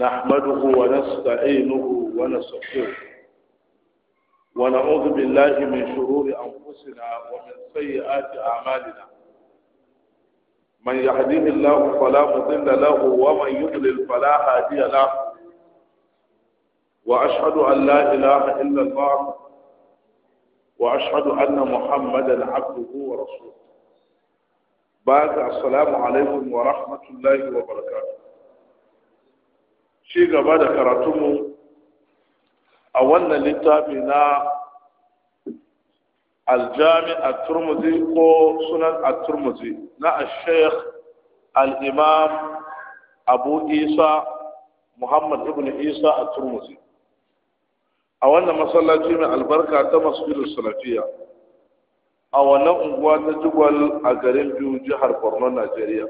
نحمده ونستعينه ونستغفره ونعوذ بالله من شرور أنفسنا ومن سيئات أعمالنا من يهديه الله فلا مضل له ومن يضلل فلا هادي له وأشهد أن لا إله إلا الله وأشهد أن محمدا عبده ورسوله بعد السلام عليكم ورحمة الله وبركاته ci gaba da karatunmu a wannan littafi na aljami a turmuzi ko sunan a turmuzi na al-sheikh al abu isa muhammad ibn isa a turmuzi a wannan masallaci mai albarka ta masjidu salafiya a wannan unguwa ta jigwal a garin biyu jihar borno najeriya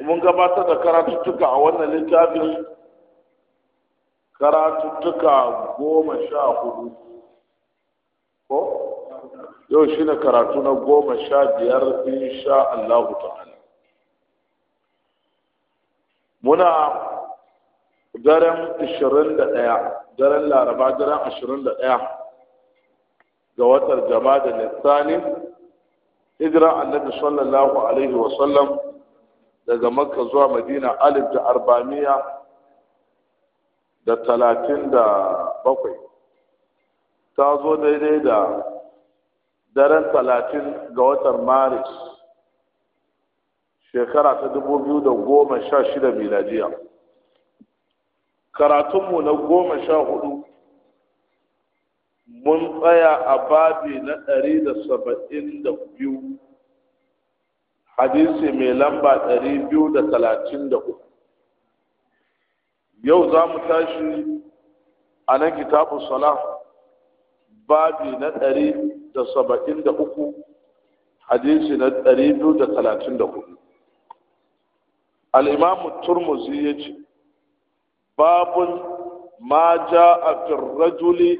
mun gabatar da karatuttuka a wannan littafin karatuttuka goma sha hudu ko yau shi ne karatu na goma sha biyar insha Allahu ta'ala muna daren 21 daren laraba daren 21 ga watar jama'a da lissani hijira annabi sallallahu alaihi wa sallam daga makka zuwa madina alif da arba'amiya da talatin da bakwai ta zo daidai da daren talatin ga watan maris shekara ta dubu biyu da goma sha shida miladiya karatunmu na goma sha hudu mun tsaya a babi na ɗari da saba'in da biyu hadisi mai lamba ɗari biyu da talatin da uku yau za mu tashi a nan kitabu sala, babi na ɗari da saba'in da uku hadisi na ɗari biyu da talatin da hudu al'imamu turmuzi ya ce babun ma ja a firrajuli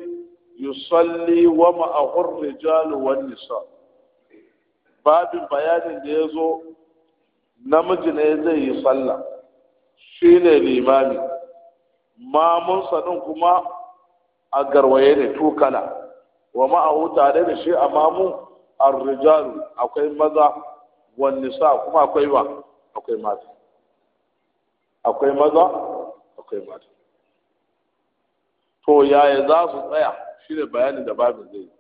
yusalli wa ma'ahun rijalu wani nisa' babin bayanin da ya zo namiji ne zai yi sallah shi ne limami mamunsa ɗin kuma a garwaye ne tukala wa ma'ahu tare da shi a mamu arrijalu akwai maza wani sa kuma akwai ba akwai mata akwai maza akwai mata to yaya za su tsaya shi ne bayanin da babin zai yi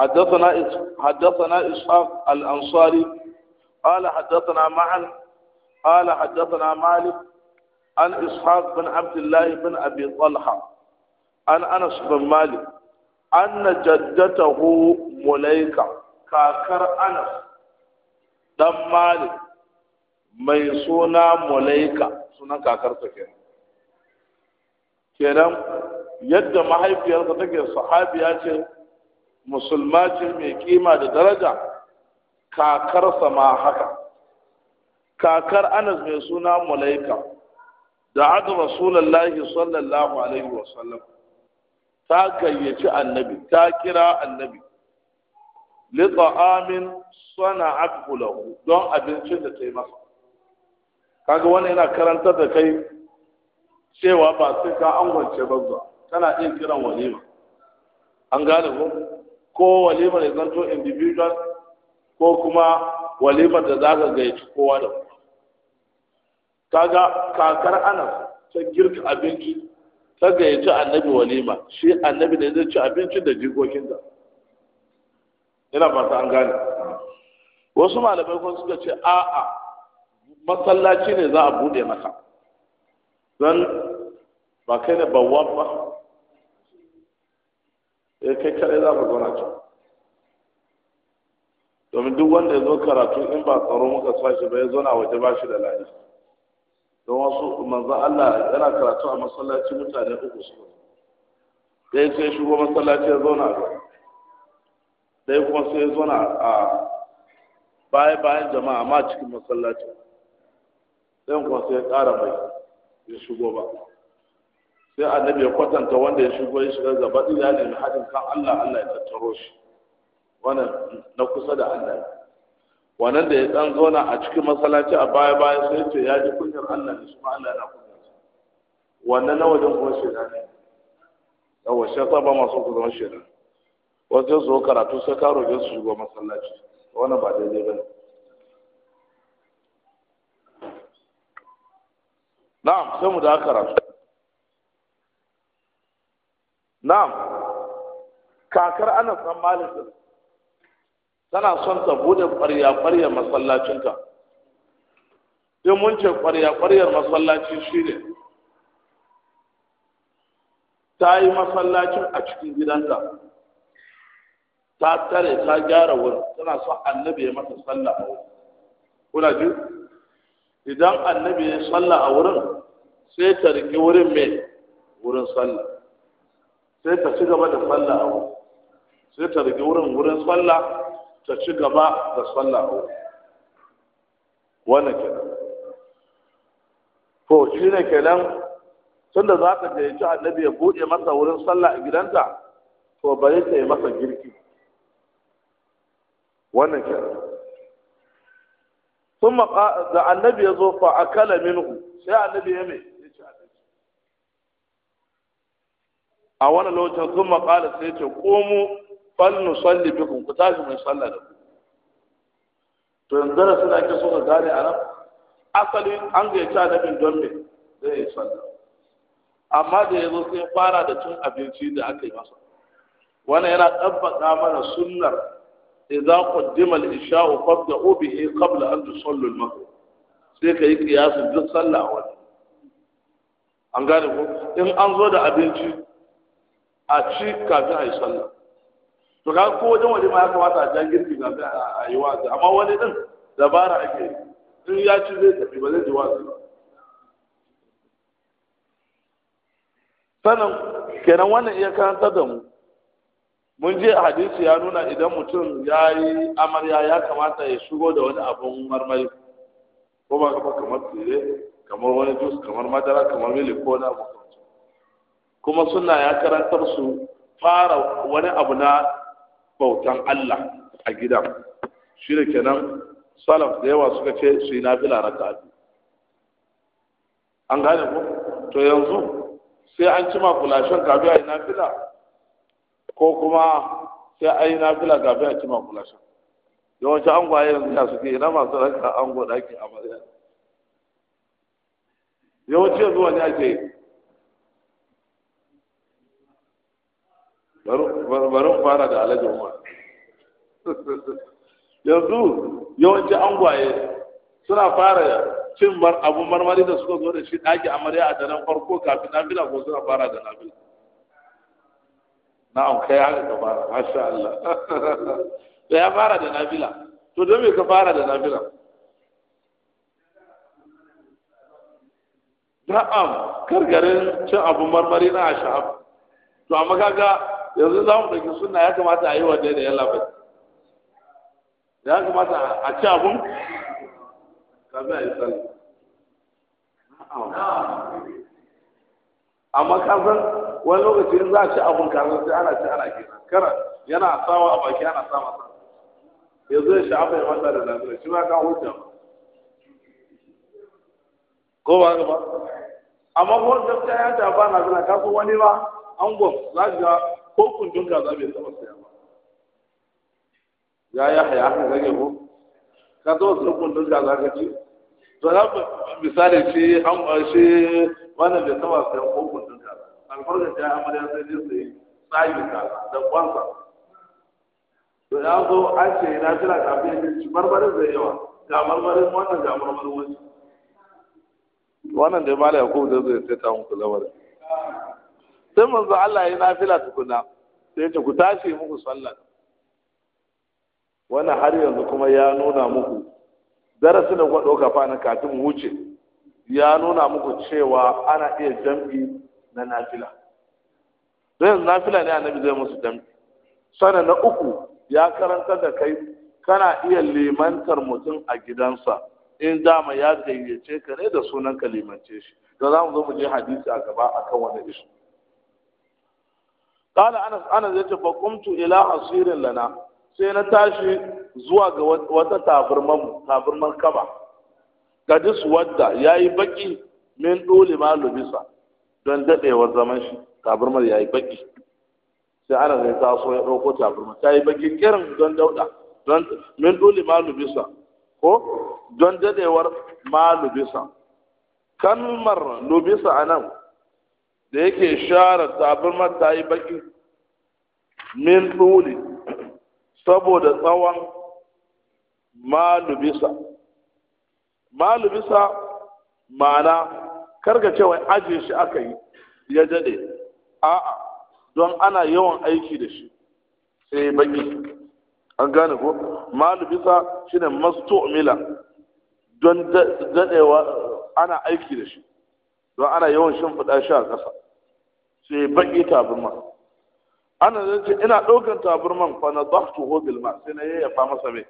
حدثنا حدثنا إسحاق الأنصاري قال حدثنا معا قال حدثنا مالك عن إسحاق بن عبد الله بن أبي طلحة عن أنس بن مالك أن جدته مليكة كاكر أنس دم مالك mai suna mulaika sunan kakarsa kenan kenan yadda mahaifiyarsa take sahabiya ce musulmaci mai kima da daraja kakarsa ma haka kakar anas mai suna mulaika da adu rasulallahi sallallahu alaihi wasallam ta gayyaci annabi ta kira annabi lita'amin suna akulahu don abincin da ta yi masa kaga wani yana karantar da kai cewa ba sai ka ba ba tana iya kiran walima an gane ko ko walimar ya zanto individual ko kuma walimar da za ka gaici kowa da kowa kaga kakar ana ta girka abinci ta gaici annabi walima shi annabi ne zai ci abinci da jikokin da ina ta an gane wasu malamai kuma suka ce a'a masallaci ne za a bude maka don ba kai ne bawwab ba ya eh, kai kaɗai za mu zauna can domin duk wanda ya zo karatu in ba tsaro muka sa shi ba ya zauna waje ba shi da lani don wasu manzan Allah yana karatu a masallaci mutane uku su ɗaya sai shigo masallaci ya zauna a ɗaya kuma sai ya zauna a baya bayan jama'a ma cikin masallaci ɗayan kuma sai ya ƙara mai ya shigo ba sai annabi ya kwatanta wanda ya shigo ya shiga gaba ya nemi haɗin kan Allah Allah ya tattaro shi wannan na kusa da Allah wannan da ya dan zauna a cikin masallaci a baya baya sai ce ya ji kunyar Allah ne kuma Allah yana kunyar sa wannan na wajen kuma shaitan ne yawa shaitan ba masu ku zama shaitan wasu zo karatu sai ka roƙe su shigo masallaci wannan ba daidai ba ne na'am sai mu da karatu na'am kakar ana san malikin tana son ta bude ƙwarya ƙwaryar masallacinta in mun ce ƙwarya ƙwaryar masallaci shi ne ta yi masallacin a cikin gidanta ta tare ta gyara wurin tana son annabi ya mata sallah a kuna ji idan annabi ya sallah a wurin sai ta riƙe wurin mai wurin sallah sai ta ci gaba da sallah a wurin sai ta rigi wurin wurin sallah ta ci gaba da sallah a wurin wannan kenan to shi ne kenan tunda za ka ci annabi ya buɗe masa wurin sallah a gidanta to bari ta yi masa girki wannan kenan sun da annabi ya zo fa akala minhu sai annabi ya mai a wani lokacin sun maƙala sai ce komu falnu salli bikum ku tashi mai sallah da ku to yanzu da suna ke so ka gane a nan asali an ci annabin don me zai yi sallah amma da ya zo sai fara da cin abinci da aka yi masa Wani yana ɗabbaɗa mana sunnar idza qaddima al-isha'u fabda'u bihi qabla an tusallu al-maghrib sai ka yi kiyasin duk sallah wani an gane ko in an zo da abinci a ci kafin a yi sallah to ga ko wajen waje ma ya kamata a jan girki kafin a yi wazi amma wani din dabara ake in ya ci zai tafi ba zai ji wazi sannan kenan wannan iya karanta da mu mun je a hadisi ya nuna idan mutum ya yi amarya ya kamata ya shigo da wani abun marmari ko ba kamar tsire kamar wani jus kamar madara kamar milik ko na kuma suna ya karantar su fara wani abu na bautan Allah a gida shi da kenan salaf da yawa suka ce su yi nafila raka an gane ku? to yanzu sai an ci kulashen kafin a yi nafila ko kuma sai a yi nafila kafin a ci kulashen yawanci an gwaye yanzu ya suke ina masu raka an gwada ke amarya yawanci yanzu wani ake barin fara da alhaji umar yanzu yawanci angwaye suna fara cin abu marmari da suka zo da shi ɗaki amarya a daren farko kafin nafila ko suna fara da Na na'am kai haka ka fara masha Allah da ya fara da nafila to don me ka fara da nafila na'am kargarin cin abu marmari na ashab to amma kaga yanzu za mu ɗauki suna ya kamata a yi wa da ya labar ya kamata a ci abun kafin a yi sani amma kasan wani lokaci in za a ci abun kasan sai ana ci ana gina kara yana sawa a baki ana sa masa yanzu ya sha'afa ya manta da lafiya shi ma ka hujja ko ba ba amma ko gaskiya ya ta ba na zana kasu wani ba an gwam za ka ko kundin kaza bai saba saya ba ya ya haya haka zage ko ka zo su kundin kaza ka ci to na misali shi an shi wannan bai saba sayan ko kundin kaza alfarka ta amarya sai dai sai tsayin kaza da kwansa to ya zo an ce na jira kafin ci barbarin zai yawa ga Barbarin wannan ga marmarin wancan wannan da ya bala ya kuma zai zai sai ta muku lamarin sai manzo Allah ya nafila tukuna sai ta ku tashi muku sallar wannan har yanzu kuma ya nuna muku darasin da kuka ɗauka fa na katin wuce ya nuna muku cewa ana iya jam'i na nafila sai yanzu nafila ne annabi zai musu jam'i sannan na uku ya karanta da kai kana iya limantar mutum a gidansa in dama ya gayyace ka ne da sunan ka limance shi da za mu zo mu je hadisi a gaba akan wani ishu. qala anas anas yace fa qumtu ila hasirin lana sai na tashi zuwa ga wata taburman taburman kaba kadis wadda yayi baki min dole ma lubisa don dadewar zaman shi ya yayi baki sai anas ta taso ya dauko Ta yi baki kirin don dauda don min dole ma lubisa ko don dadewar ma lubisa kalmar lubisa anan da yake share tabarma ta yi baki min tsuli saboda tsawon malubisa malubisa ma'ana karga cewa ajiye shi aka yi ya daɗe a'a don ana yawan aiki da shi sai baki an gane ko malubisa shine mila. don daɗewa ana aiki da shi don ana yawan shimfiɗa shi a ƙasa sai baƙi taburman ana zai ce ina ɗaukan taburman fa na zaftu hobil ma sai na yayyafa masa mai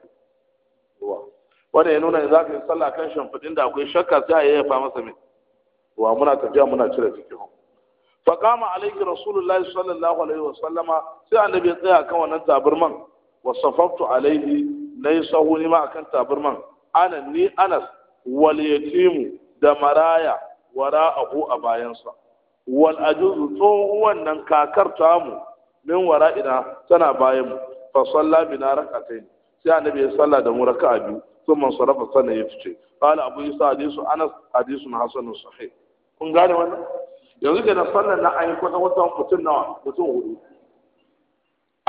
ruwa wanda ya nuna za ka yi sallah kan shamfudin da akwai shakka sai a ya masa mai ruwa muna tafiya muna cire fikihu fa kama alaihi rasulullahi sallallahu alaihi wa sallama sai annabi ya tsaya kan wannan taburman wa safaftu alaihi yi sahu ni ma akan taburman ana ni anas wal yatimu da maraya Wara abu a bayansa wal ajuzu tsohuwan nan kakar tamu min wara ina tana bayan mu fa salla bina rak'atayn sai annabi ya salla da mu raka'a biyu man sarafa sannan ya fice qala abu isa hadisu anas na hasanun sahih kun gane wannan yanzu da na sallar na ayi kwata wata mutum nawa mutum hudu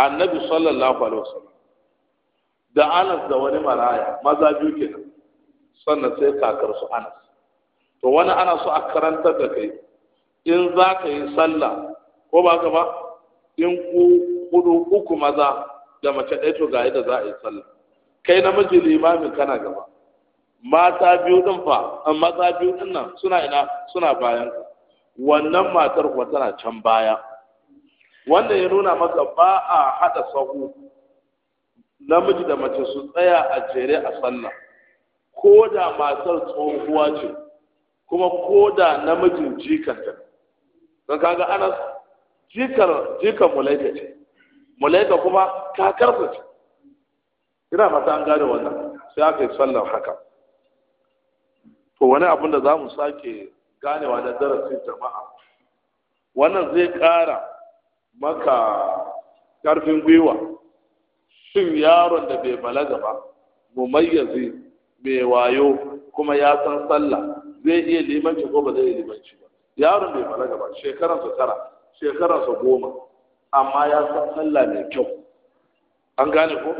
annabi sallallahu alaihi wasallam da anas da wani maraya maza biyu kenan sannan sai kakar su anas to wani ana so a karantar da kai in za ka yi sallah ko ba ka ba in ku hudu uku maza da mace ɗaya to ga yadda za a yi sallah kai miji limamin kana gaba mata biyu din fa mata biyu din nan suna ina suna bayan ka wannan matar kuwa tana can baya wanda ya nuna maka ba a haɗa sahu namiji da mace su tsaya a jere a sallah ko da matar tsohuwa ce kuma ko da namijin jikanta don kaga anas jikar jikar mulaika ce mulaika kuma kakarsa ce ina fata an gane wannan sai aka yi sallar haka to wani abin da za mu sake ganewa da darasin jama'a wannan zai ƙara maka ƙarfin gwiwa shin yaron da bai balaga ba mumayyazi mai wayo kuma ya san sallah zai iya limanci ko ba zai iya limanci yaron bai balaga ba shekaransa tara shekaransa goma amma ya san sallah mai kyau an gane ko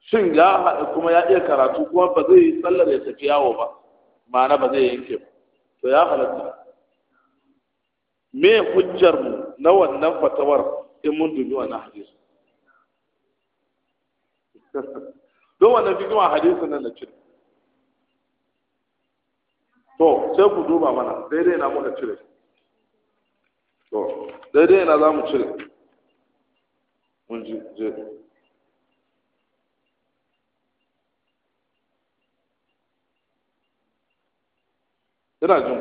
shin ya haɗa kuma ya iya karatu kuma ba zai yi sallar ya tafi yawo ba ma'ana ba zai yanke ba to ya halatta me hujjar mu na wannan fatawar in mun dubi wannan hadisi don wannan fikiwa hadisin nan na cire to sai ku duba mana daidai na muka cire to daidai na za mu cire mun ji je ina jin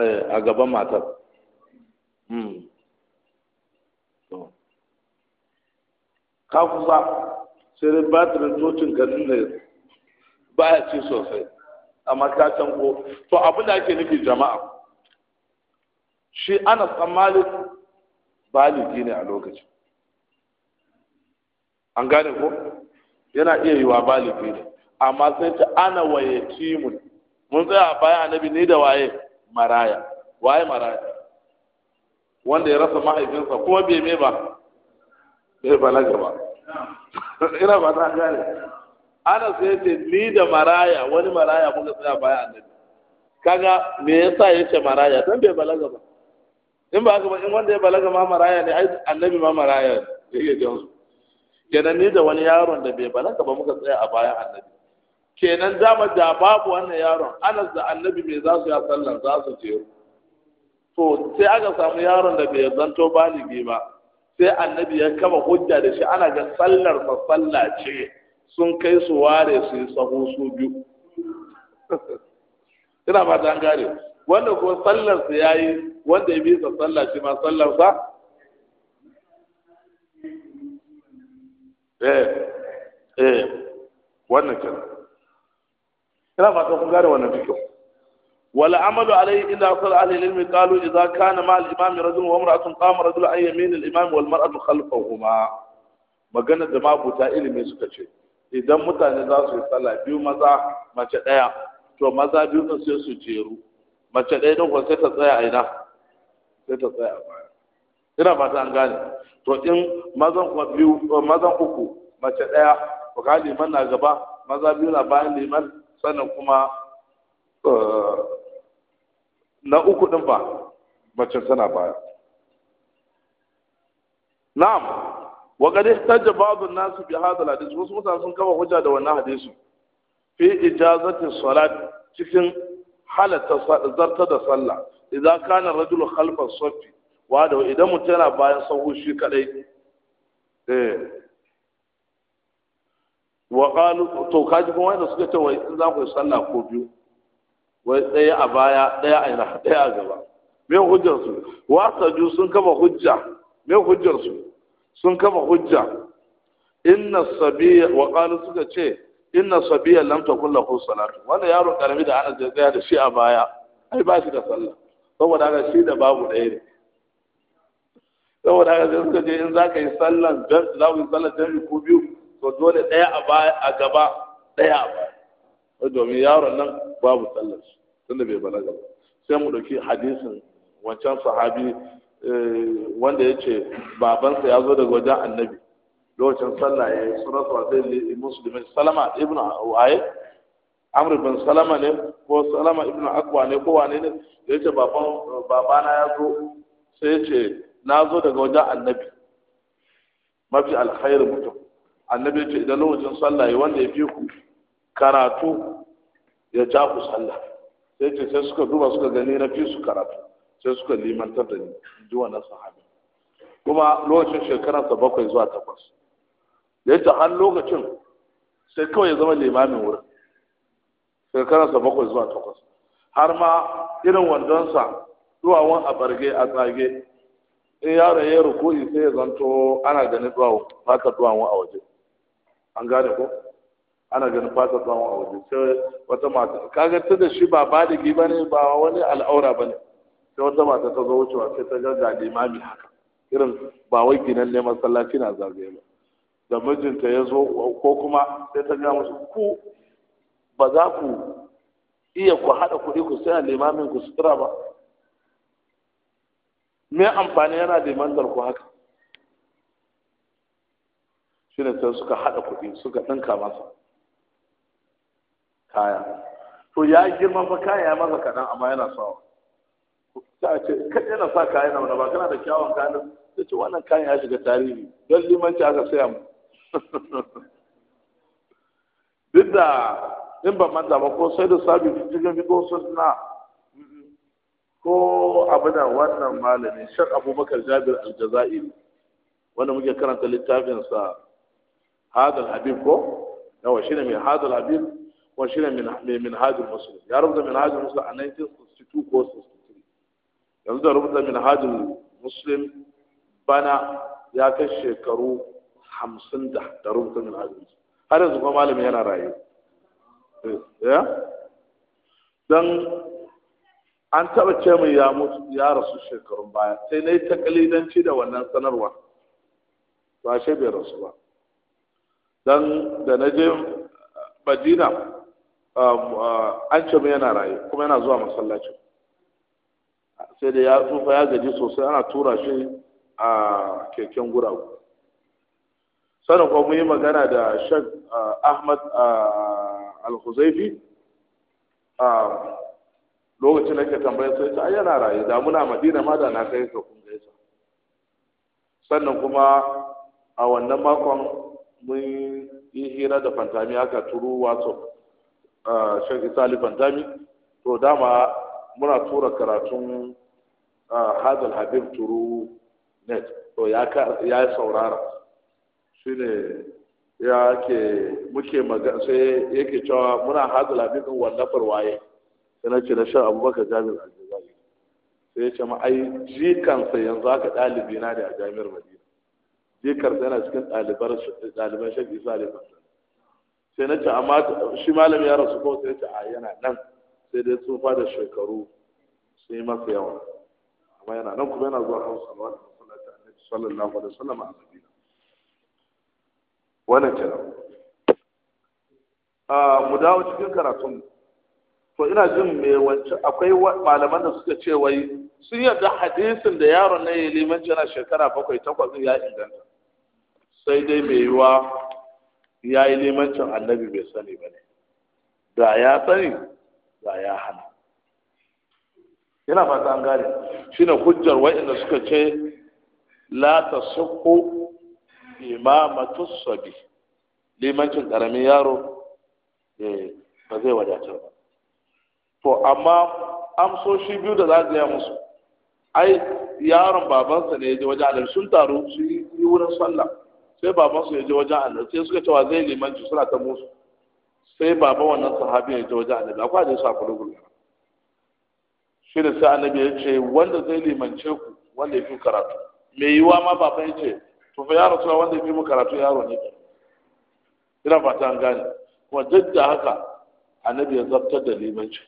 eh, a gaban matar hmm. ka sai dai batirin tocin garin ne ba ya ci sosai amma ka can ko to abin da ake nufi jama'a shi ana dan malik baligi ne a lokacin an gane ko yana iya yiwa baligi ne amma sai ta ana waye timun mun tsaya bayan annabi Ni da waye maraya waye maraya wanda ya rasa mahaifinsa kuma bai me ba sai eh, balaga ba ina ba ta gane ana sai ce ni da maraya wani maraya muka tsaya baya annabi kaga me yasa yace maraya dan bai balaga ba in ba haka ba in wanda ya balaga ma maraya ne ai annabi ma maraya ne yake jin su kenan ni da wani yaron da bai balaga ba muka tsaya a bayan annabi kenan dama da babu wannan yaron anas da annabi me za su ya sallan za su je to sai aka samu yaron da bai zanto baligi ba sai annabi ya kama hujja da shi ana ga sallar ba salla ce sun kai su ware su yi tsaho su biyu ina ba ta gane wanda ko sallar ya yi, wanda ya bisa salla ce ma sallar sa eh eh wannan kenan ina ba kun gane wannan cikin والعمل عليه إلا أصل أهل العلم قالوا إذا كان مع الإمام رجل وامرأة قام رجل عن يمين الإمام والمرأة خلفهما magana da mabuta ilimi suka ce idan mutane za su yi sallah biyu maza mace ɗaya to maza biyu sun sai su jeru mace ɗaya ɗin kuwa sai ta tsaya a ina sai ta tsaya a baya ina fata an gane to in mazan kuma biyu eh, mazan uku mace ɗaya ko ka liman na gaba maza biyu na bayan liman sannan kuma eh, na uku din ba mace tana baya na'am wa qad ihtajja ba'dhu an-nas bi hadha al-hadith wasu mutane sun kafa hujja da wannan hadisi fi ijazati salat cikin halatta zarta da sallah idza kana rajul khalfa safi wa da idan mutum yana bayan sahu shi kadai eh wa qalu to kaji kuma wanda suka ce wai in za ku yi sallah ko biyu wai ɗaya a baya ɗaya a yana ɗaya a gaba me hujjar su ju sun kama hujja me hujjar su sun kama hujja inna sabiya wa qalu suka ce inna sabiya lam takun lahu salatu Wannan yaro karami da ana tsaya da shi a baya ai ba shi da sallah saboda haka shi da babu ɗaya ne saboda haka sai suka je in za ka yi sallan za ku yi sallan jami'i ko biyu to dole ɗaya a baya a gaba ɗaya a baya domin yaron nan babu sallar shi tunda bai balaga ba sai mu dauki hadisin wancan sahabi eh, wanda ya ce babansa ya zo daga wajen annabi lokacin sallah ya yi sunan sa sai musulmi salama ibnu waye amr bin salama ne ko salama ibnu akwa ne ko wane ne ya ce baban babana ya zo sai ya ce na zo daga wajen annabi mafi alkhairu mutum annabi ya ce idan lokacin sallah ya wanda ya fi ku karatu ya ja ku sallah sai ce sai suka duba suka gani na fi su karatu sai suka limantar da ni ji wannan sahabi kuma lokacin shekaransa bakwai zuwa takwas da yadda har lokacin sai kawai ya zama limamin wurin shekararsa bakwai zuwa takwas har ma irin wandonsa duwawan a barge a tsage in yaro ya ruku'i sai ya zanto ana ganin duwawan fata duwawan a waje an gane ko ana ganin fata tsawon a waje ta wata mata kaga ta da shi ba baligi ba ne ba wani al'aura ba ne sai wata mata ta zo wucewa sai ta ga limami haka irin ba wai ginan ne masallaci na zagaye ba da mijinta ya zo ko kuma sai ta ga musu ku ba za ku iya ku haɗa kuɗi ku sai limamin ku sutura ba me amfani yana limantar ku haka shi ne sai suka haɗa kuɗi suka ɗinka masa kaya to ya girma fa kaya ya masa kaɗan amma yana sawa ta a ce kaɗai yana sa kaya na wani ba kana da kyawun kanin, da ce wannan kayan ya shiga tarihi don limanci aka saya mu duk da in ba manta ba ko sai da sabi cikin sun na, ko abu da wannan malami shar abubakar jabir aljazairi wanda muke karanta littafinsa hadal habib ko yawa shine mai hadal habib kuma shi ne mai minhajin musulun ya rubuta minhajin musulun a 1962 ko 63 yanzu da rubuta minhajin musulun bana ya kai shekaru hamsin da da rubuta minhajin musulun har yanzu kuma malami yana raye eh, ya dan an taba ce mu ya mutu ya rasu shekarun baya sai na yi takalidanci da wannan sanarwa ba shi bai rasu ba dan da na je madina Um, uh, an ce mai yana raye kuma yana zuwa masallaci sai da ya tsufa ya gaji sosai ana tura shi a keken guragu sannan kuma mun yi magana da shek uh, ahmad uh, al-huzaifi um, lokacin da ke tambayar sai ta yana raye da muna madina ma da na kai ka kun gaisa sannan kuma a wannan makon mun yi hira da fantami aka turu whatsapp shan isali dami to dama muna tura karatun hadal habib turu net to ya saurara shi ne ya ke muke magana sai yake cewa muna hadal habib din wallafar waye sai na ce na shan abubakar jami'ar aljazari sai ya ce ma ai jikansa yanzu aka ɗalibi na da a jami'ar madina jikarsa yana cikin ɗaliban shan isali fantami sai na ce amma shi malam ya rasu ko sai ce a yana nan sai dai tsufa da shekaru sai masa yawa amma yana nan kuma yana zuwa hausa wa da ta annabi sallallahu alaihi wasallam a madina wannan ce a mu dawo cikin karatun to ina jin me wancan akwai malaman da suka ce wai sun yarda hadisin da yaron na yi limanci yana shekara bakwai takwas ya inganta sai dai mai yiwa ya yi limancin annabi bai sani ba ne da ya sani da ya hana yana fata an gane ne hujjar wa'inda suka ce la ta suku imamatu sabi limancin karamin yaro eh, ba zai wadatar ba to amma amsoshi biyu da za su yi musu ai yaron babansa ne ya je wajen sun taru su yi wurin sallah sai babansu ya je wajen annabi sai suka cewa zai su suna ta musu sai baban wannan sahabi ya je wajen annabi akwai su a kulubul shi da sai annabi ya ce wanda zai limance ku wanda ya fi karatu mai yiwa ma baban ya ce to fa yaro suna wanda ya fi mu karatu yaro ne ina fata an gane kuma duk da haka annabi ya zartar da limanci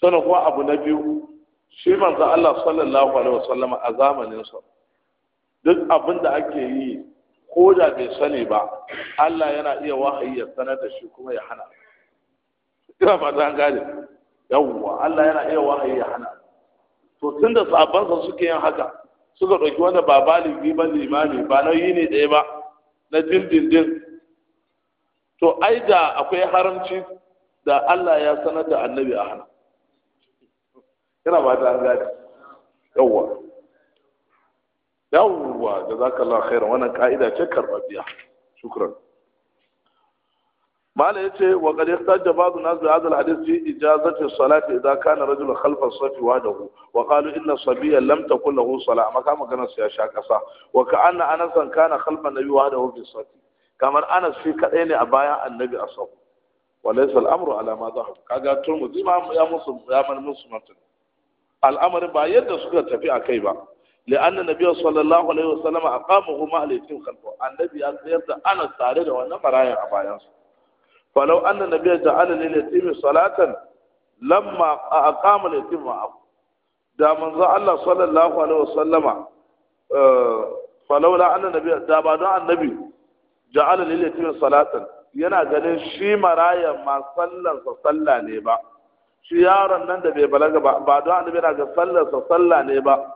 sannan kuma abu na biyu shi manzo Allah sallallahu alaihi wasallama a zamanin sa duk abin da ake yi ko da bai sani ba Allah yana iya wahayi ya sanar da shi kuma ya hana ina fata an gane yawwa Allah yana iya wahayi ya hana to tun da sa suke yin haka suka ɗauki wanda ba balibi ba limami ba na yi ne ɗaya ba na dindindin to ai da akwai haramci da Allah ya sanar da annabi a hana ina ba ta an gane yawwa yawwa ka khairan wannan ka'ida ce karbabiya shukran mala yace wa qad ihtajja ba'du nas bi hadha al-hadith fi ijazati salati idha kana rajul khalfa as-safi wahdahu wa qalu inna sabiyan lam takul lahu salat kama gana su ya sha kasa wa anna anas kana khalfa nabi wahdahu fi safi kamar anas shi kadai ne a bayan annabi a safi wa laysa al-amru ala ma dhahab kaga turmu zima ya musu ya man musu matan al'amarin ba yadda suka tafi akai ba لأن النبي صلى الله عليه وسلم أقامه مع اليتيم خلفه النبي أخير أنا سارد وأنا مرايا أبايا فلو أن النبي جعل لليتيم صلاة لما أقام اليتيم معه da manzo Allah sallallahu alaihi wasallama falaula anna da ba don annabi ja'ala lil salatan yana ganin shi maraya ma sallan sa salla ne ba shi yaron nan da bai balaga ba ba don yana salla ne ba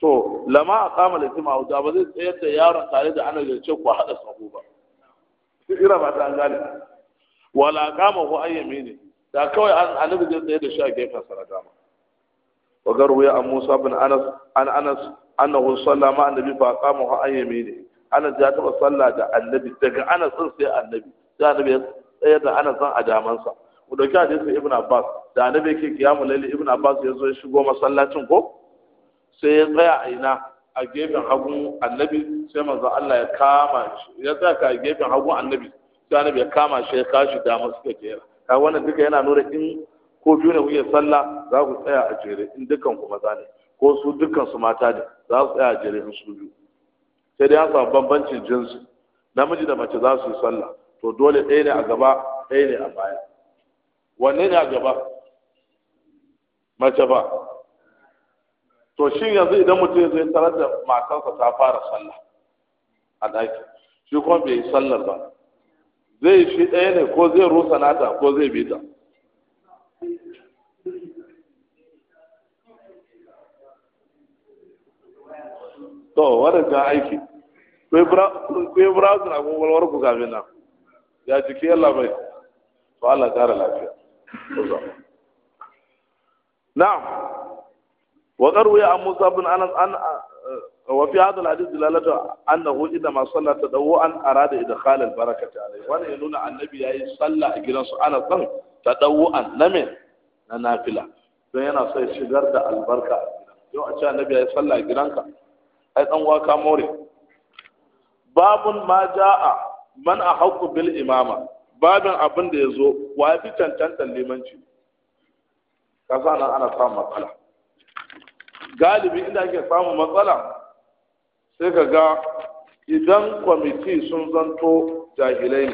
to lama a kama litima da ba zai tsayar da yaron tare da ana yarce ku haɗa sahu ba ira ba ta gane wala kama an ayyami ne da kawai an annabi zai tsayar da shi a gefen sa na wa garu ya an musa bin anas an anas annahu salla ma annabi fa kama ku ayyami ne anas ya taba salla da annabi daga anas sun sai annabi sai annabi ya tsayar da anas a damansa ku dauki hadisin ibn abbas da annabi yake kiyamu laili ibn abbas ya zo ya shigo masallacin ko sai ya tsaya a ina a gefen hagun annabi sai manzo Allah ya kama shi ya tsaya a gefen hagun annabi sai annabi ya kama shi ya kashi dama suka jera ka wannan duka yana nuna in ko biyu ne kuke sallah za ku tsaya a jere in dukan ku maza ne ko su dukan su mata ne za su tsaya a jere in su biyu sai dai an samu bambancin jinsi namiji da mace za su yi sallah to dole ɗaya ne a gaba ɗaya ne a baya wanne ne a gaba mace ba to shi yanzu idan mutum zai tarar da matarsa ta fara sallah a ɗaki shi kuma bai yi sallar ba zai shi ɗaya ne ko zai rusa nata ko zai bi ta to wadda ga aiki kai brazil a kwakwalwar ku gami nan ya jiki yalla bai to Allah kara lafiya na'am وقروا يا عن موسى بن انس ان وفي هذا الحديث دلالة اذا ما صلى تدوعا اراد ادخال البركه عليه وانا يقولون عن النبي اي صلى إجلان انا صن تدوعا نمي نافلة فهنا سيشجر ده البركه يو أشياء النبي اي صلى اي دان واكا موري باب ما جاء من احق بالامامه باب ابن ده يزو وافي تنتن كذا انا انا صام مساله galibi inda ake samun matsala sai ka ga idan kwamiti sun zanto jahilai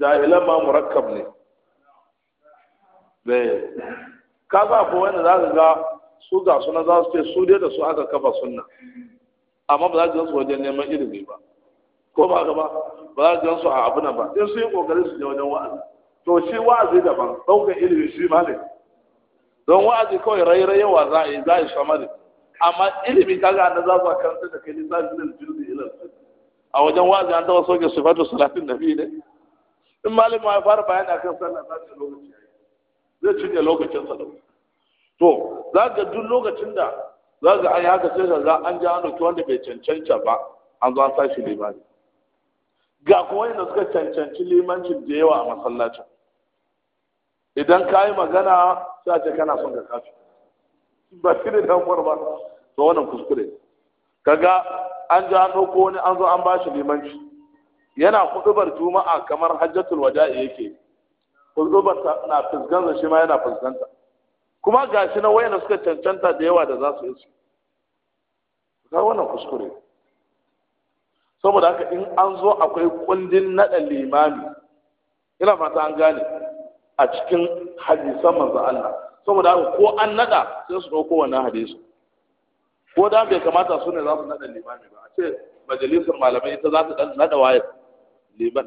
jahilan ma murakkab ne eh. ka za ko wanda za ka ga su ga suna za su ce su dai da su aka kafa sunna amma ba za ka su wajen neman ilimi ba ko ba ka ba ba za ka su a abu nan ba in su yi kokari su ne wajen wa'azi to shi wa'azi daban ɗaukar ilimi shi ma ne don wa'azi kawai rairayewa za a yi za a yi shamari amma ilimi kaga an za su a kan da kai su da jirgin ilar a wajen wa'azi an taɓa soke sifatu salatin da biyu ne in ma ya fara bayani a kan sallah za ta lokaci zai cinye lokacin sa to za ga duk lokacin da za ga an yi haka sai ga an ji an ɗauki wanda bai cancanta ba an zo an sa shi limani ga kuma yadda suka cancanci limancin da yawa a masallacin idan ka yi magana sai a ce kana son ka kafi ba shi ne damuwar ba to wannan kuskure kaga an ji an ɗauko wani an zo an ba shi limanci yana kuɗubar juma'a kamar hajjatul wada'i yake kuɗubar na fuskanta shi ma yana fuskanta kuma ga shi na wayanda suka cancanta da yawa da za su yi su ga wannan kuskure saboda haka in an zo akwai kundin naɗa limami ina fata an gane a cikin hadisan manzo Allah saboda haka ko an nada sai su dauko wannan hadisi ko da bai kamata su ne za su nada limami ba a ce majalisar malamai ita za ta nada waye liman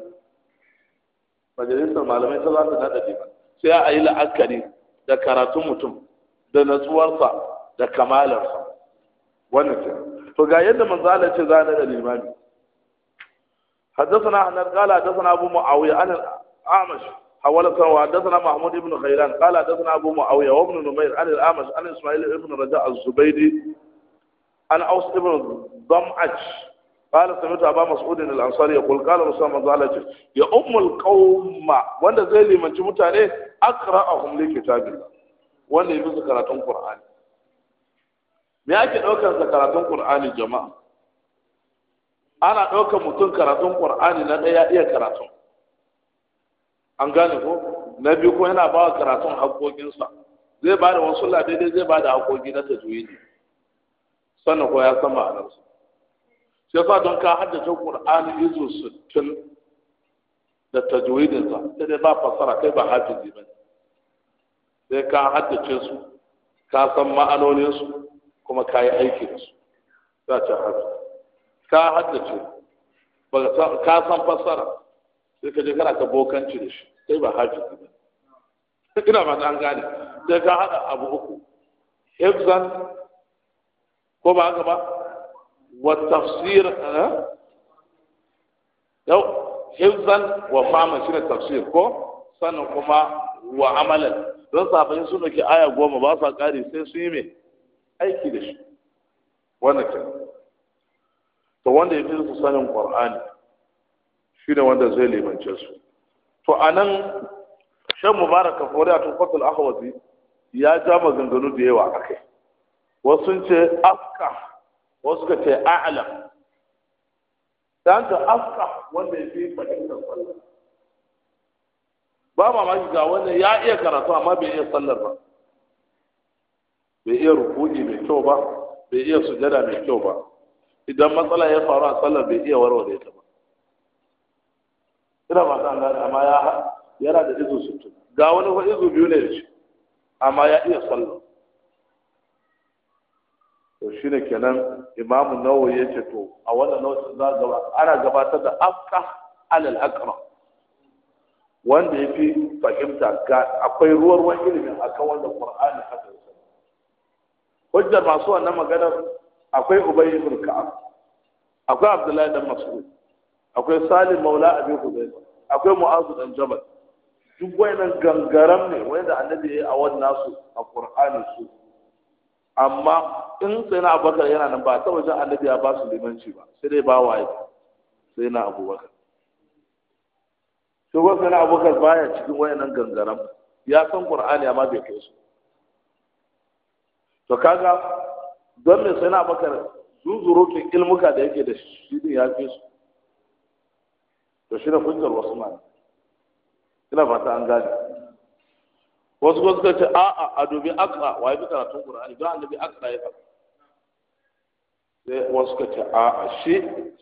majalisar malamai ita za ta nada liman sai a yi la'akari da karatun mutum da natsuwarsa da kamalarsa wannan ce to ga yadda manzo Allah ce za nada limami حدثنا عن قال حدثنا ابو معاويه عن الاعمش حول كان حدثنا محمود بن خيران قال حدثنا ابو معاويه وابن نمير عن الأعمش عن اسماعيل بن رجاء الزبيدي عن اوس بن ضمعج قال سمعت ابا مسعود الانصاري يقول قال رسول الله صلى الله عليه وسلم يا ام القوم وند زي اللي من جمتاني أقرأهم لكتاب الله وند يبز كراتون قرآن me ake ɗaukar sa karatun Qur'ani jama'a ana ɗaukar mutum karatun Qur'ani na ɗaya iya karatun an gane ko na biyu ko yana ba wa karatun haƙoƙinsa zai ba da wasu daidai zai ba da haƙoƙi na tajwidi sannan ko ya san ma'anarsa sai sa don ka haddace qur'ani izu sittin da tajwidinsa sai dai ba fassara kai ba hafizi ba sai ka haddace su ka san ma'anoninsu kuma ka yi aiki da su za ta haɗu ka haddace ka san fassara sai ka je kana ta bokanci da shi sai ba hafizi ba ina ba an gane sai ka haɗa abu uku hifzan ko ba haka ba wa tafsir eh? yau hifzan wa fama shi ne tafsir ko sannan kuma wa amalan don sabayin sun ke aya goma ba sa kare sai su yi mai aiki da shi wannan kenan to wanda ya fi su sanin qur'ani shi ne wanda zai limance su to a nan shan mubarak fori a tufatul ahwazi ya ja maganganu da yawa a kai wasu ce afka wasu ka ce a'ala ta ka afka wanda ya fi fahimtar sallah ba mamaki ga wannan ya iya karatu amma bai iya sallar ba bai iya rukuɗi mai kyau ba bai iya sujada mai kyau ba idan matsala ya faru a sallar bai iya warware ta ba suna masu ta amma ya yana da izu sutu ga wani kuma izu biyu ne da shi amma ya iya sallo to shi ne kenan imamu Nawa ya ce to a wannan nau'in za gaba? ana gabatar da afka alal akra wanda ya fi fahimta ga akwai ruwar wani ilimin kan wanda qur'ani haka ya sani hujjar masu wannan maganar akwai ubay ibn ka'ab akwai abdullahi dan mas'ud akwai salim maula abi hudayfa akwai mu'azu dan jabal duk wayannan gangaran ne wanda annabi ya yi awan nasu a qur'ani su amma in sai na abubakar yana nan ba ta wajen annabi ya ba su limanci ba sai dai ba waye sai na abubakar to wannan sai na abubakar baya cikin wayannan gangaran, ya san qur'ani amma bai kai su to kaga don me sai na abubakar zuzurutun ilmuka da yake da shi din ya fi su to shi na hujjar wasu ma ina fata an gane wasu ko suka ce a'a a dubi aqra wa yi karatun qur'ani don annabi aqra ya faɗa sai wasu suka ce a'a shi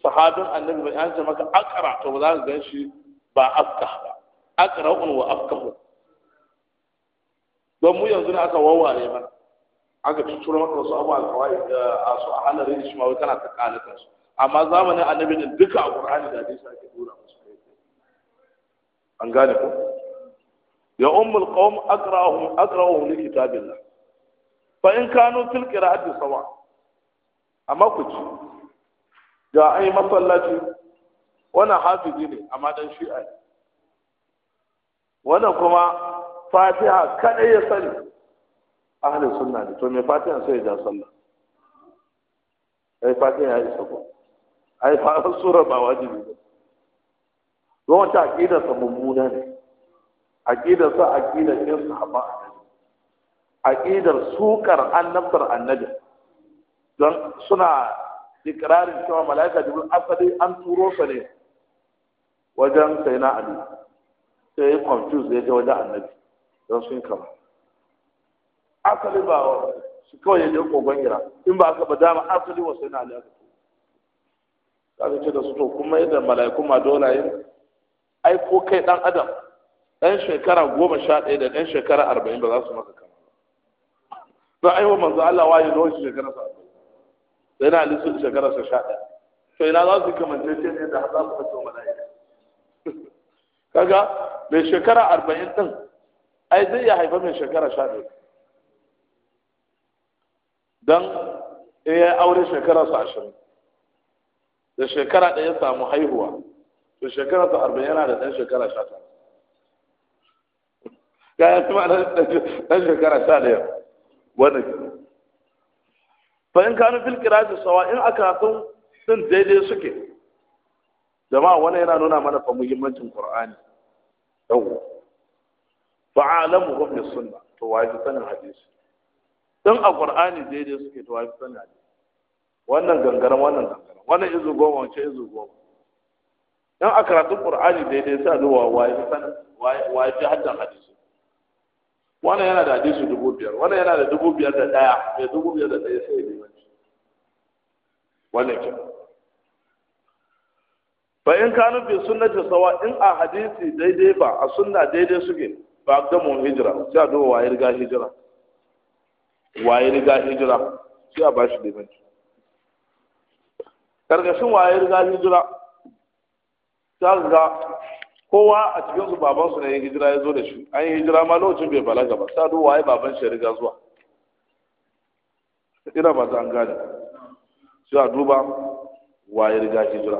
sahabin annabi bai an ce maka aqra to ba za ka gan shi ba afka ba aqra'un wa ba. don mu yanzu ne aka wawware mana aka tuturo maka wasu abu alkawai eh, a su a halarin shi ma kana ta kalata su amma zamanin annabi din duka a qur'ani da hadisi ake dora an gane ko ya ummul qawm aqra'uhum aqra'uhum li kitabillah fa in kanu fil qira'ati sawa amma ku ci da ai masallaci wannan hafizi ne amma dan shi'a ne wannan kuma fatiha kadai ya sani ahlin sunna ne to me fatiha sai da sallah ai fatiha ya isa ko ai fa sura ba wajibi ne don wata aƙidar sa mummuna ne sa aƙidar yin a nan. aƙidar sukar annabtar annabi don suna ikirarin cewa mala'ika jibril asali an turo sa ne wajen sai na ali sai ya confuse ya je wajen annabi don sun kama asali ba su kawai ya je kogon gira in ba aka ba dama asali wa sai na ali aka kaga ce da su to kuma yadda mala'iku ma dolayen ai ko kai dan adam dan shekara goma sha ɗaya da dan shekara arba'in ba za su maka kama ba to ai wa manzo Allah waye da shi shekara sa sai na Ali shekara sa sha ɗaya to ina za su kamance ce ne da haza ku fito mala'ika kaga mai shekara arba'in din ai zai ya haifa mai shekara sha ɗaya dan ya aure shekara sa ashirin da shekara ɗaya samu haihuwa to shekara ta arba'in yana da ɗan shekara sha ta. tara kayan tuma ɗan shekara sha ɗaya wanda fa in kanu fil qira'ati sawa in aka sun sun daidai suke jama'a wani yana nuna mana fa muhimmancin qur'ani yau fa alamu hum bis sunna to wajibi sanin hadisi dan a qur'ani daidai suke to wajibi sanin hadisi wannan gangaren wannan gangaren wannan izu goma wancan izu goma dan a karatun qur'ani daidai sai duba waye san waye fi haddan hadisi wannan yana da hadisi dubu biyar wannan yana da dubu biyar da daya mai dubu biyar da daya sai ya wannan ke fa in kanu bi sunnati sawa in a hadisi daidai ba a sunna daidai suke ba ga mu hijira sai a duba waye riga hijira waye riga hijira sai a bashi limanci karkashin waye riga hijira za kowa a cikin su baban su ne hijira ya zo da shi an yi hijira ma lokacin bai balaga ba sai waye baban shi riga zuwa ina ba ta an gane sai a duba waye riga hijira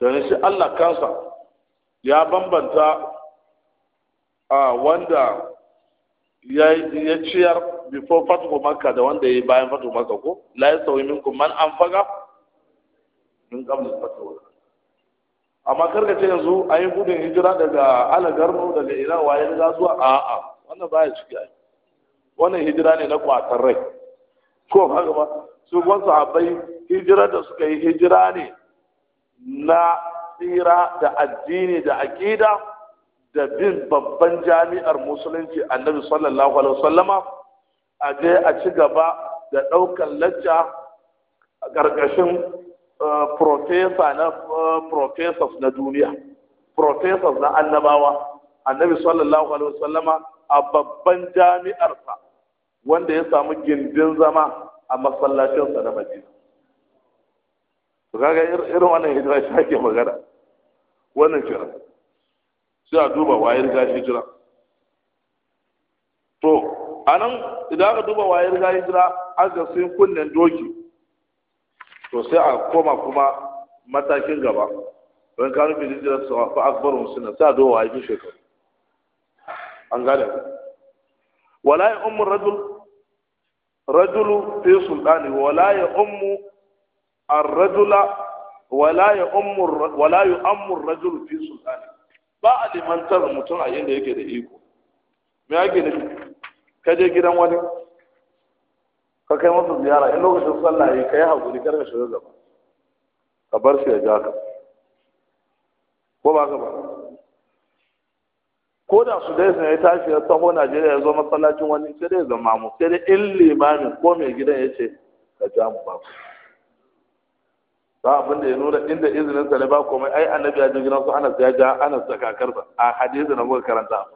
don shi Allah kansa ya bambanta a wanda ya ciyar before fatuhu makka da wanda ya yi bayan fatuhu makka ko la yasawi minkum man anfaqa min qabl fatuhu amma karka ce yanzu a yi gudun hijira daga alagarno daga ina waye riga zuwa a'a wannan ba ya ciki wannan hijira ne na kwatar rai ko haka ba su kwan sahabbai hijira da suka yi hijira ne na tsira da addini da aƙida da bin babban jami'ar musulunci annabi sallallahu alaihi wasallama a je a ci gaba da ɗaukar lacca a ƙarƙashin Eh, profesa na eh, professors na duniya professors na annabawa annabi sallallahu alaihi wasallama a babban jami'arsa wanda ya samu gindin zama a masallacinsa na madina kaga irin wannan hijira shi ake magana wannan jira sai a duba wayar ga hijira to anan idan aka duba wayar ga hijira aka ga sun kunnen doki to sai a koma kuma matakin gaba wani kanu bin hijira su a fa akbarun sunna sai a dowa wa yi shekaru an gane wala ya ummu rajul rajulu fi sultani wala ya ummu ar-rajula wala ya ummu wala ya ummu ar-rajul fi sultani ba a limantar mutum a inda yake da iko me yake nufi kaje gidan wani ka kai masa ziyara in lokacin sallah ka yi hakuri kar ka shiga gaba ka bar shi ya ja ka ko ba ka ba ko da su dai sun ya tashi ya taho Najeriya ya zo masallacin wani sai dai zama mu sai dai in limamin ko mai gidan ya ce ka ja mu ba ku ba abin da ya nuna inda izinin sa ne ba komai ai annabi ya ji gidan su Anas ya ja Anas da ba, a hadisi na muka karanta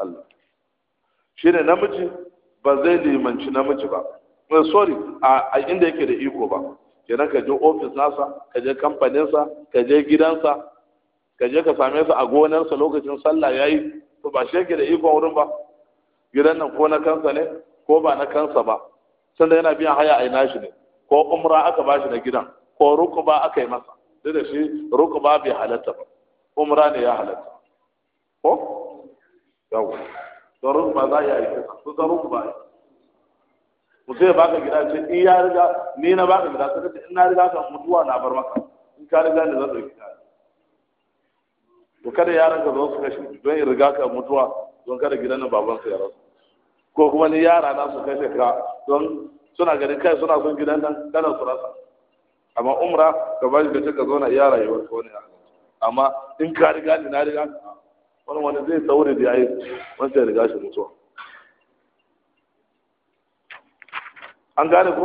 Allah ne namiji ba zai limanci namiji ba eh, sorry a inda yake da iko ba kenan ka je ofis nasa ka je kamfaninsa ka je gidansa ka je ka same sa a gonarsa lokacin sallah ya yi, to ba shi yake da iko wurin ba gidan nan ko na kansa ne ko ba na kansa ba sanda yana biyan haya a ina shi ne ko umra aka ba shi na gidan ko rukuba aka yi masa duk da shi rukuba bai halatta ba umra ne ya halatta ko yawon to rumba za ya yi kisa su ta rumba mutum ya baka gida ce in ya riga ni na ka gida sai ce in na riga ka mutuwa na bar maka in ka riga ne zan yi ta to kada yaran ka zo su ka kashe don in riga ka mutuwa don kada gidan nan baban su ya rasu ko kuma ni yara na su kashe ka don suna ganin kai suna son gidan nan kada su rasa amma umra ka ba shi ka ce ka zauna iya rayuwar ka wani amma in ka riga ni na riga ka wani wani zai sauri da ya yi wancan riga shi mutuwa an gane ko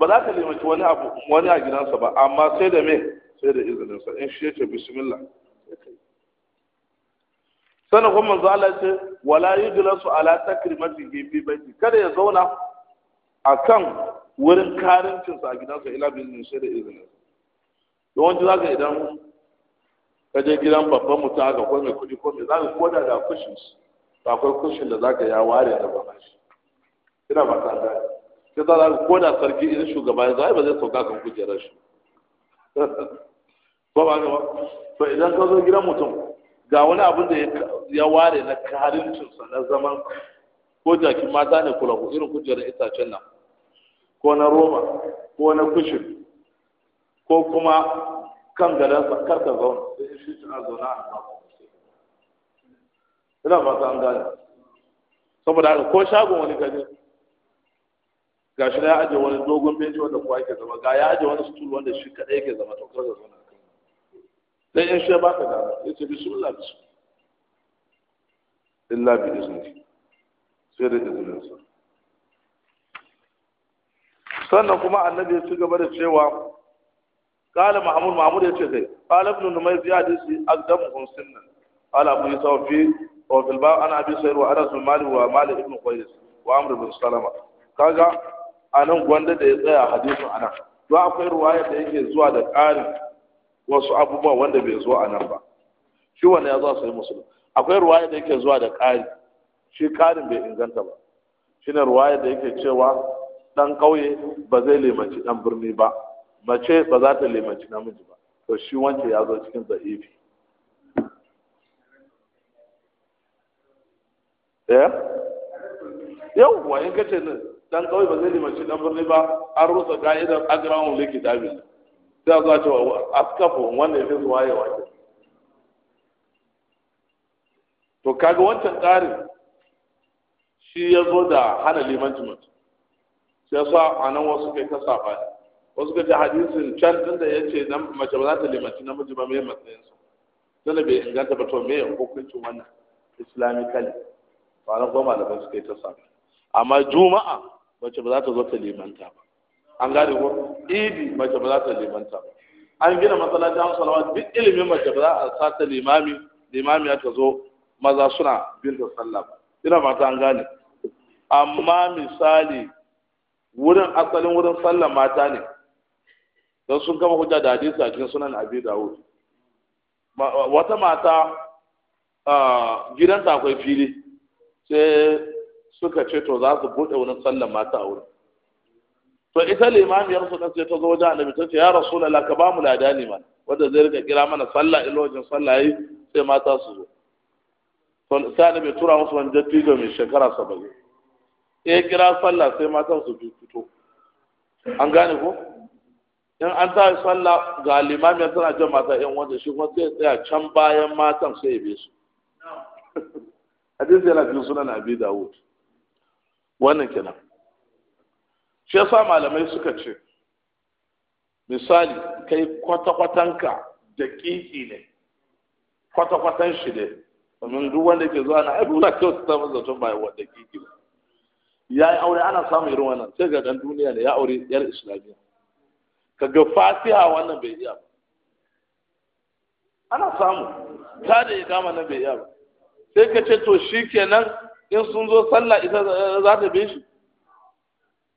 ba za ka limanci wani abu wani a gidansa ba amma sai da me sai da izininsa in shi yake bismillah sannan kuma manzo Allah ce wala yujlasu ala takrimatihi fi baiti kada ya zauna akan wurin karincinsa a gidansa ila bin sai da izininsa yawanci zaka idan ka je gidan babban mutum aka ko mai kuɗi ko mai zaka koda da kushin to akwai kushin da zaka ya ware da ba shi ina ba ta da ke za ka koda sarki idan shugaba ya zai ba zai sauka kan kujerar shi ko ba ga ba to idan ka zo gidan mutum ga wani abin da ya ware na sa na zaman ko jakin mata ne kula ku irin kujerar itacen nan ko na roma ko na kushin ko kuma kan gada sa kar ka zauna sai shi tana zauna a ba ina ba ta an gane saboda haka ko shagon wani gaje ga shi ya ajiye wani dogon benci wanda kowa yake zama ga ya ajiye wani stool wanda shi kadai yake zama to kar zaune a kan sai in shi ya ba ka ya ce bismillah bismillah illa bi iznihi sai da sa. sannan kuma annabi ya ci gaba da cewa قال محمود محمود يتشي كي قال ابن نمير في حديث أقدمهم سنا قال أبو يسوع في وفي الباب أنا أبي سير وأنس بن مالك ومالك ابن قيس وعمر بن سلمة كذا أنا gwanda ya tsaya hadisin anan to akwai ruwaya da yake zuwa da ƙarin wasu abubuwa wanda bai zo a ba shi wannan ya zo sai musulun akwai ruwaya da yake zuwa da ƙari shi ƙarin bai inganta ba shine ruwaya da yake cewa dan ƙauye ba zai limanci ɗan birni ba mace ba za ta limanci namiji ba to shi wance ya zo cikin za'ifi eh? yau wa in kace dan kawai ba zai limanci dan birni ba an rusa ka'idar agrawun likita bin sai za ta askafo wanda ya fi zuwa ya wace to kaga wancan tsarin shi ya zo da hana limanci mutum sai sa a nan wasu kai ta saba wasu ga ji hadisin can tun da ya ce mace ba za ta limanci namiji ba mai matsayinsa tun da bai inganta ba to me hukuncin wannan islamically ba na goma da suka yi ta sami amma juma'a mace ba za ta zo ta limanta ba an gane ko idi mace ba za ta limanta ba an gina masallaci an salawa duk ilimin mace ba za a sa ta limami limami ya ta zo maza suna bin ta sallah ba ina mata an gane amma misali wurin asalin wurin sallah mata ne don sun gama hujja da hadisi a cikin sunan abi dawud wata mata gidanta akwai fili sai suka ce to za su buɗe wurin sallan mata a wurin to ita limamiyar su sai ta zo wajen annabi ta ce ya rasu lala ka ba mu ne ma wanda zai rika kira mana sallah wajen sallah yi sai mata su zo to sai annabi tura musu wani dattijo mai shekara saba'in ya kira sallah sai mata su fito an gane ko in an ta sallah ga limamin tana jan mata yan wanda shi kuma sai tsaya can bayan matan sai ya su hadisi yana cikin sunan abi dawud wannan kenan shi yasa malamai suka ce misali kai kwata-kwatanka da kiki ne kwata-kwatan shi ne domin duk wanda ke zuwa na ai na kyau ta zama zaton bayan wanda kiki ne ya yi aure ana samun irin wannan sai ga dan duniya ne ya aure yar islamiyya kaga fasiha wannan bai iya ba ana samu ta da kama nan bai iya ba sai ka ce to shi kenan in sun zo sallah ita za ta bi shi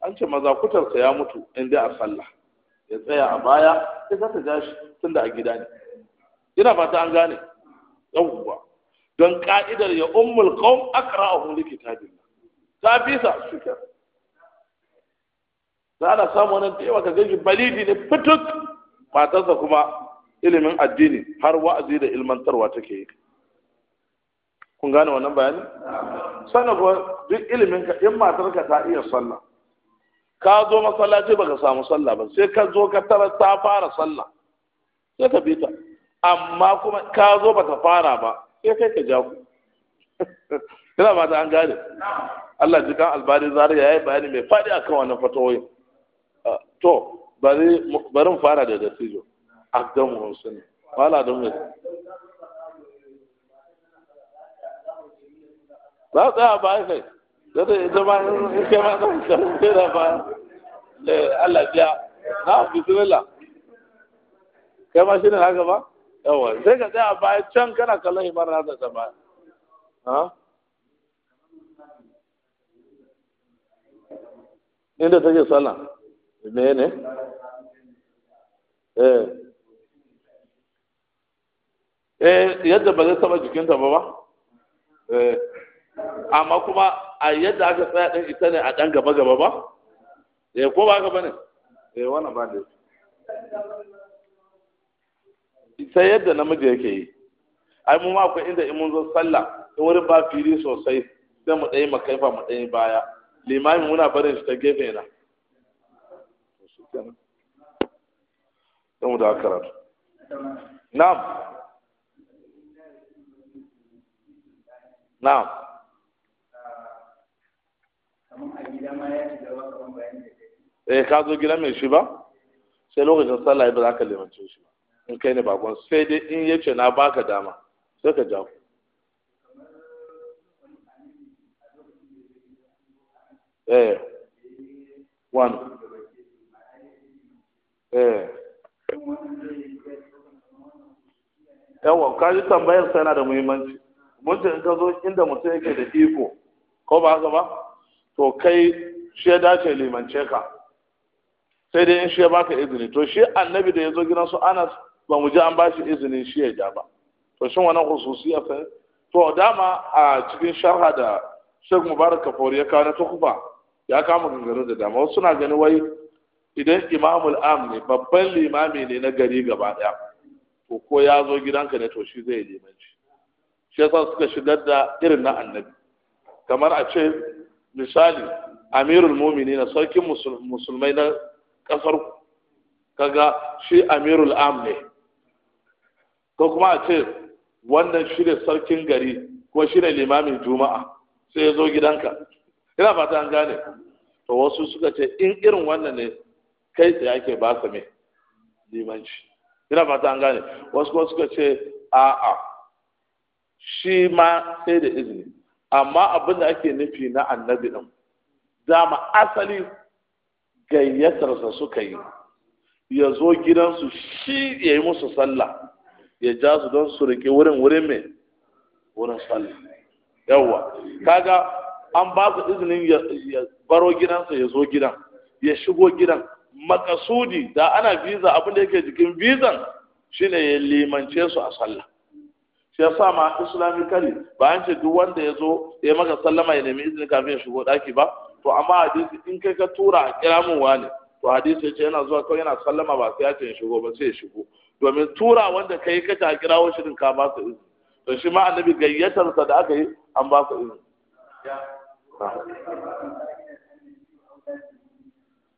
an ce maza kutarsa ya mutu in a sallah ya tsaya a baya sai za ta ja shi tun da a gida ne ina fata an gane yawwa don ka'idar ya ummul qaum aqra'uhum likitabillah ta bisa shukr za ana samu wani tewa ka gaji balidi ne fituk matarsa kuma ilimin addini har wa'azi da ilmantarwa take yi kun gane wannan bayani sannan kuwa duk ilimin ka in matarka ta iya sallah ka zo masallaci baka samu sallah ba sai ka zo ka tara ta fara sallah sai ka bita amma kuma ka zo bata fara ba sai kai ka ja ku ina ba ta an gane Allah jikan albani zariya yayi bayani mai fadi akan wannan fatawoyin to bari barin fara da dattijo akdamu hussein wala don mai za ta yi ba kai zata ita ba in ke ma zan karfe da ba da eh, Allah biya na bismillah kai ma shi ne haka ba yawa sai ka tsaya baya can kana kallon himar na da baya ha inda take sallah mene eh eh yadda ba zai taba jikinta ba ba eh amma kuma a yadda aka tsaya ɗin ita ne a ɗan gaba gaba ba eh ko ba gaba ne eh wannan ba da sai yadda namiji yake yi ai mu ma akwai inda in mun zo sallah in wurin ba fili sosai sai mu ɗaya makaifa mu ɗaya baya limamin muna barin shi ta gefe na kenan don da karatu eh ka zo gida mai shi ba sai lokacin sallah ba za ka limance shi ba in kai ne bakon sai dai in ya ce na baka dama sai ka ja eh one Eh. yawon yawa kaji tambayar sai yana da muhimmanci mutum in ka zo inda mutum yake da iko ko ba haka ba to kai shi ya dace limance ka sai dai in shi ya baka izini to shi annabi da ya zo gidan su anas ba mu ji an ba shi izinin shi ya ja ba to shin wannan ya fa to dama a cikin sharha da Sheikh Mubarak Kafori ya kawo na tukufa ya kama gangaru da dama wasu na gani wai idan imamul am ne babban limami ne na gari gaba daya to ko ya zo gidanka ne to shi zai limanci shi yasa suka shigar da irin na annabi kamar a ce misali amirul mumini na sarkin musulmai na kasar kaga shi amirul am ne ko kuma a ce wannan shi ne sarkin gari ko shi ne limamin juma'a sai ya zo gidanka ina fata an gane to wasu suka ce in irin wannan ne kai tsaye ake ba su mai limanci ina fata an gane wasu kuma suka ce a'a shi ma sai da izini amma abin da ake nufi na annabi din dama asali gayyatarsa suka yi ya zo gidansu shi ya yi musu sallah ya ja su don su riƙe wurin wurin mai wurin sallah yawwa kaga an ba su izinin ya baro gidansa ya zo gidan ya shigo gidan makasudi da ana visa abin da yake jikin visan shine ya limance su a sallah shi yasa ma islami kari ba an ce duk wanda ya zo ya maka sallama ya nemi izini kafin ya shigo daki ba to amma hadisi in kai ka tura a kira mun wani to hadisi ya ce yana zuwa kawai yana sallama ba sai ya ce ya shigo ba sai ya shigo domin tura wanda ka yi kai a kira kirawo shirin ka ba su izini to shi ma annabi gayyatar sa da aka yi an ba su izini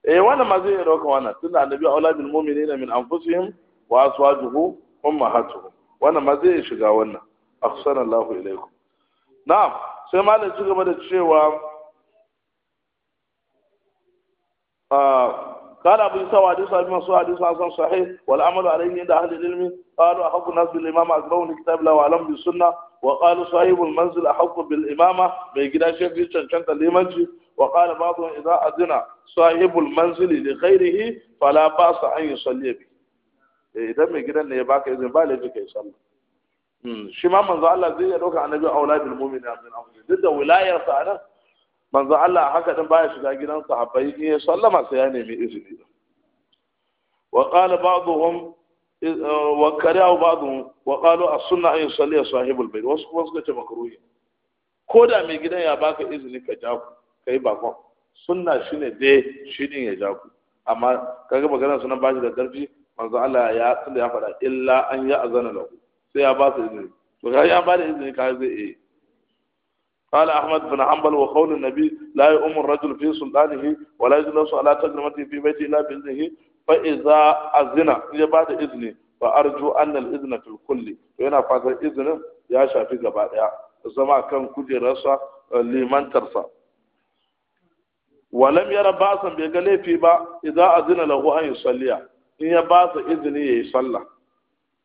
eh wannan ma zai dauka wannan tunda annabi aula bil mu'minina min anfusihim wa aswajuhu ummahatuhum wannan ma zai shiga wannan ahsana Allahu ilaikum na'am sai malam ci gaba da cewa قال أبو يوسف حديث أبي منصور حديث حسن صحيح والعمل عليه عند أهل العلم قالوا أحق الناس بالإمامة أكبرهم الكتاب له وأعلم بالسنة وقالوا صاحب المنزل أحق بالإمامة بيجدا شيخ يشان شان كلمة وقال بعضهم إذا أذن صاحب المنزل لغيره فلا بأس أن يصلي به idan mai gidan ne ya baka izin ba laifi kai sallah hmm, shi ma manzo Allah zai ya dauka annabi aula bil mu'mina min amri duk da wilayar sa nan manzo Allah haka din baya shiga gidan sahabbai in ya sallama sai ya nemi izini wa qala ba'dhum eh, wa kariya ba'dhum wa qalu as-sunnah an yusalli sahibul wasu kuma ce makruhi ko da mai gidan ya baka izini ka ja ku ka yi bakon sunna ne dai shi din ya jaku ku amma kaga magana suna ba shi da ƙarfi manzo Allah ya tunda ya faɗa illa an ya azana lahu sai ya ba su izini to ga ya ba da izini ka zai eh قال احمد بن حنبل وقول النبي لا يؤم الرجل في سلطانه ولا يجلس على تكرمته في بيته إلا بإذنه فاذا اذن اذا بعد إذنه فارجو ان الاذن في الكل وأنا فاذا اذن يا شافي غبا ديا زما كان كل رسا لمن ترسى walam yara basan bai ga laifi ba idan azina na an yusalliya in ya ba su izini yayi sallah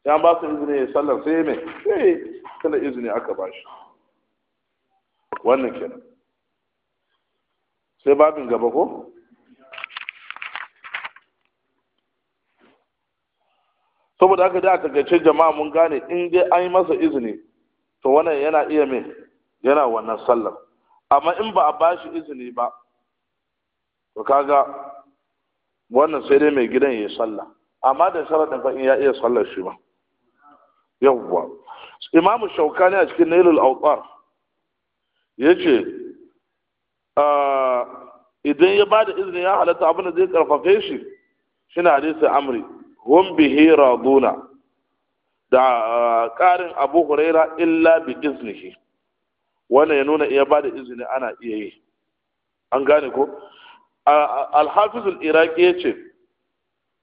ya ba su izini yayi sallah sai me sai kana izini aka bashi. shi wannan kenan sai babin gaba ko saboda haka da a takaice jama'a mun gane in dai an yi masa izini to wannan yana iya me yana wannan sallar amma in ba a bashi shi izini ba to kaga wannan sai dai mai gidan ya salla sallah amma da sharaɗin fa in ya iya sallar shi ba yawwa imamu shaukani a cikin nailul autar ya ce ah, idan ya ba da izini ya halatta abin da zai karfafe shi shine hadisi amri hum bihi raduna da karin ah, abu huraira illa bi iznihi wannan ya nuna iya ba da izini ana iya yi an gane ko alhafizul iraki ya ce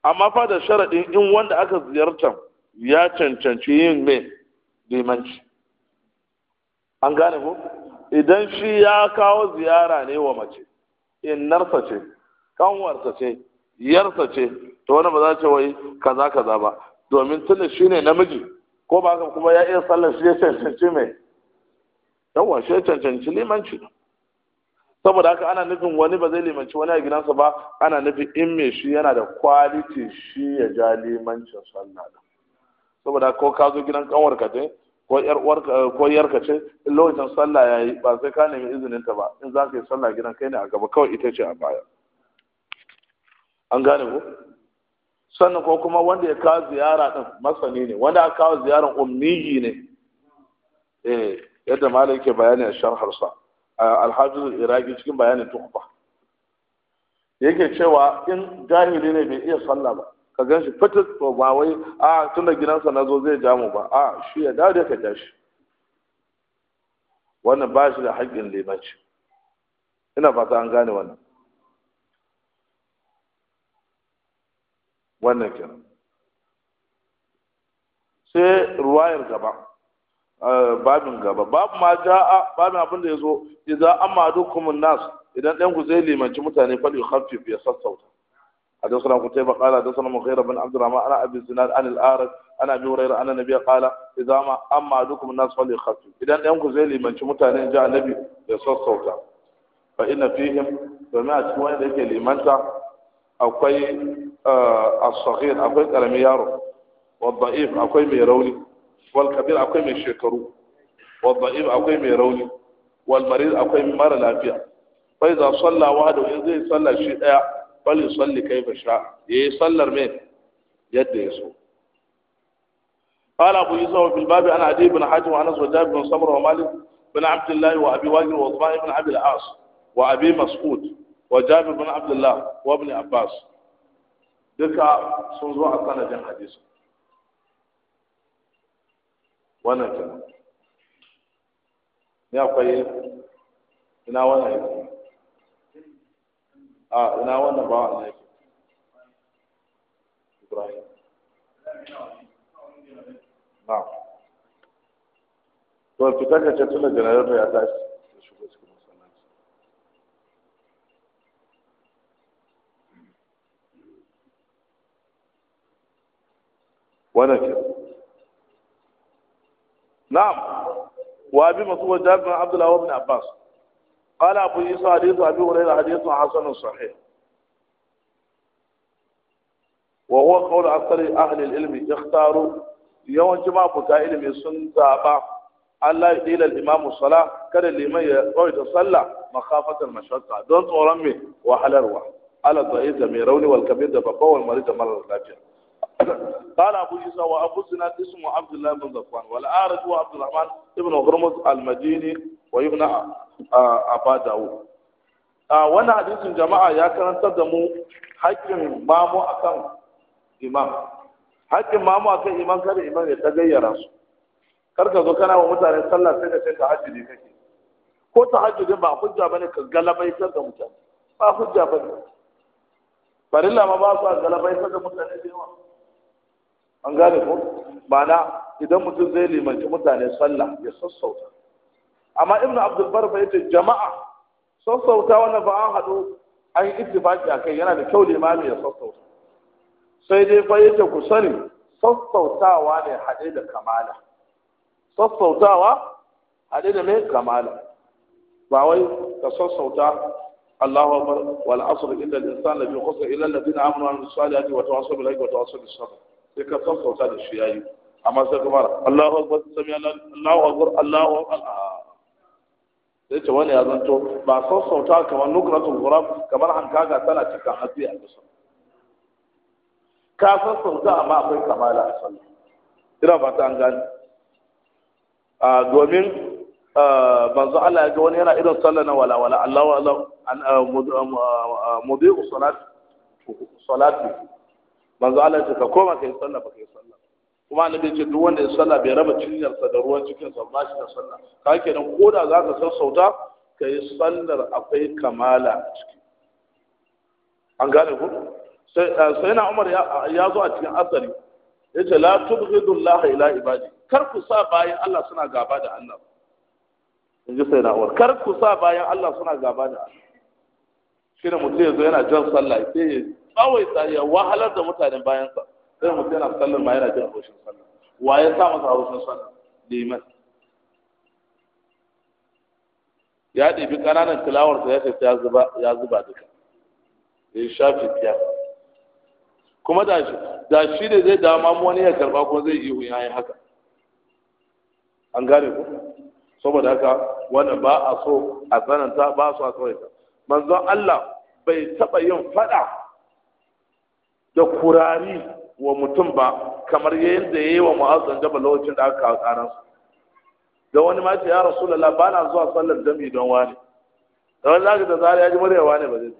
amma fa da sharaɗin in wanda aka ziyarta ya cancanci yin mai limanci an gane ku idan shi ya kawo ziyara ne wa mace innarsa ce kanwarsa ce yarsa ce to wani ba za ce wai kaza kaza ba domin tunda shi ne namiji ko ba kuma ya iya sallar shi ya cancanci mai yawa shi ya cancanci limanci saboda haka ana nufin wani ba zai limanci wani a gidansa ba ana nufin in mai shi yana da kwaliti shi ya ja limancin sallah da saboda ko ka zo gidan kanwar ka ce ko yar uwar ko yar ka ce in lokacin sallah yayi ba sai ka nemi izinin ta ba in za ka yi sallah gidan kai ne a gaba kawai ita ce a baya an gane ku. sannan ko kuma wanda ya kawo ziyara din masani ne wanda ya kawo ziyaran ummiyi ne eh yadda malam yake bayani a sharharsa alhajjul iraki cikin bayanin tuhfa yake cewa in jahili ne bai iya sallah ba ka gan shi fitis to ba wai a tun da gidansa na zo zai jamu ba a shi ya dawo da ka ja shi wannan ba shi da haƙƙin limanci ina fata an gane wannan wannan kenan sai ruwayar gaba Eh, babin gaba babu ma ja'a babin abin ya zo idza amma dukumun nas idan dan ku zai limanci mutane fa li khaffif ya sassauta hadu sunan ku tayi bakala da sunan mukhair ibn abdurrahman ana abi zinad an al arad ana bi hurairah anna nabiy qala idza ma amma dukumun nas idan dan ku zai limanci mutane ja annabi ya sassauta fa inna fihim fa ma ci wani da yake limanta akwai eh, as-saghir akwai karami yaro wa da'if akwai mai rauni wal akwai mai shekaru wal akwai mai rauni wal akwai mara lafiya fa idza salla wahdahu in zai salla shi daya bal yusalli kayfa sha yayi sallar me yadda ya so قال أبو يوسف في الباب عن عدي بن حاتم وأنس وجابر بن سمر ومالك بن عبد الله وأبي واجر وعثمان بن عبد العاص وأبي مسعود وجابر بن عبد الله وابن عباس duka sun zo a sanadin hadisi wannan kenan ni akwai ina wannan yake a ina wannan ba wannan yake ibrahim na to fitar da ce tuna generator ya tashi da shigo cikin masallaci wannan kenan na'am wa abi mas'ud jabir abdullah ibn abbas qala abu isa hadith abi hurairah hadith hasan sahih wa huwa qawl akthar ahli al-ilm ikhtaru yawanci jama'a buta ilimi sun zaba Allah ya dila al salah kada liman ya tsawaita sallah makhafatan mashaqqa don tsoron me wahalarwa ala dha'if da mai rauni wal da babba wal da marar lafiya قال أبو عيسى وأبو سنان اسمه عبد الله بن ذكوان والأعرج هو عبد الرحمن ابن هرمز المديني وابن أبا داود wannan hadisin jama'a ya karantar da mu haƙƙin mamu akan imam haƙƙin mamu akan imam kada imam ya tagayyara su kar ka zo kana wa mutane sallah sai ka ce ta hajji kake ko ta hajji ba hujja bane ka galabaitar da mutane ba hujja bane farilla ma ba su galabaitar da mutane da an gane ko na, idan mutum zai limanci mutane sallah ya sassauta amma ibn abdul bar bai ce jama'a sassauta wanda ba an haɗu an yi ittifaqi akai yana da kyau limami ya sassauta sai dai fa yace ku sani sassautawa ne haɗe da kamala sassautawa haɗe da mai kamala ba wai ka sassauta Allahu akbar wal asr illa al-insana lafi khusr illa alladhina amanu wa amilus salihati wa tawassaw bil haqqi wa tawassaw bis sabr sai ka san sauta da shi yayi amma sai kuma Allahu akbar sami Allahu akbar Allahu akbar sai ce wani ya zanto ba san sauta kamar nukratul ghurab kamar hankaga tana cikin hatsi a kusa ka san sauta amma akwai kamala a sallah ina ba ta an gane domin manzo Allah ya ga wani yana irin sallah na wala wala Allahu akbar mudu salat salat manzo Allah ce ka koma kai sallah ba kai sallah kuma annabi ce duk wanda ya sallah bai raba sa da ruwan cikin sa ba shi da sallah ka nan ko da za ka sassauta ka yi sallar akwai kamala a ciki an gane ku sai eh, na umar ya zo a cikin asali ya ce la tubghidu Allah ila ibadi kar ku sa bayan Allah suna gaba da Allah in ji sai na umar kar ku sa bayan Allah suna gaba da Allah shi ne mutum ya zo yana jan sallah sai tsawaita tsariya wahalar da mutanen bayansa sai mutum yana sallar ma yana jin haushin sallar wa ya sa masa haushin sallar liman ya ɗebi ƙananan tilawarsa ya ce ya zuba duka ya shafi fiya kuma da shi da shi ne zai dama mu wani ya karba ko zai yi ya yi haka an gane ku saboda haka wannan ba a so a tsananta ba a so a tsawaita manzon Allah bai taɓa yin faɗa da kurari wa mutum ba kamar yadda ya yi wa mu'azzan jaba lokacin da aka kawo karansa da wani ma ce ya rasulullah ba na zuwa sallar dami don wani da wani zaka da zari ya ji murya wani ba zai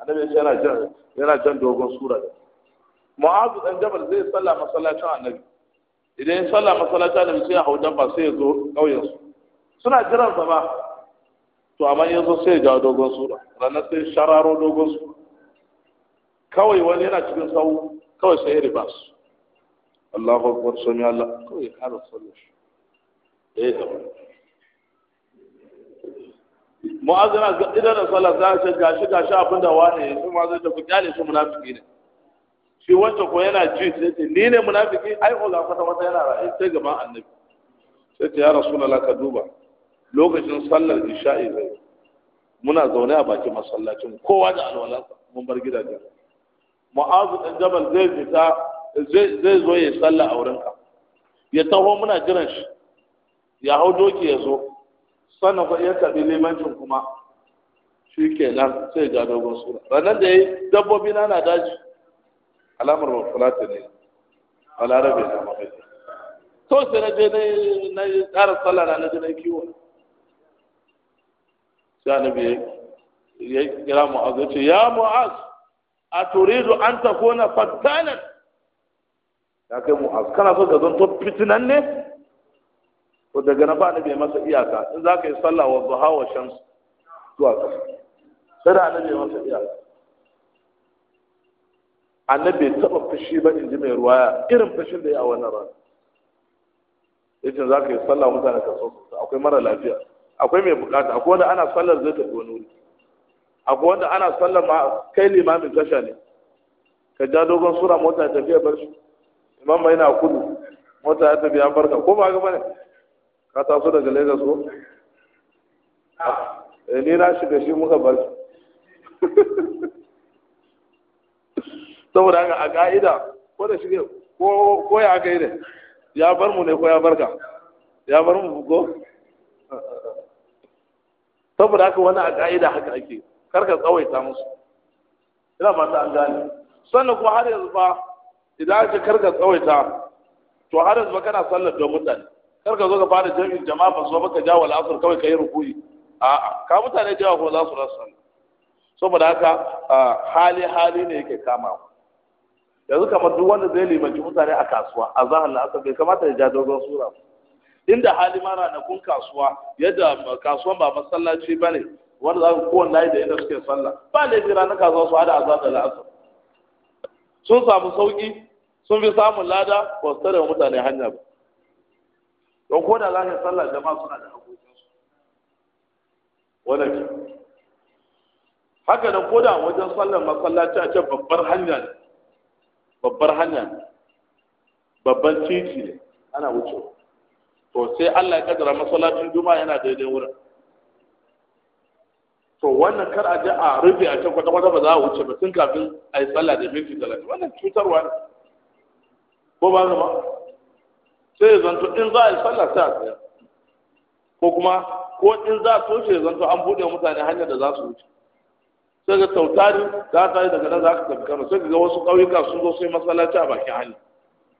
annabi ya yana jan yana jan dogon sura mu'azu dan jabal zai salla masallacin annabi idan ya salla masallacin annabi sai ya hau dabba sai ya zo kauyen su suna jiran sa ba to amma ya zo sai ya jawo dogon sura ranar sai shararo dogon sura kawai wani yana cikin sau kawai sai ya ba su Allah hukumar sami Allah kawai ya kara sallar shi ya eh, zama mu'azina idan da sallar za ce gashi gashi abinda wane Yanzu ma zai tafi kyale shi munafiki ne shi wancan ko yana ji sai ce ni ne munafiki ai ko ga kwata wata yana ra'ayi sai gaban annabi sai ce ya rasulullah ka duba lokacin sallar isha'i zai muna zaune a bakin masallacin kowa da alwalansa mun bar gidajen mu'azu ɗan jabal zai fita zai zo ya salla a wurinka ya taho muna jiran shi ya hau doki ya zo sannan kuma ya karɓi limancin kuma shi ke nan sai ga dogon sura ranar da ya yi dabbobi na na daji alamar ba fulata ne a larabe na mafi to sai na je na yi tsara tsalla na je na yi kiwo sai annabi ya kira mu'azu ya ce ya mu'azu a turidu an ta kona fattanan ya kai mu kana so ka zanto fitinan ne to daga na ba ni bai masa iyaka in za ka yi sallah wa zuha wa shamsu zuwa ƙasa sai da annabi masa iyaka annabi bai taɓa fashi ba in ji mai ruwaya irin fushin da ya wani wannan rana yace za ka yi sallah mutane ka so akwai mara lafiya akwai mai bukata akwai wanda ana sallar zai tafi wani wuri akwai wanda ana sallar ma kai limamin tasha ne ka ja dogon sura mota ta tafiya bar shi imam mai na kudu mota ya tafi bar barka ko ba ga bane ka taso daga Lagos ko ah, eh ni na shiga shi muka bar shi saboda haka a ka'ida ko da shige ko ko ya kai ne ya bar mu ne ko ya barka ya bar mu ko saboda haka wani a ka'ida haka ake karka tsawaita musu ina ba ta an gane sannan kuma har yanzu ba idan aka karka tsawaita to har yanzu ba kana sallar da mutane karka zo ka fara jami'in jama'a ba zo ka jawo al'asur kawai ka yi rukuni a'a ka mutane jawo ko za su rasa saboda haka hali hali ne yake kama. yanzu kamar duk wanda zai limanci mutane a kasuwa a zahar la'asar bai kamata ya ja dogon sura inda hali na kun kasuwa yadda kasuwan ba masallaci ba ne wanda za ku kowanne layi da inda suke sallah ba laifi ranar kasuwa su hada azan da la'asar sun samu sauki sun fi samun lada ba su tare mutane hanya ba don ko da za ka sallah jama'a suna da abokansu. Wani ke haka nan ko da wajen sallar masallaci a ce babbar hanya ne babbar hanya ne babban titi ne ana wuce to sai Allah ya kaddara masallacin juma'a yana daidai wurin to wannan kar a ji a rufe a can kwata-kwata ba za a wuce ba tun kafin a yi tsalla da minti talatin wannan cutarwa ne ko ba zama sai zanto in za a yi tsalla sai a tsaya ko kuma ko in za a toshe zanto an buɗe mutane hanyar da za su wuce sai ga tautari za ta yi daga nan za ka tafi kano sai ga wasu ƙauyuka sun zo sai masallaci a bakin hanya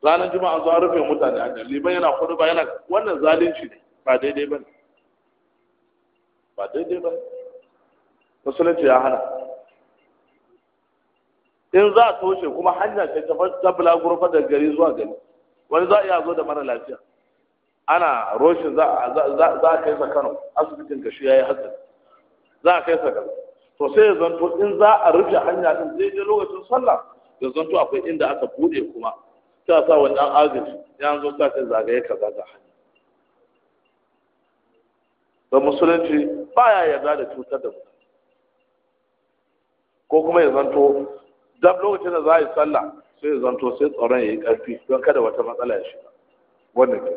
ranar juma'a zuwa rufe mutane a hanya liban yana kudu ba yana wannan zalunci ne ba daidai ba ne ba daidai ba ne musulunci ya hana in za a toshe kuma hanya ta ta bulaguro fa daga gari zuwa gari wani za a iya zo da mara lafiya ana roshin za a kai sa kano asibitin gashi ya yi hatsari za a kai sa kano to sai ya zanto in za a rufe hanya din je lokacin sallah ya zanto akwai inda aka bude kuma ta sa wannan agaji ya zo ta kai zagaye kaza ga hanya Ba musulunci baya yarda da cutar da mutum ko kuma ya zanto dab lokacin da za a yi sallah sai ya zanto sai tsoron ya yi ƙarfi don kada wata matsala ya shiga wannan ke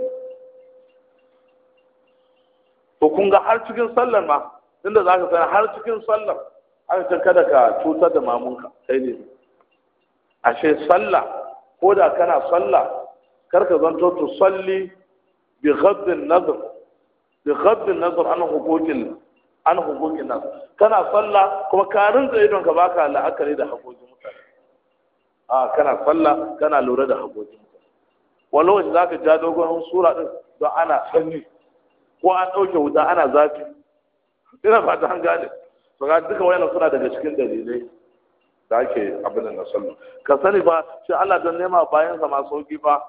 to kun ga har cikin sallar ma tunda za ka sani har cikin sallar an cikin kada ka cutar da mamunka sai ne ashe sallah ko da kana sallah kar ka zanto tu salli bi ghaddin nazar bi ghaddin nazar an hukukin an hukumin nan kana sallah kuma ka rinza idon ka baka la'akari da hakokin mutane a kana sallah kana lura da hakokin mutane wani lokaci zaka ja dogon sura din don ana sanyi ko an ɗauke wuta ana zafi ina fata an gane to ga duka wayannan suna daga cikin dalilai da ake abin da sallu ka sani ba shi Allah don nema bayan sa ma sauki ba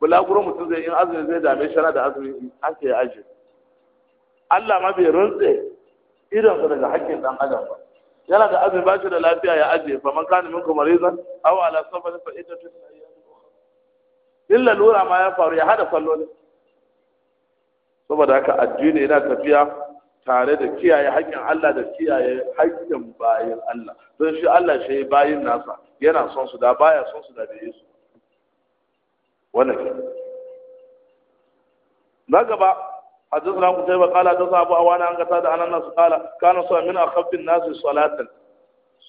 bulaguro mutum zai in azumi zai dame shara da azumi ake aje Allah ma bai runtse irinsu daga hakkin ɗan adam ba yana da azumi ba shi da lafiya ya ajiye fa man kana minkum marizan aw ala safar fa iddatu illa lura ma ya faru ya hada salloli saboda haka addini yana tafiya tare da kiyaye hakkin Allah da kiyaye hakkin bayin Allah don shi Allah shi bayin nasa yana son su da baya son su da bai yi su wannan na gaba حدثنا قتيبة قال حدثنا أبو أوانا عن قتادة أن الناس قال كان صلى من أخف الناس صلاة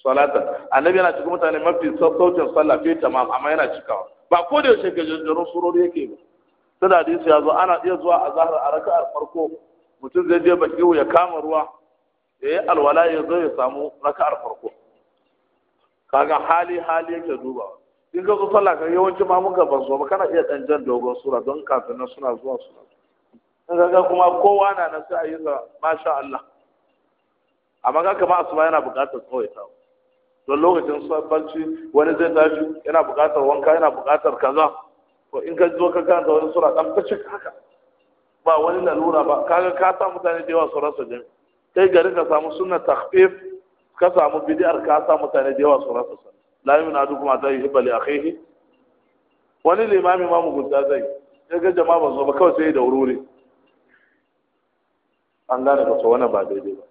صلاة النبي أنا تقول متى ما في صوت صلاة في تمام أما أنا تكاو بعقول يا شيخ جرو سرور يكيب تدا ديس يا زو أنا يا زو أظهر أركع الفرقو متن زي je baki ya kama ruwa ya yi alwala ya zo ya samu raka'ar farko kaga hali hali yake dubawa in ka zo sallah kan yawanci ma muka ban so ba kana iya dan dogon sura don kafin suna zuwa suna kaga kuma kowa na nasu a yi masha Allah amma ga kama asuba yana buƙatar tsawaitawa don lokacin barci wani zai tashi yana buƙatar wanka yana buƙatar kaza to in ka zo ka kanta wani sura dan ta cika haka ba wani lalura ba kaga ka sa mutane da yawa su rasa jami kai gari ka samu sunna takhfif ka samu bid'ar ka sa mutane da yawa su rasa sunna na duk kuma ta yuhibba li akhihi wani limami ma guda zai sai ga jama'a ba zo ba kawai sai da wuri an gane ba to wannan ba daidai ba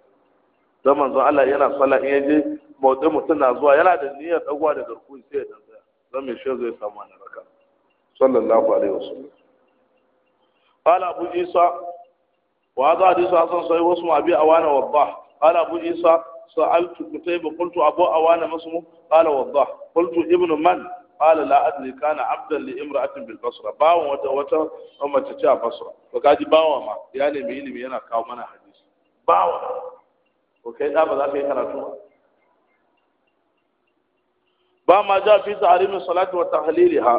don manzon Allah yana sallah in yaje mawdu mutum na zuwa yana da niyyar dagwa da garku sai ya dan tsaya don me shi zai samu wannan raka sallallahu alaihi wasallam قال أبو عيسى وهذا حديث حسن صحيح واسمه أبي أوانا وضاح قال أبو عيسى سألت قتيبة قلت أبو أوانا ما اسمه قال وضاح قلت ابن من qala la adri kana abdan li imra'atin bil basra bawon wata wata mace ce a to kaji bawon ma ya nemi ilimi yana kawo mana hadisi bawon ko kai da ba za ka yi karatu ba ba ma ja fi ta'rimin salati wa tahliliha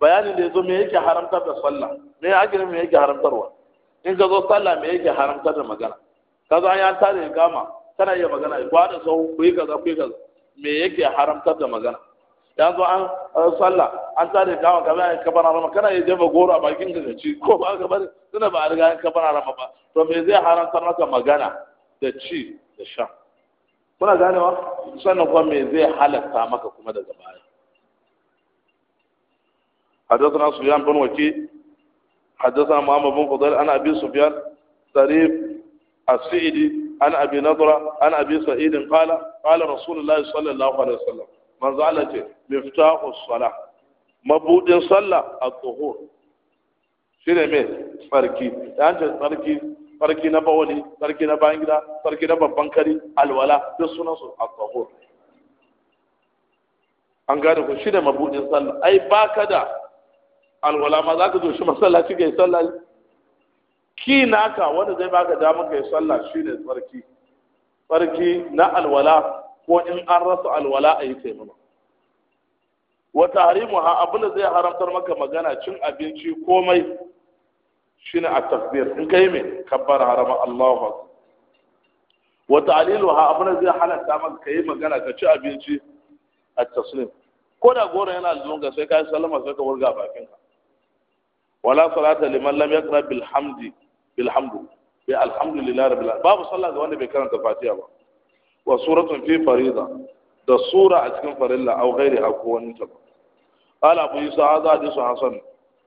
bayanin da yazo me yake haramtar da sallah me yake me yake haramtarwa in ka zo sallah me yake haramtar da magana ka zo an ya tare kana iya magana ba da sau ku kaza ku kaza me yake haramtar da magana ya zo an sallah an tsare kama kamar yankin kabar rama kana ya jefa goro a bakin ka ci ko ba ka bari suna ba a riga yankin kabar rama ba to me zai haramta maka magana da ci da sha kuna ganewa sannan kuma me zai halatta maka kuma daga baya حدثنا سفيان بن وكيع حدثنا محمد بن فضيل abin ابي سفيان طريف a عن ابي نضره عن ابي سعيد قال قال رسول الله صلى الله عليه وسلم manzo Allah ce miftahu sala mabudin sallah at Shi ne me tsarki dan ce tsarki tsarki na bawani, tsarki na bayan gida tsarki na babban kari alwala da sunan su at-tuhur an gane ku ne mabudin sallah ai ba ka da alwala ma za ka zo shi masallaci kai sallah ki naka wanda zai baka damar salla sallah ne tsarki tsarki na alwala ko in an rasa alwala a yi taimama wa tahrimu ha abin da zai haramtar maka magana cin abinci komai shine a takbir in kai me kabbar harama Allahu akbar wa ta'lilu ha abin da zai halatta maka kai magana ka ci abinci a taslim ko da goro yana zunga sai ka sallama sai ka wurga bakin ka wala salata liman lam yaqra bil hamdi bil hamdu bi alhamdulillahi rabbil alamin babu sallah ga wanda bai karanta fatiha ba وصوره في فريضه ده صوره اسكن فريلا او غيرها كون تب قال ابو هذا حديث حسن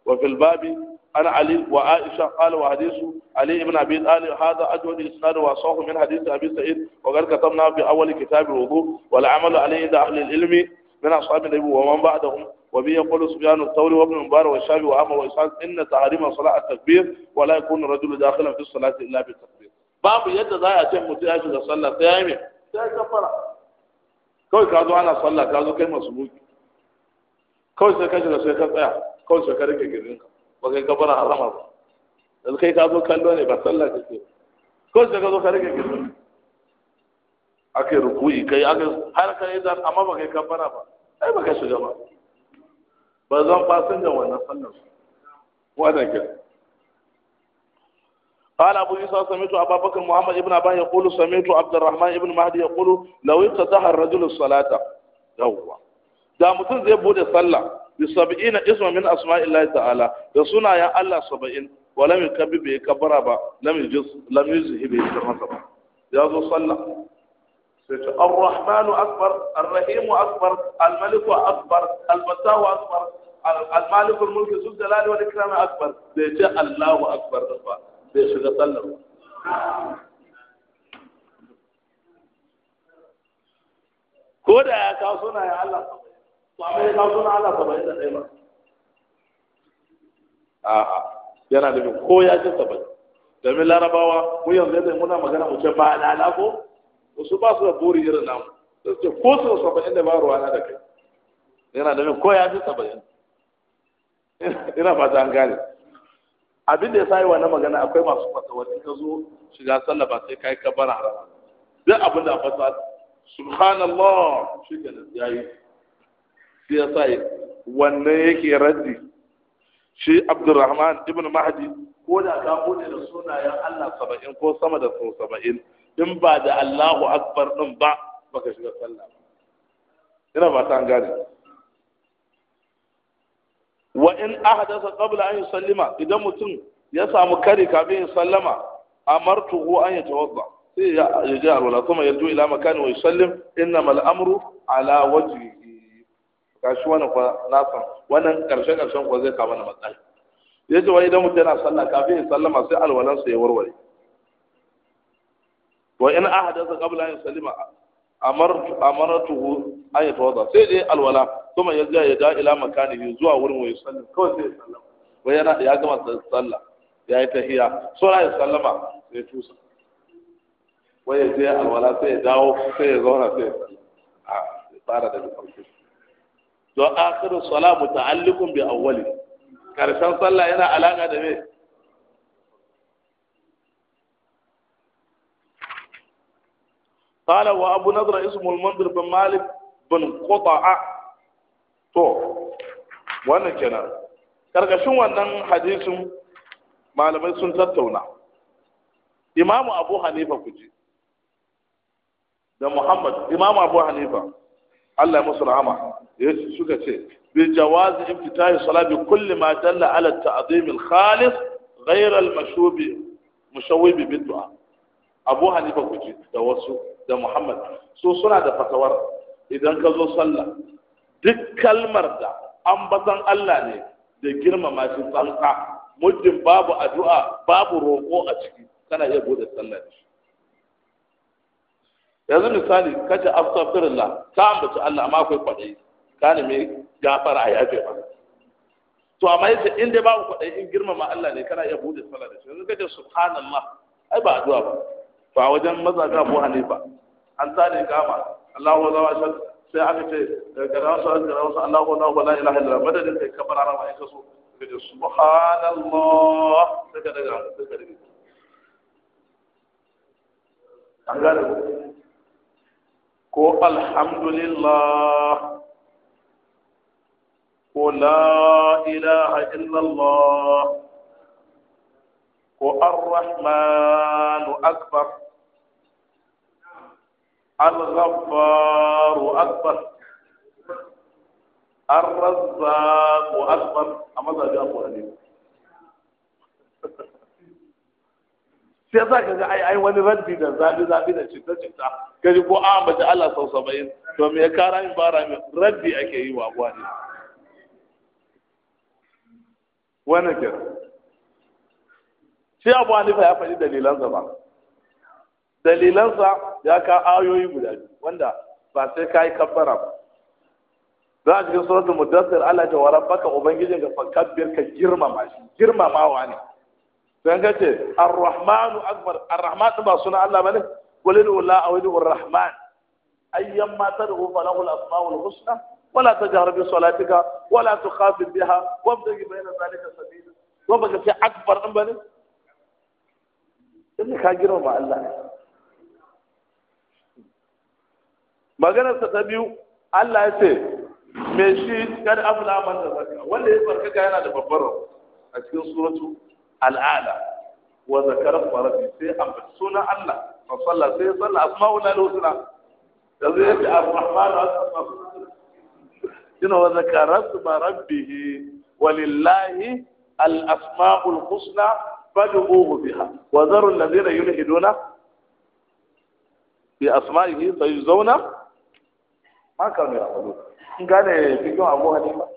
وفي الباب انا علي وعائشه قال وحديث علي بن ابي طالب هذا اجود اسناد وصحه من حديث ابي سعيد وقال كتبنا في اول كتاب الوضوء والعمل عليه عند اهل العلم من اصحاب النبي ومن بعدهم وبه يقول سفيان الثوري وابن مبارك والشافعي وعمر واسحاق ان تعاليم صلاه التكبير ولا يكون الرجل داخلا في الصلاه الا بالتكبير باب يد ذا يتم تياج الصلاه قائمه sai ka fara kawai ka zo ana sallah ka zo kai masu muki kawai sai ka shiga sai ka tsaya kawai sai ka rike girin ka ba kai ka fara harama ba yanzu kai ka zo kallo ne ba sallah kake kawai sai ka zo ka rike girin ka yi rukuyi kai aka har ka yi zan amma ba kai ka fara ba ai ba ka shiga ba ba zan fasin da wannan sallar wannan kenan قال أبو يوسف سمعت أبا بكر محمد بن أباه يقول سمعت عبد الرحمن بن مهدي يقول لو افتتح الرجل الصلاة يوه da mutum zai bude sallah da sunayen Allah saba'in wa lam yakabbi bi kabara ba lam yujuz lam yuzhi bi kamata ba ya zo sallah sai ta ar-rahmanu rahimu akbar al-maliku akbar al-fattahu akbar al Allahu akbar ba bai shiga sallar ko da ya kawo suna ya Allah ba mai kawo suna Allah saba'in da ɗaya ba a'a yana da ko ya ji saba'in domin larabawa mu yanzu yadda muna magana mu ce ba lala ko wasu ba su da buri irin namu ce ko su saba'in da ba ruwa na da kai yana da ko ya ji saba'in ina fata an gane abin da ya sa yi wannan magana akwai masu fatawa in ka zo shiga sallah ba sai kai kabbara harama duk abin da a fata subhanallah shi ke yi sai ya sa wannan yake raddi shi abdurrahman ibn mahdi ko da ka bude da sunayen Allah saba'in ko sama da sau saba'in in ba da Allahu akbar ɗin ba baka shiga sallah ina ba ta gane wa in ahdasa qabla an yusallima idan mutum ya samu kari kafin ya sallama amartuhu an yatawadda sai ya ji alwala kuma ya zo ila makani wa yusallim innama al'amru ala wajhihi kashi wannan kwa na san wannan karshe karshen kwa zai kama na matsayi yace wai idan mutum yana sallah kafin ya sallama sai sa ya warware wa in ahdasa qabla an yusallima amartu amaratuhu an yatawadda sai dai alwala kuma ya zai ya da ila makanihi zuwa wurin wa kawai sai ya sallama wai yana ya ya yi ya sallama sai tusa wai ya je sai ya dawo sai ya zauna sai ya a fara daga farko karshen sallah yana alaƙa da قال وابو نضر اسمه المنذر بن مالك بن قطعه to wannan kenan karkashin wannan hadisin malamai sun tattauna imamu abu hanifa ku da muhammad imamu abu hanifa allah ya musu rahama suka ce bi jawazi iftitahi salat bi kulli ma dalla ala ta'zim al khalis ghayr al mashubi mushawwib bi du'a abu hanifa ku da wasu da muhammad su suna da fatawar idan ka zo sallah duk kalmar da ambaton Allah ne da girmama shi tsanka, muddin babu addu'a babu roƙo a ciki kana iya bude sallah da shi yanzu misali kace astaghfirullah ka ambaci Allah amma akwai kwaɗayi ka nemi gafara a yafe ba to amma yace in dai babu kwaɗayi in girmama Allah ne kana iya bude sallah da shi yanzu kace subhanallah ai ba addu'a ba ba wajen mazaka ko hanifa an tsare kama Allahu wa zawa sai aka ce daga rasu an jira wasu Allah ko nawa la ilaha illallah madadin kai kabar ara ma ita so daga subhanallah daga daga daga daga an gane ko ko alhamdulillah ko la ilaha illallah ko ar-rahmanu akbar الغفار أكبر الرزاق أكبر أما ذا جاء أبو حنيفة sai za ka ga ai wani rabbi da zabi zabi da cuta cuta ka ji ko a mace Allah sau saba'in to me ya kara min fara min rabbi ake yi wa abuwa ne wani kira shi abuwa ne ya faɗi dalilan ba dalilansa ya ka ayoyi guda biyu wanda ba sai ka yi kabbara ba za a cikin suratul mudassir Allah ta wara baka ubangijin ga fakabbir ka girmama shi girmamawa ne dan ka ce ar-rahmanu akbar ar rahmanu ba suna Allah bane qul inna la a'udhu bir-rahman ayyam ma tad'u falahu al-asma'ul husna wala tajhar bi salatika wala tukhafid biha wabtaghi bayna zalika sabila wa baka ce akbar din bane in ka girmama Allah maganarsa ta biyu Allah ya ce me shi abu na man zaka wanda ya farka yana da babbar rabu. a cikin suratu al'ada wa zakara farabi sai an suna Allah fa salla sai salla asma'ul husna da zai ce ar-rahman ina wa zakara rabbih walillahi al-asma'ul husna fad'uhu biha wa zaru alladhina yulhiduna bi asma'ihi sayuzawna haka ne abu in gane fikin abu hanifa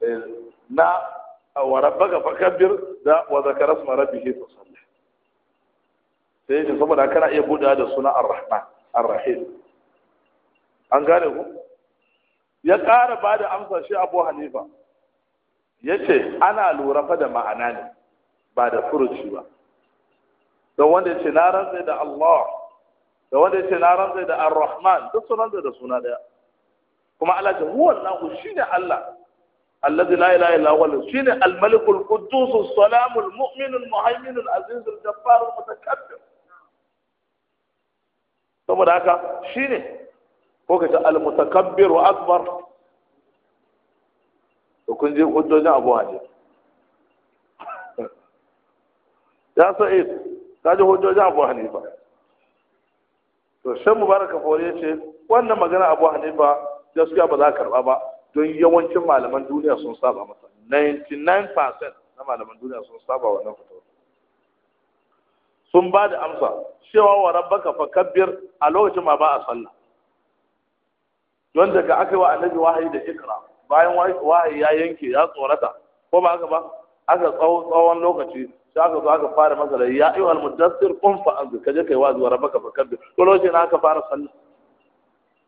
eh, na wa rabbaka fakabir da wa zakara sma rabbihi fa salli sai ce saboda kana iya buɗa da suna arrahman arrahim an gane ku ya ƙara ba da amsa shi abu hanifa ya ce ana lura fa da ma'ana ne ba da furuci ba don wanda ya ce na rantsa da Allah da wanda ya ce na rantsa da ar-rahman duk sun da suna daya kuma Allah ce huwa Allah shine Allah alladhi la ilaha illa huwa shine al-malik al-quddus as-salam al-mu'min al-muhaymin al-aziz al-jabbar al-mutakabbir saboda haka shine ko ka ce al-mutakabbir wa akbar to kun je hujjojin Abu Hanifa ya sa'id ka ji hujjojin Abu Hanifa to shan mubaraka fore ce wannan magana abu hanifa gaskiya ba za ka karba ba don yawancin malaman duniya sun saba masa 99% na malaman duniya sun saba wannan fito sun ba da amsa cewa wa rabbaka kabbir a lokacin ma ba a sallah don daga aka yi wa annabi wahayi da ikra bayan wahayi ya yanke ya tsorata ko ba haka ba aka tsawon lokaci sai aka zo aka fara masa ya ayyuhal mudassir qum fa anzir kaje kai wazi wa rabbaka fakabbir to lokacin na aka fara sallah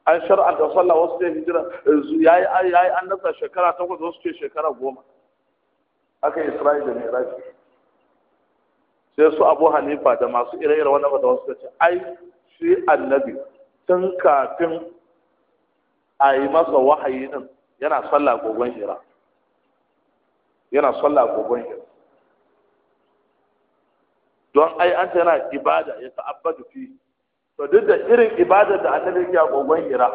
an shar'a da sallah wasu sai hijira yayi yayi an nasa shekara takwas wasu ce shekara goma aka isra'i da Mi'raj sai su Abu Hanifa da masu ire-ire wannan da wasu ce ai shi annabi tun kafin a yi masa wahayi din yana sallah gogon hira yana sallah gogon hira don ai an tana yana ibada ya ta'abbadu fi to duk da irin ibada da annabi ya a gogon hira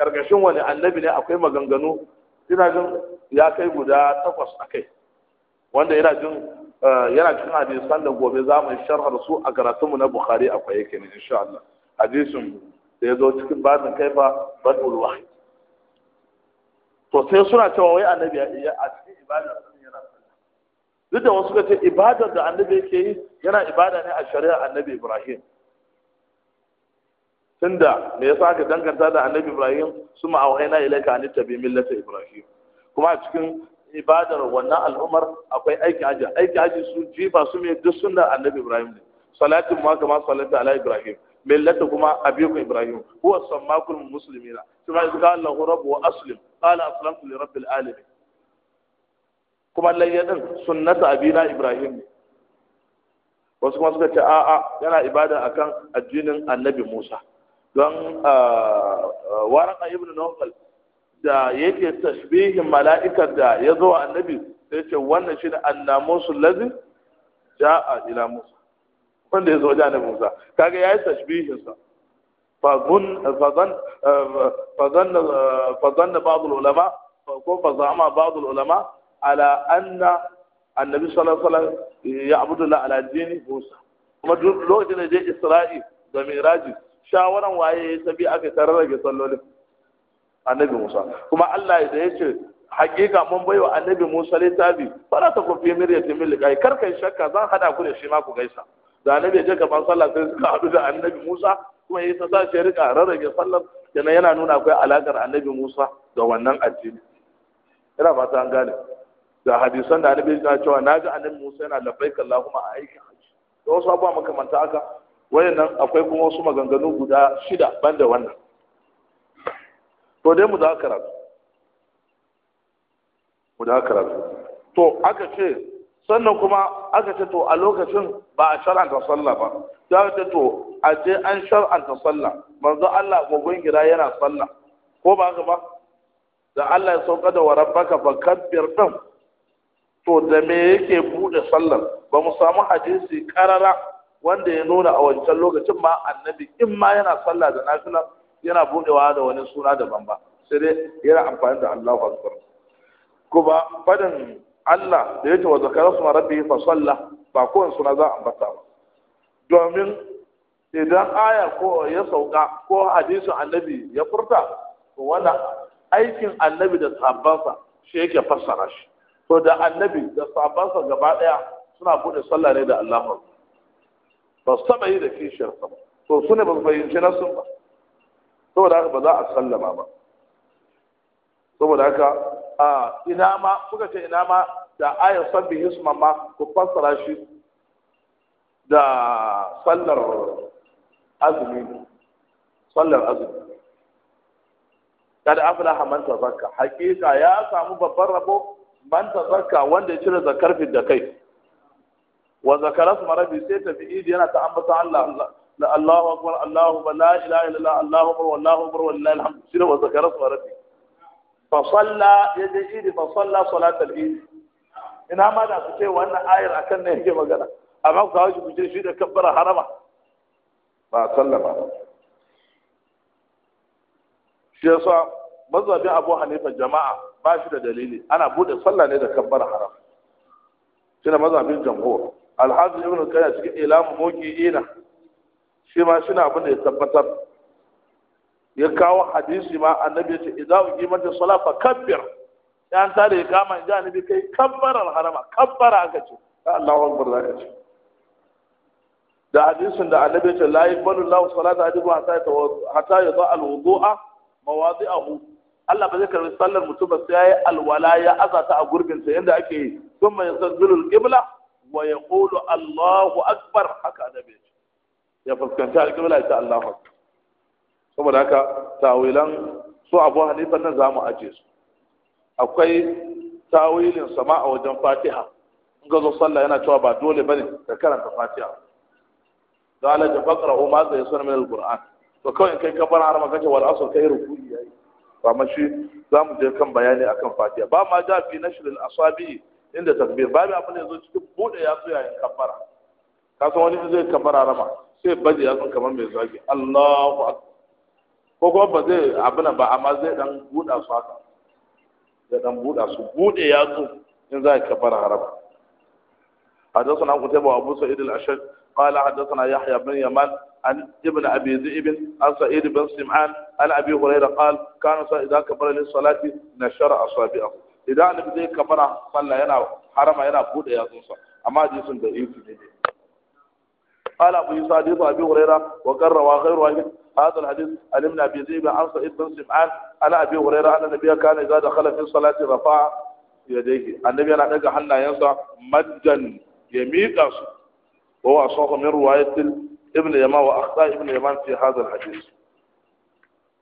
karkashin wani annabi ne akwai maganganu ina jin ya kai guda takwas a kai wanda yana jin eh, yana cikin hadisan da gobe za mu sharhar su a karatunmu na bukhari akwai yake ne insha Allah hadisin da ya zo cikin bazin kaifa badul wahyi to sai suna cewa wai annabi a cikin ibada. duk da wasu kace ibadar da annabi yake yi yana ibada ne a shari'a annabi Ibrahim tunda me yasa ka danganta da annabi Ibrahim suma auhayna ilayka an tabi millata Ibrahim kuma a cikin ibadar wannan al'umar akwai aiki aji, aiki aji su jifa su me duk sunna annabi Ibrahim ne salatin ma kama salatu ala Ibrahim millata kuma abiku Ibrahim huwa sammakul muslimina kuma izka Allahu rabbu wa aslim qala aslamtu li rabbil alamin kuma layya din sunnata abina ibrahim wasu kuma suka ce a'a yana ibada akan addinin annabi musa don ah, ah, waraka ibn nawfal da yake tashbihin mala'ikar da ya zo annabi sai ce wannan shi ne annamusu lazin ja'a ila musa wanda ya zo wajen annabi musa kaga yayi tashbihin sa فظن فظن فظن فظن بعض العلماء ko fa zama ulama ala anna annabi sallallahu alaihi wasallam ya abudu la ala dini musa kuma duk lokacin da je isra'i da miraji shawaran waye ya tabi aka tararrage sallolin annabi musa kuma Allah da ya ce hakika mun baiwa annabi musa littafi fara ta kofi miryatin min liqai kar kai shakka zan hada ku da shi ma ku gaisa da annabi ya je gaban sallah sai suka hadu da annabi musa kuma ya ta sashi rika rarrage sallar yana nuna akwai alakar annabi musa da wannan addini ina fata an gane da hadisan da annabi ya cewa na ga annabi Musa yana labbaik Allahumma a aikin haji da wasu abuwa makamanta haka wayannan akwai kuma wasu maganganu guda shida banda wannan to dai mu da karatu mu da karatu to aka ce sannan kuma aka ce to a lokacin ba a shar'anta sallah ba ta ce to a ce an shar'anta sallah manzo Allah gogon gira yana sallah ko ba haka ba da Allah ya sauka da warabbaka fa kabbir din to da me yake buɗe sallar ba mu samu hadisi karara wanda ya nuna a wancan lokacin ma annabi in ma yana sallah da nafila yana buɗewa da wani suna daban ba sai dai yana amfani da Allahu akbar kuma fadin Allah da yake wa zakara suna rabbi fa salla ba ko suna za a ambata ba domin idan aya ko ya sauka ko hadisin annabi ya furta to wannan aikin annabi da sahabbansa shi yake fassara shi to da annabi da sabansa gaba daya suna bude sallah ne da Allah ba su taba yi da kishiyar sa ba to su ne ba su fahimci nasun ba saboda haka ba za a sallama ba saboda haka a ina ma kuka ce ina ma da Aya, sabbi hisma ma ku fassara shi da sallar azumi sallar azumi kada afla hamanta zakka hakika ya samu babban rabo man tazakka wanda ya cire zakar da kai wa zakara su marabi sai ta fi idi yana ta ambata Allah Allahu akbar Allahu akbar la ilaha illa Allahu akbar wallahu akbar wallahi alhamdu sai wa zakara su marabi fa salla ya je idi fa salla salatul idi ina ma da su ce wannan ayar akan ne yake magana amma ku kawo shi ku je shi da kabbara harama ba sallama ba shi yasa mazhabin abu hanifa jama'a ba shi da dalili ana bude sallah ne da kabbar haram shi da mazhabin jamhur alhaji ibn kaya cikin ilamu moki ina shi ma shi na abin da ya tabbatar ya kawo hadisi ma annabi ya ce idan yi mata sala fa kabbir yan ta da ya kama inda annabi kai kabbar harama kabbara aka ce Allahu akbar zaka ce da hadisin da annabi ya ce la yaqbalu Allahu salata ajibu hatta yata hatta yata al-wudu'a mawadi'ahu Allah ba zai karbi sallar mutum ba sai yayi alwala ya azata a gurbin sa yanda ake yi mai yasaddulu al-qibla wa yaqulu Allahu akbar haka da bai ya fuskanta alqibla qibla Allahu saboda haka tawilan su Abu Hanifa nan zamu aje su akwai tawilin sama a wajen Fatiha in ga zo sallah yana cewa ba dole bane ka karanta Fatiha da Allah ta faqra ma zai sunan min al to kawai kai ka fara har maka ce wal asr kai ruku'i yayi amma shi za mu je kan bayani akan fatiha ba ma ja fi nashr al asabi inda takbir ba da abin da yazo cikin bude ya tsaya yayin kafara ka san wani zai kafara rama sai baje ya san kamar mai zagi Allahu akbar ko kuma ba zai abuna ba amma zai dan buda su haka zai dan buda su bude ya zo in za ka kafara harama حدثنا abu sa'id al ashad قال حدثنا يحيى بن يمان عن ابن أبي ذئب عن سعيد بن سمعان عن أبي هريرة قال كان إذا كبر للصلاة نشر أصابعه إذا أنا زي كبر صلى ينا حرم ينا بود يا زنسا أما جيسن دقيق قال أبو يسوع حديث أبي هريرة وقال رواه غير واحد هذا الحديث عن ابن أبي ذئب عن سعيد بن سمعان عن أبي هريرة أن النبي كان إذا دخل في الصلاة رفع يديه النبي أنا أدعى حنا ينسى مدا يميقص وهو أصح من رواية ابن يمان وأخطاء ابن يمان في هذا الحديث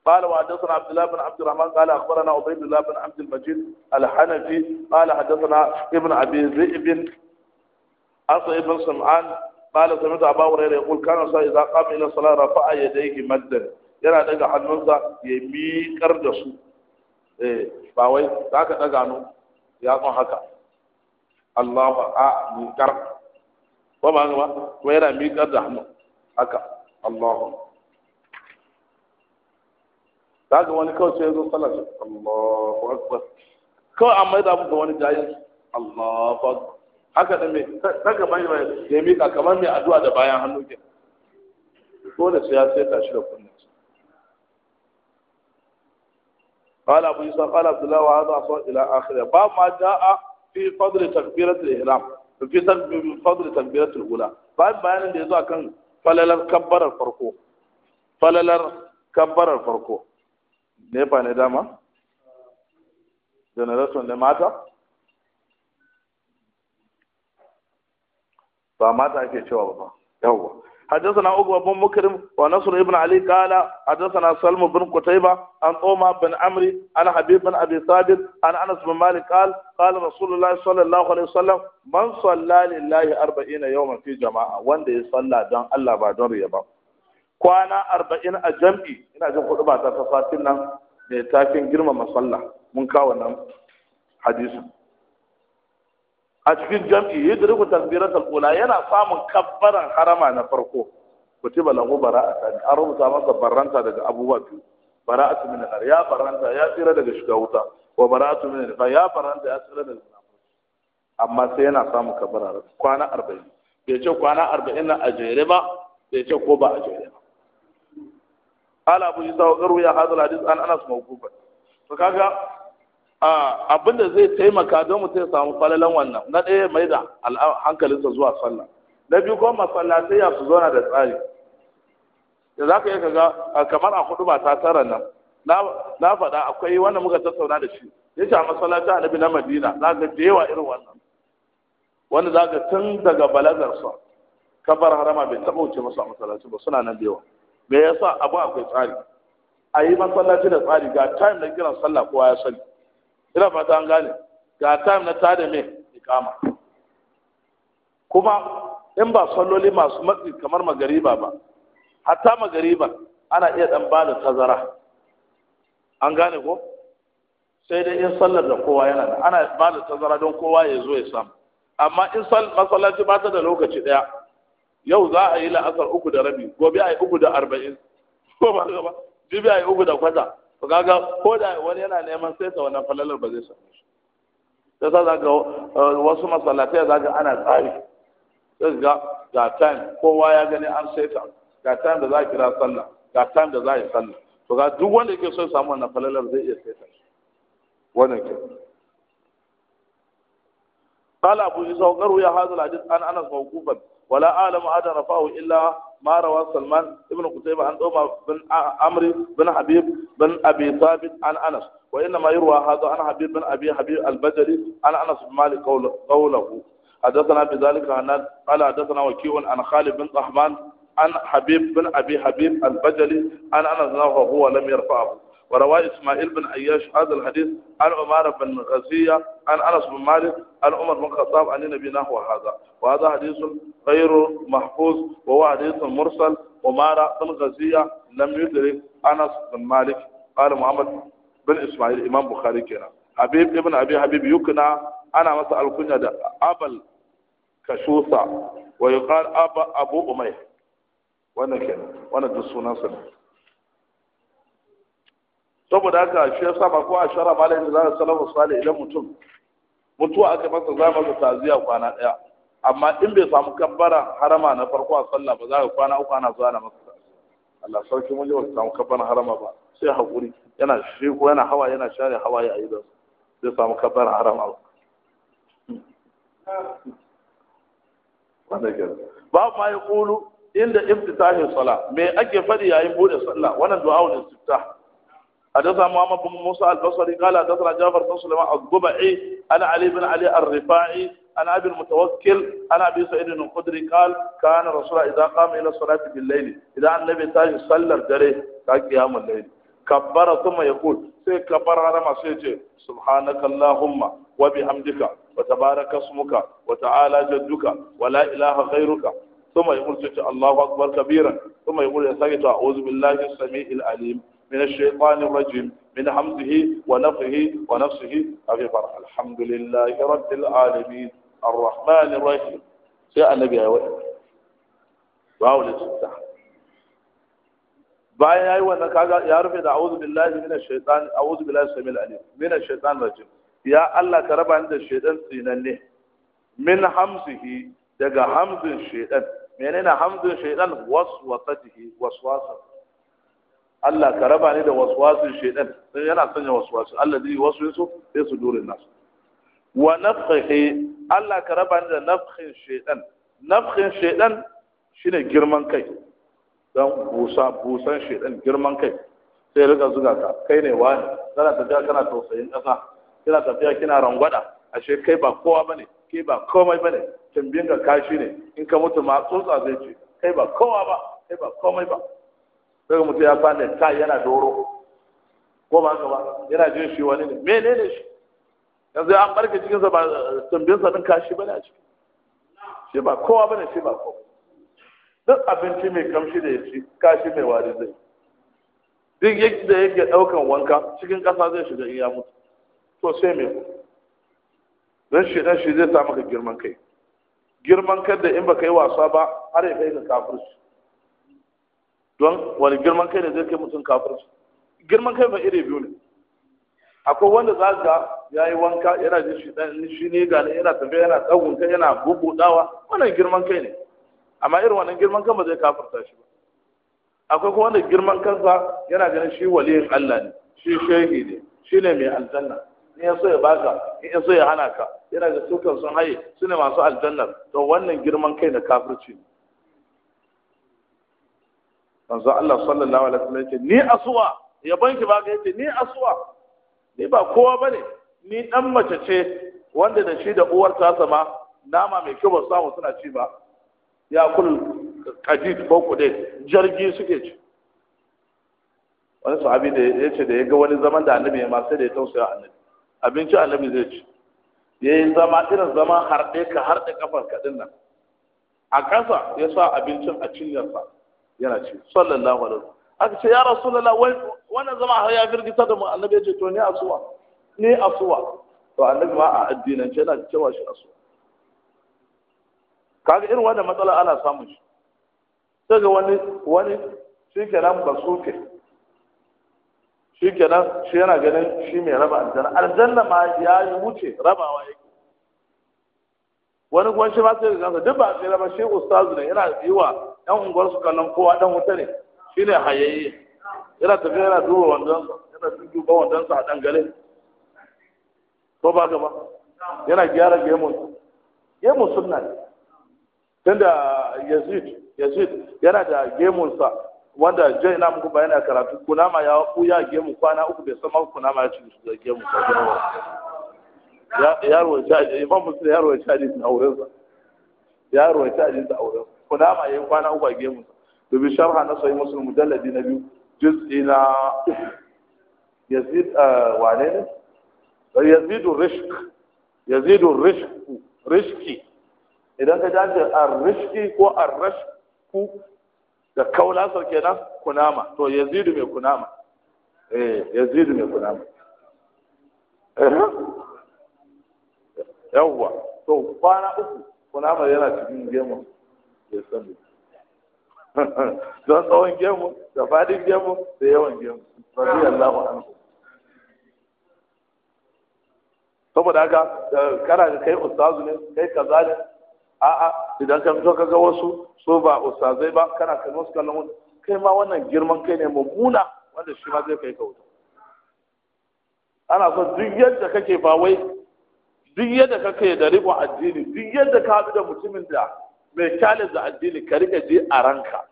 قال وحدثنا عبد الله بن عبد الرحمن قال أخبرنا عبيد الله بن عبد المجيد الحنفي قال حدثنا ابن أبي ذئب أصل ابن سمعان قال سمعت أبا هريرة يقول كان إذا قام إلى الصلاة رفع يديه مدا yana daga hannunsa ya miƙar da su ba wai za ka ɗaga nu ya haka Allahu a miƙar وما هو ويرى ميكا دحمو هكا الله ذاك وني كو سيدو صلاه الله اكبر كو اما اذا بو وني جاي الله اكبر هكا دمي ذاك ما يرى ميكا كما مي ادوا ده بايان هانو جي كو ده سياسه تاشلو كن قال ابو يوسف قال عبد الله وهذا اصل الى اخره باب ما جاء في فضل تكبيره الاحرام fi fadl takbiratul ula ba bayanin da yazo akan falalar kabbarar farko falalar kabbarar farko ne ba ne dama generation ne mata ba mata ake cewa ba yawwa حدثنا عقبة بن مكرم ونصر بن علي قال حدثنا سلم بن قتيبة عن طوما بن عمرو عن حبيب بن أبي ثابت عن أنس بن مالك قال قال رسول الله صلى الله عليه وسلم من صلى لله أربعين يوما في جماعة وان دي صلى دان الله بعد ريبا كوانا أربعين أجمعي إن أجمع قلوبة تفاتنا لتاكين جرم مصلى من كاونا حديثا a cikin jam'i yudriku takbiratul ula yana samun kabbaran harama na farko bara a bara'atan an rubuta masa barranta daga abubuwa biyu a min nar ya barranta ya tsira daga shiga wuta bara a tumi na ya barranta ya tsira daga amma sai yana samun kabbara kwana arba'in. bai ce kwana arba'in na jere ba bai ce ko ba ajere ba ala abu isa wa ya hadu ladis an anas mawqufan to kaga abin da zai taimaka don mutum ya samu falalan wannan na ɗaya mai da hankalinsa zuwa sallah na biyu kuma masallatai ya su zauna da tsari da za ka yi kaga kamar a hudu ba ta tara nan na faɗa akwai wanda muka tattauna da shi ya ce a masallaci nabi na madina za ka je yawa irin wannan wanda za ka tun daga balagarsa kabar harama bai taɓa wuce masu a masallaci ba suna nan da yawa me yasa abu akwai tsari a yi masallaci da tsari ga time da kiran sallah kowa ya sani ina fata an gane ga time na tada mai ikama kuma in ba salloli masu matsi kamar magariba ba hatta magariba ana iya dan da tazara an gane ko sai dai in sallar da kowa yana da ana da tazara don kowa ya zo ya samu amma in masallaci ba ta da lokaci daya yau za a yi la'asar uku da rabi gobe a yi uku da arba'in ko ba gaba jibi a yi uku da kwata to kaga ko da wani yana neman sai ta wannan falalar ba zai samu shi sai sa za ga eh, wasu masallatai za ga ana tsari sai ga ga time kowa ya gani an saita ga time da za a kira sallah ga time da za a yi sallah to ga duk wanda yake so ya samu wannan falalar zai iya saita ta wannan ke قال أبو إسحاق روي هذا الحديث عن أنس موقوفا ولا أعلم أحدا رفعه إلا ما روى سلمان ابن قتيبة عن أمة بن عمرو بن حبيب بن أبي ثابت عن أنس وإنما يروى هذا عن حبيب بن أبي حبيب البجري عن أنس بن مالك قوله, قوله. حدثنا بذلك عن قال حدثنا وكيع عن خالد بن رحمن عن حبيب بن أبي حبيب البجري عن أنس وهو لم يرفعه وروى إسماعيل بن عياش هذا الحديث عن عمارة بن غزية عن أنس بن مالك عن عمر بن الخطاب عن النبي نحو هذا وهذا حديث غير محفوظ وهو حديث مرسل ومارا بن الغزية لم يدرك أنس بن مالك قال محمد بن إسماعيل إمام بخاري كنا حبيب ابن أبي حبيب يكنا أنا مثلا الكنية أبل كشوصة ويقال أبا أبو أمية وانا كنا وانا duk sunansa طب saboda haka shi yasa أشارة ko a shara malai da za a salamu salih idan mutum mutuwa aka masa amma in bai samu kabbara harama na farko a sallah ba za ka kwana uku ana zuwa na masa Allah sarki mun yi wasu samu kabbara harama ba sai haƙuri yana shi ko yana hawa yana share hawaye a idan zai samu kabbara harama ba babu ma ya kulu inda iftitahin sala me ake faɗi yayin bude sallah wannan du'a ne istiftah حدثنا محمد بن موسى البصري قال حدثنا جعفر بن سليمان الضبعي عن علي بن علي الرفاعي عن أبي المتوكل عن أبي سعيد الخدري قال كان رسول إذا قام إلى الصلاة بالليل إذا النبي تاج صلى الجري قيام الليل كبر ثم يقول سي كبر أنا ما سيجي سبحانك اللهم وبحمدك وتبارك اسمك وتعالى جدك ولا إله غيرك ثم يقول سيجي الله أكبر كبيرا ثم يقول يسجد أعوذ بالله السميع العليم من الشيطان الرجيم من حمده ونفه ونفسه أغفر الحمد لله رب العالمين ar-rahman ya bayan ya yi wannan ya rufe da a'udhu billahi minash shaitan a'udhu billahi Allah ka ni da shaitan tsinanne min hamzihi daga hamzin shaitan menene hamzin shaitan waswasatihi waswasa Allah ka ni da waswasin shaitan sai yana sanya waswasin Allah zai waswaso sai su dore nasu wa nafsihi Allah ka raba ni da nafkin shaidan Nafkin shaidan shine girman kai don busa busan shaidan girman kai sai rika zuga ka kai ne wani kana tafiya kana tausayin kasa. kina tafiya kina rangwada ashe kai ba kowa bane kai ba komai bane tambayin ka kashi ne in ka mutu ma tsotsa zai ce kai ba kowa ba kai ba komai ba daga mutum ya kwana ta yana doro ko ba ka ba yana jin shi wani ne menene shi yanzu an barke cikinsa ba tambinsa din kashi ba ne a ciki shi ba kowa ba ne shi ba kowa duk abinci mai kamshi da ya ci kashi mai wari zai duk yadda yake ɗaukan wanka cikin ƙasa zai shiga iya mutu to sai mai don shi dan shi zai sa maka girman kai girman kai da in baka yi wasa ba har ya kai ga kafirci don wani girman kai ne zai kai mutum kafirci girman kai ba iri biyu ne akwai wanda za ga ya yi wanka yana ji shi dan shi ne ga yana tafiya yana tsagun kai yana bubudawa wannan girman kai ne amma irin wannan girman kan ba zai kafarta shi ba akwai kuma wanda girman kansa yana ganin shi waliyin Allah ne shi shehi ne shi ne mai aljanna ne ya so ya baka in ya so ya hana ka yana da sukan sun haye su ne masu aljannar to wannan girman kai da kafirci ne manzo Allah sallallahu alaihi wasallam ne ni asuwa ya banki baka yace ni asuwa ni ba kowa bane ni dan mace ce wanda da shi da uwar ta sama nama mai kyau ba samu suna ci ba ya kul kadid ko kude jirgi suke ci wani sahabi da ya ce da ya ga wani zaman da annabi ya ma sai da ya tausaya annabi abinci annabi zai ci ya yi zama irin zama harɗe ka harɗe kafar kaɗin nan a ƙasa ya sa abincin a cinyarsa yana ci sallallahu alaihi aka ce ya rasulullah wannan zama ya firgita da mu annabi ya ce to ni asuwa ni asuwa to annabi ma a addinance yana cewa shi asuwa kaga irin wannan matsala ana samun shi sai ga wani wani shi kenan ba suke shi kenan shi yana ganin shi mai raba aljanna aljanna ma ya yi wuce rabawa yake wani kuma shi ma sai da kansa duk ba sai raba shi ustazu ne yana yi wa yan unguwarsu kallon kowa dan wuta ne shine hayayye yana tafiya yana duba wandonsa yana duba sa a dangare ko ba gaba ba yana gyara gemun gemun sunna ne tunda yazid yazid yana da gemunsa wanda jai na muku bayani a karatu kunama ya ya gemu kwana uku bai sama kunama ya ci su da gemu ya yaro ya ci imam muslim yaro ya ci hadisi a yaro ya ci hadisi aurensa. wurinsa kunama ya kwana uku a gemunsa to bi sharha na sai musul mujalladi na biyu juz na yazid eh, wane ne eh, yazidu rishq yazidu rishq rishqi idan ka jaje ar-rishqi ko ar-rashqu da kaulasar kenan kunama to yazidu mai kunama eh yazidu mai kunama yawwa to kwana uku kunama yana cikin gemu ya sani don tsawon gemu da fadin gemu da yawan gemu radiyallahu anhu saboda haka kana ga kai ustazu ne kai kaza ne a'a idan ka fito ka ga wasu so ba ustazai ba kana kan wasu kallon wani kai ma wannan girman kai ne mummuna wanda shi ma zai kai ka wuta ana son duk yadda kake ba wai duk yadda kake da riƙon addini duk yadda ka haɗu da mutumin da mai za addini ka rike ji a ranka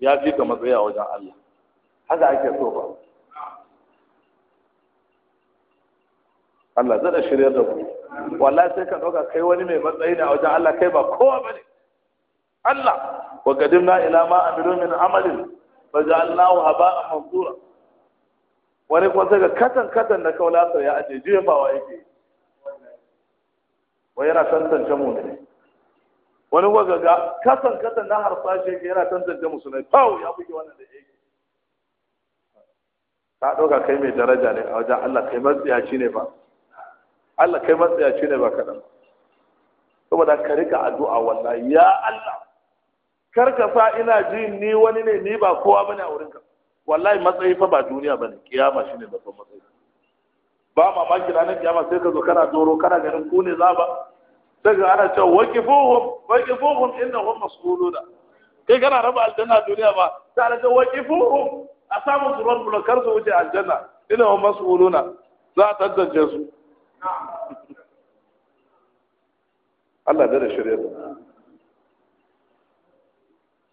ya fi ka matsayi a wajen Allah haka ake so ba Allah zai da shirya da ku wallahi sai ka ɗauka kai wani mai matsayi ne a wajen Allah kai ba kowa ba ne Allah wa qadimna ila ma amilu min amalin faj'alnahu haba'an mansura wani kuma sai ka katan katan da kaula ya aje ba bawa yake wai yana tantance mu ne wani wagaga kasan kasan na harsashe ke yana tantance musulmai kawo ya buge wannan da yake ka ɗauka kai mai daraja ne a wajen Allah kai matsiyaci ne ba Allah kai matsiyaci ne ba kaɗan saboda ka rika addu'a wallahi ya Allah kar ka sa ina ji ni wani ne ni ba kowa bane a wurinka wallahi matsayi fa ba duniya bane kiyama shine babban matsayi ba mamaki ranar kiyama sai ka zo kana doro kana ganin ku ne za ba daga ana cewa waqifuhum waqifuhum innahum mas'uluna kai kana raba aljanna duniya ba sai ana cewa waqifuhum a samu su ruwan bulakar su wuce aljanna innahum mas'uluna za a tantance su Allah da shirye da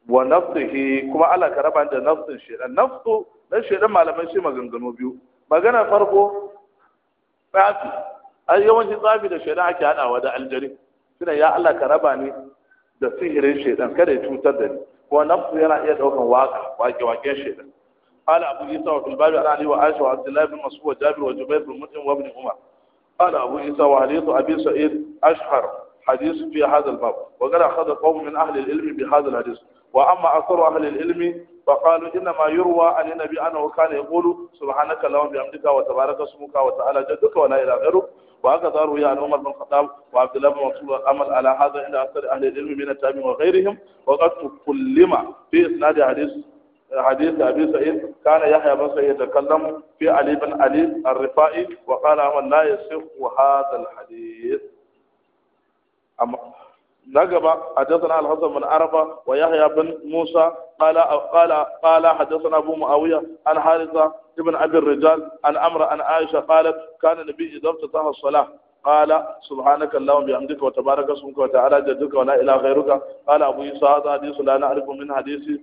wa nafsihi kuma Allah ka raba da nafsin shedan nafsu dan shedan malaman shi maganganu biyu magana farko tsafi ai yawanci tsafi da shaidan ake haɗawa da aljari shine ya Allah ka raba ni da sihirin shaidan kada ya cutar da ni ko nafsu yana iya daukan waka wake waken shaidan قال أبو عيسى وفي الباب عن علي وعائشة وعبد الله بن مسعود وجابر وجبير بن مطعم وابن عمر قال أبو عيسى وحديث أبي سعيد أشهر حديث في هذا الباب وقد أخذ قوم من أهل العلم بهذا الحديث وأما أكثر أهل العلم فقالوا إنما يروى عن النبي أنه كان يقول سبحانك اللهم بحمدك وتبارك اسمك وتعالى جدك ولا إله غيرك وهكذا روي عن عمر بن الخطاب وعبد الله بن مسعود الامل على هذا عند اكثر اهل العلم من التابعين وغيرهم وقد تكلم في اسناد حديث حديث أبي سعيد كان يحيى بن سعيد يتكلم في علي بن علي الرفائي وقال أمن لا يصح هذا الحديث نقبا حدثنا على الحسن بن عرفة ويحيى بن موسى قال قال قال حدثنا أبو معاوية عن حارثة ابن أبي الرجال عن أمر عن عائشة قالت كان النبي إذا افتتح الصلاة قال سبحانك اللهم بحمدك وتبارك اسمك وتعالى جدك ولا إله غيرك قال أبو عيسى هذا حديث لا نعرف من حديث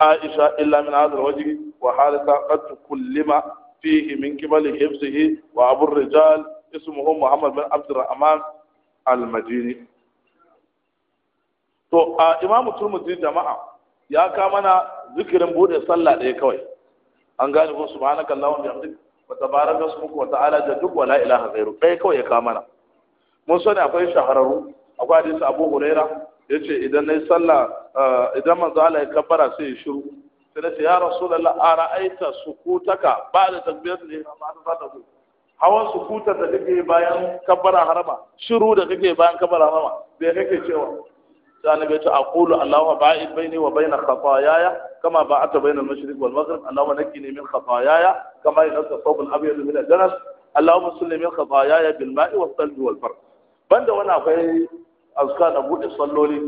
عائشة إلا من هذا الوجه وحارثة قد كلم فيه من قبل حفظه وأبو الرجال اسمه محمد بن عبد الرحمن المديني to a imamu turmuzi jama'a ya ka mana zikirin bude sallah ɗaya kawai an gane ko subhanaka allahumma bihamdik wa tabaraka ismuka wa ta'ala da wa la ilaha ghayruk ɗaya kawai ya ka mana mun sani akwai shahararru akwai hadisi abu huraira ce idan na yi sallah idan manzo Allah ya kabbara sai ya shiru sai ce ya rasulullah ara'aita sukutaka ba'da takbiratul ihram da ta hawan sukutar da kake bayan kabbara harama shiru da kake bayan kabbara harama bai kake cewa sai annabi ya ce aqulu allahumma ba'id baini wa baina khataayaya kama ba'ata baina al-mashriq wal maghrib allahumma naqqini min khataayaya kama yanqa thawb al-abyad min al-danas allahumma salli min khataayaya bil ma'i was thalj wal barq banda wani akwai azkar na bude salloli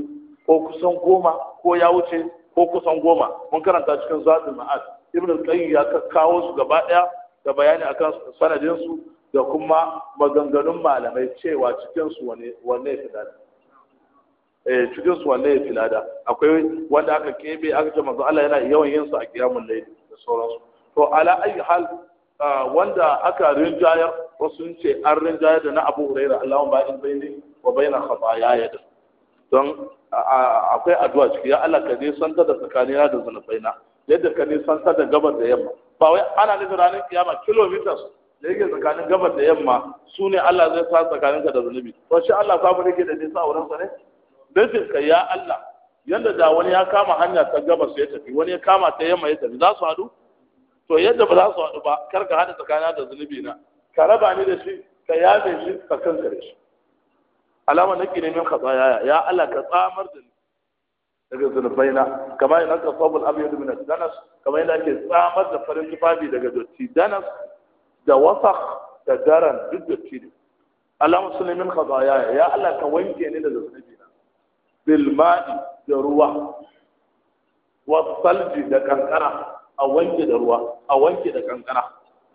ko kusan goma ko ya wuce ko kusan goma mun karanta cikin zadul ma'ad ibn al-qayyim ya kawo su gaba daya da bayani akan sanadin su da kuma maganganun malamai cewa cikin su wane wane fi dace Eh, cikin su wanne ya filada akwai wanda aka kebe aka ce manzo Allah yana yawan yin su a kiyamun laili da sauransu to ala ayi hal ah, wanda aka rinjayar wasu ce an rinjayar da na Abu Hurairah Allahumma ba'in baini wa baina ya da don akwai addu'a ciki ya Allah ka nisanta da tsakanina da zunubaina yadda ka nisanta da gabar da yamma ba wai ana nufin ranar kiyama kilometers da yake tsakanin gabar da yamma su ne Allah zai sa tsakaninka da zunubi to shi Allah samu yake da nisa a sa ne dafin ka ya Allah yadda da wani ya kama hanya ta gabas ya tafi wani ya kama ta yamma ya tafi za su haɗu to yadda ba za su haɗu ba kar ka haɗa tsakanin da zunubi na ka raba ni da shi ka yafe shi ka da shi alama nake neman khataya ya Allah ka tsamar da ni daga zunubai na kama yana ka sabul abyad min danas kama yana ke tsamar da farin tufafi daga dotti danas da wasakh da daran duk dotti ne alama sunan min khataya ya Allah ka wanke ni daga zunubi bilmani da ruwa wasalji da kankara a wanke da ruwa a wanke da kankara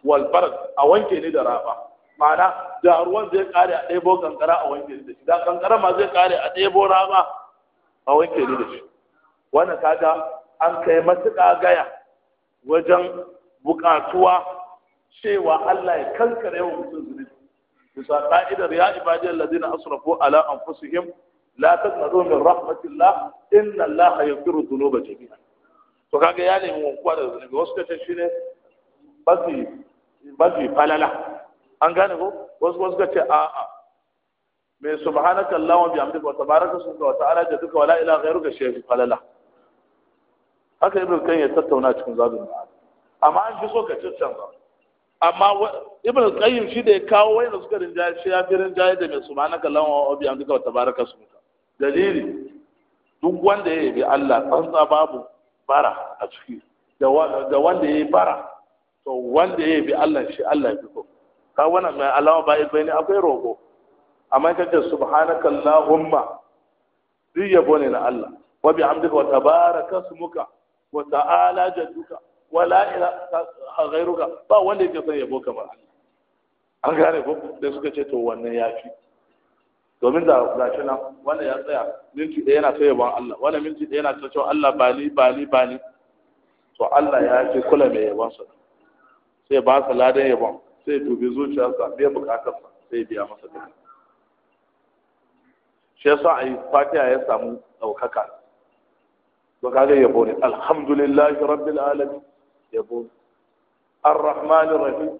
walbar a wanke ne da raba ma'ana da zai kare a ɗebo kankara a wanke ne da kankara ma zai kare a ɗebo raba a wanke ne da shi wannan kaga an kai matuƙa gaya wajen buƙatuwa cewa Allah ya kankare wa mutum zunubi bisa ka'idar ya ibadiyar ladina asrafu ala anfusihim la taqnatu min rahmatillah inna allaha yaghfiru dhunuba jami'a to kage ya nemi wankuwa da zunubi wasu kace shine basi basi falala an gane ko wasu wasu kace a a me subhanaka allahumma bihamdika wa tabaraka sunka wa ta'ala da duka wala ila ghayruka shay'un falala haka ibnu kan ya tattauna cikin zabin ma'ad amma an fi so ka ba. amma ibnu qayyim shi da ya kawo wayanda suka rinjaye shi ya fi rinjaye da me subhanaka allahumma wa bihamdika wa tabaraka sunka dalili duk wanda ya yabi Allah tsantsa babu bara a ciki da wanda ya yi bara to wanda ya yabi Allah shi Allah ya so. ka wannan mai alama ba ya ne akwai roƙo amma ka ce subhanaka allahumma zai yabo ne na Allah wa bi amdika wa tabaraka sumuka, wa ta'ala jadduka wa la ilaha ghairuka ba wanda yake son yabo kamar Allah an gane ko da suka ce to wannan yafi domin da ga shi nan wanda ya tsaya minti ɗaya yana ta yabon Allah wanda minti ɗaya yana ta cewa Allah ba ni ba ni ba ni to Allah ya ce kula mai yabon sa sai ba sa ladan yabon sai dubi zuciyarsa biya bukatar sa sai biya masa duka shi yasa a yi fatiha ya samu ɗaukaka to kaga yabo ne alhamdulillah rabbil alamin yabo arrahmanir rahim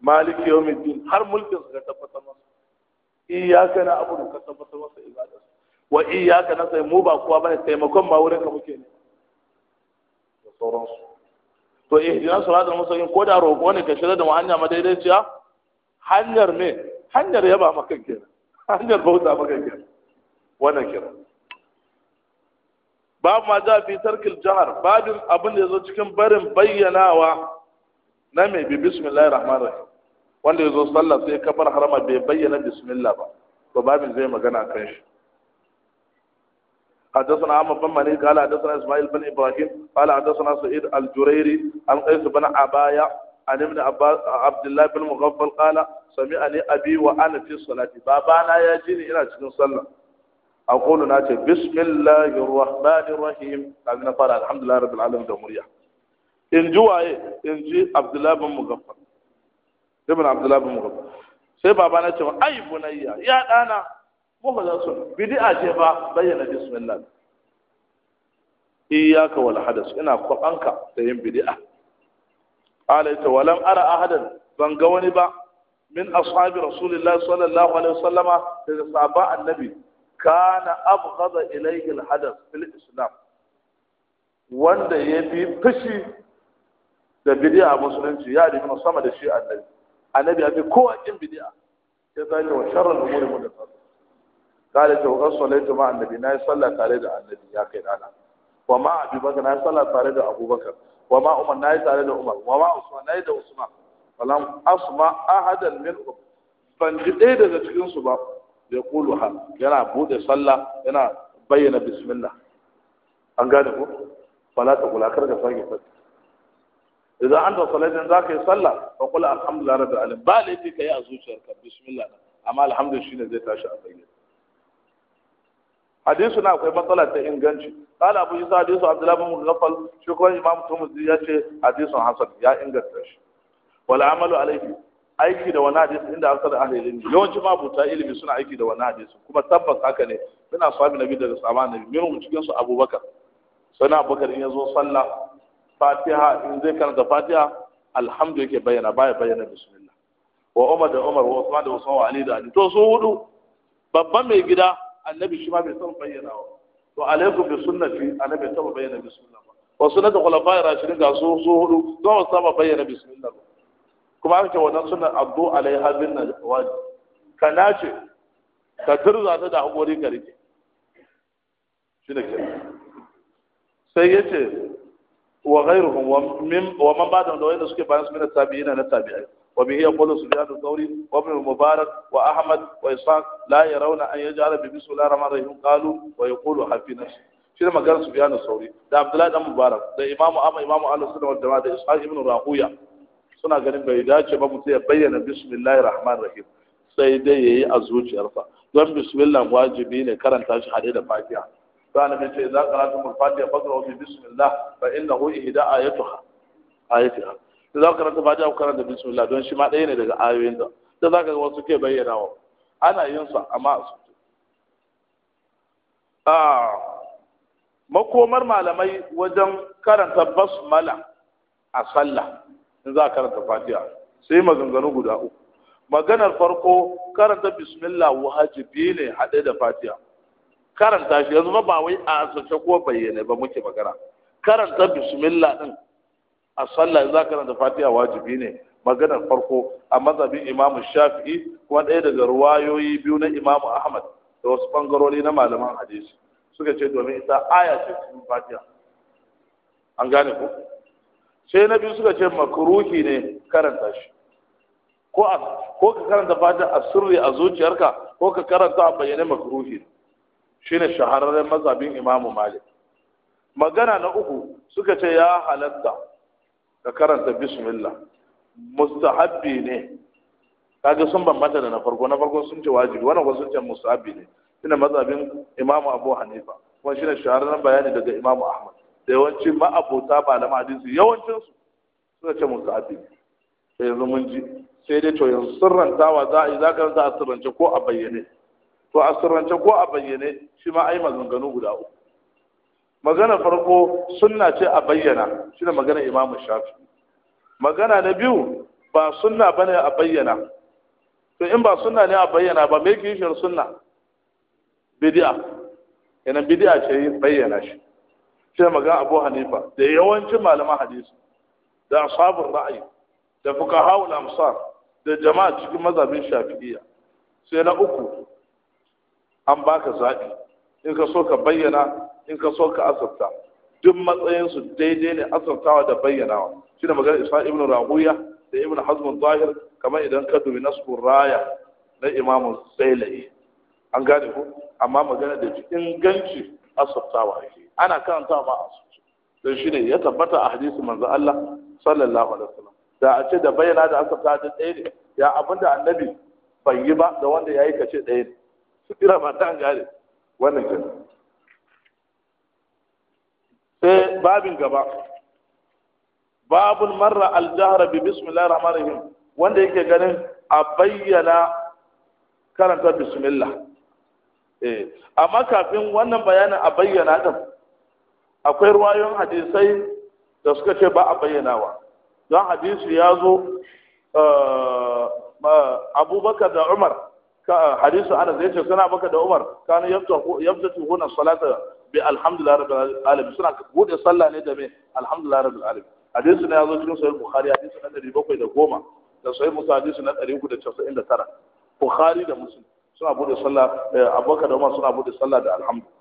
maliki yawmiddin har mulkin sa ga tabbatar masa abu da ka tabbatar masa ibadar wa na sai mu ba kowa bane taimakon ba wurin ka muke ne da sauransu to ihdinas siratal musallin ko da roƙo ne ka shirya da mu hanya madaidaiciya hanyar me hanyar yaba maka kenan hanyar bauta maka kenan wannan kenan باب ما جاء jahar babin abin da ya zo cikin barin bayyanawa na mai bi bismillahir rahmanir rahim wanda ya zo sallah sai kafar harama bai bayyana bismillah ba to babin zai magana kan shi حدثنا عمرو بن مالك قال حدثنا اسماعيل بن ابراهيم قال حدثنا سعيد الجريري عن قيس بن عبايه عن ابن عبد الله بن مغفل قال سمعني ابي وانا في الصلاه بابانا يجيني ina cikin sallah اقول ناتي بسم الله الرحمن الرحيم قال نفر الحمد لله رب العالمين da murya in ji waye in ji abdullahi bin mugaffal ibn abdullahi bin mugab sai baba na ce wa ai bunayya ya dana mu fa za su bid'a ce ba, bayyana bismillah iyyaka wal hadas ina kwabanka da yin bid'a qala ita walam ara ahadan ban ga wani ba min ashabi rasulillah sallallahu alaihi wasallama daga sahaba annabi kana abghada ilayhi al hadas fil islam wanda ya fi fushi da bid'a musulunci ya dinga sama da shi annabi annabi ya ko kowa kin bid'a sai yi wa sharral umuri mudassar kale ta wa sallaitu ma annabi na yi sallah tare da annabi ya kai dana wa ma abu bakar na yi sallah tare da abubakar wa ma umar na yi tare da umar wa ma usman na yi da usman falam asma ahadan min ban ji ɗaya daga cikin su ba ya kulu ha yana bude sallah yana bayyana bismillah an gane ko fala ta kula kar ka sake sallah idan an da salatin za ka yi sallah fa kula alhamdulillah rabbil alamin ba laifi ka yi a zuciyarka bismillah amma alhamdulillah shine zai tashi a bayyana hadisu na akwai matsala ta inganci qala abu isa hadisu abdullahi bin mughafal shi kuma imam tumuzi ya ce hadisun hasan ya inganta shi wal amalu alayhi aiki da wani hadisi inda asar ahli ilmi yawanci buta ilimi suna aiki da wani hadisi kuma tabbas haka ne muna sahabi nabi daga sama nabi mun cikin su abubakar sai na abubakar in ya zo sallah fatiha in zai karanta fatiha alhamdu yake bayyana baya bayyana bismillah wa umar da umar wa usman da usman wa ali da ali to su hudu babban mai gida annabi shi ma bai san bayyana wa to alaikum bi sunnati annabi ta bayyana bismillah wa sunnatu khulafa'ir rashidin ga su su hudu to ba saba bayyana bismillah kuma aka ce wannan sunnar addu alaiha bin najwaj kana ce ka turza ta da hakuri ka rike shi da kenan sai yace wa ghairuhum wa min wa man ba'da da wanda suke bayan su min tabi'ina na tabi'ai wa bihi yaqulu sufyan al-thawri wa ibn mubarak wa ahmad wa ishaq la yarawna an yaj'ala bi bismillahir rahmanir rahim qalu wa yaqulu hafina shi da maganar sufyan al-thawri da abdullahi dan mubarak da imamu ahmad Imam al-sunna wal jama'a da ishaq ibn rahuya suna ganin bai dace ba mutum ya bayyana bismillahir rahmanir rahim sai dai yayi a zuciyarsa don bismillah wajibi ne karanta shi hade da fatiha قال من شيء إذا قرأتم الفاتحة فاقرأوا بسم الله فإنه إهدى آيتها آيتها إذا قرأتم فاتحة وقرأت بسم الله دون شما دين إذا آيوين دا إذا قرأت وسكي بينا أنا ينصح أما أصبت آه makomar malamai wajen karanta basmala a sallah in za a karanta fatiha sai maganganu guda uku maganar farko karanta bismillah wajibi ne haɗe da fatiha karanta shi yanzu ba wai a asace ko bayyane ba muke magana karanta bismillah din a sallah za karanta fatiha wajibi ne maganar farko a mazhabin imam shafi'i kuma ɗaya daga ruwayoyi biyu na imam ahmad da wasu bangarori na malaman hadisi suka ce domin ita aya ce cikin fatiha an gane ku sai na biyu suka ce makruhi ne karanta shi ko ka karanta fatiha a sirri a zuciyarka ko ka karanta a bayyane makruhi ne shine shahararren mazhabin Imam Malik magana na uku suka ce ya halatta ka karanta bismillah mustahabbi ne kaga sun bambanta da na farko na farko sun ce wajibi wannan kuma sun ce mustahabbi ne shine mazhabin Imam Abu Hanifa kuma shine shahararren bayani daga Imam Ahmad da yawancin ma'abota da hadisi yawancin su suka ce mustahabbi ne sai yanzu mun ji sai dai to yanzu wa za a yi za ka a sirrance ko a bayyane to a sirrance ko a bayyane shi ma ai maganganu guda uku magana farko sunna ce a bayyana shi ne magana imamu shafi magana na biyu ba sunna bane a bayyana to in ba sunna ne a bayyana ba me yake shirin sunna bid'a yana bid'a ce bayyana shi shi ne magana Abu Hanifa da yawancin malaman hadisi da ashabul ra'ayi da fuqahaul amsar da jama'a cikin mazhabin shafi'iyya sai na uku an baka zaɓi in ka so ka bayyana in ka so ka asabta duk matsayinsu daidai ne asabtawa da bayyanawa shi da magana isa ibn rahuya da ibn hazmun zahir kamar idan ka dubi nasbun raya na imamun tsailaye an gane ku amma magana da inganci asabtawa ake ana karanta ma asabci don shi ne ya tabbata a hadisi manzo Allah sallallahu alaihi wasallam da a ce da bayyana da asabta da tsaye ne ya abinda annabi bai yi ba da wanda ya yi kace tsaye ne ina ba ta gane wannan ke sai babin gaba babun marra aljahra bi bismillahir rahmanir rahim wanda yake ganin a bayyana karanta bismillah eh amma kafin wannan bayanin a bayyana din akwai ruwayoyin hadisai da suka ce ba a bayyanawa don hadisi ya zo eh, abubakar da umar Eh, hadisu ana zai ce suna baka da umar kana yabta tuhuna salata bi alhamdulillah rabbil alamin suna bude sallah ne da me alhamdulillah rabbil alamin hadisu ne yazo cikin sahih bukhari hadisu na 710 da sahih musa hadisu na 399 bukhari da muslim suna bude sallah eh, abubakar da umar suna bude sallah da alhamdulillah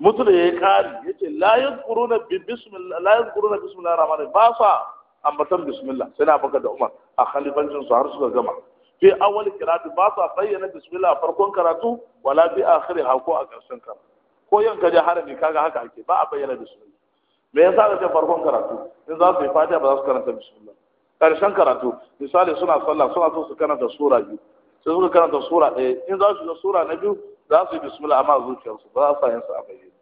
mutum ya yi kari ya ce layin kuruna bismillah rahman ba sa ambatan bismillah sai na baka da umar a khalifancin su har suka gama fi awal kiratu ba sa bayyana bismillah farkon karatu wala bi ha ko a karshen karatu ko yan kaje harami kaga haka ake ba a bayyana bismillah me yasa ka ce farkon karatu in za su yi fatiha ba za su karanta bismillah karshen karatu misali suna sallah suna so su karanta sura biyu sai suka karanta sura ɗaya in za su yi sura na biyu za su yi bismillah amma zuciyarsu ba za su yi sa a bayyana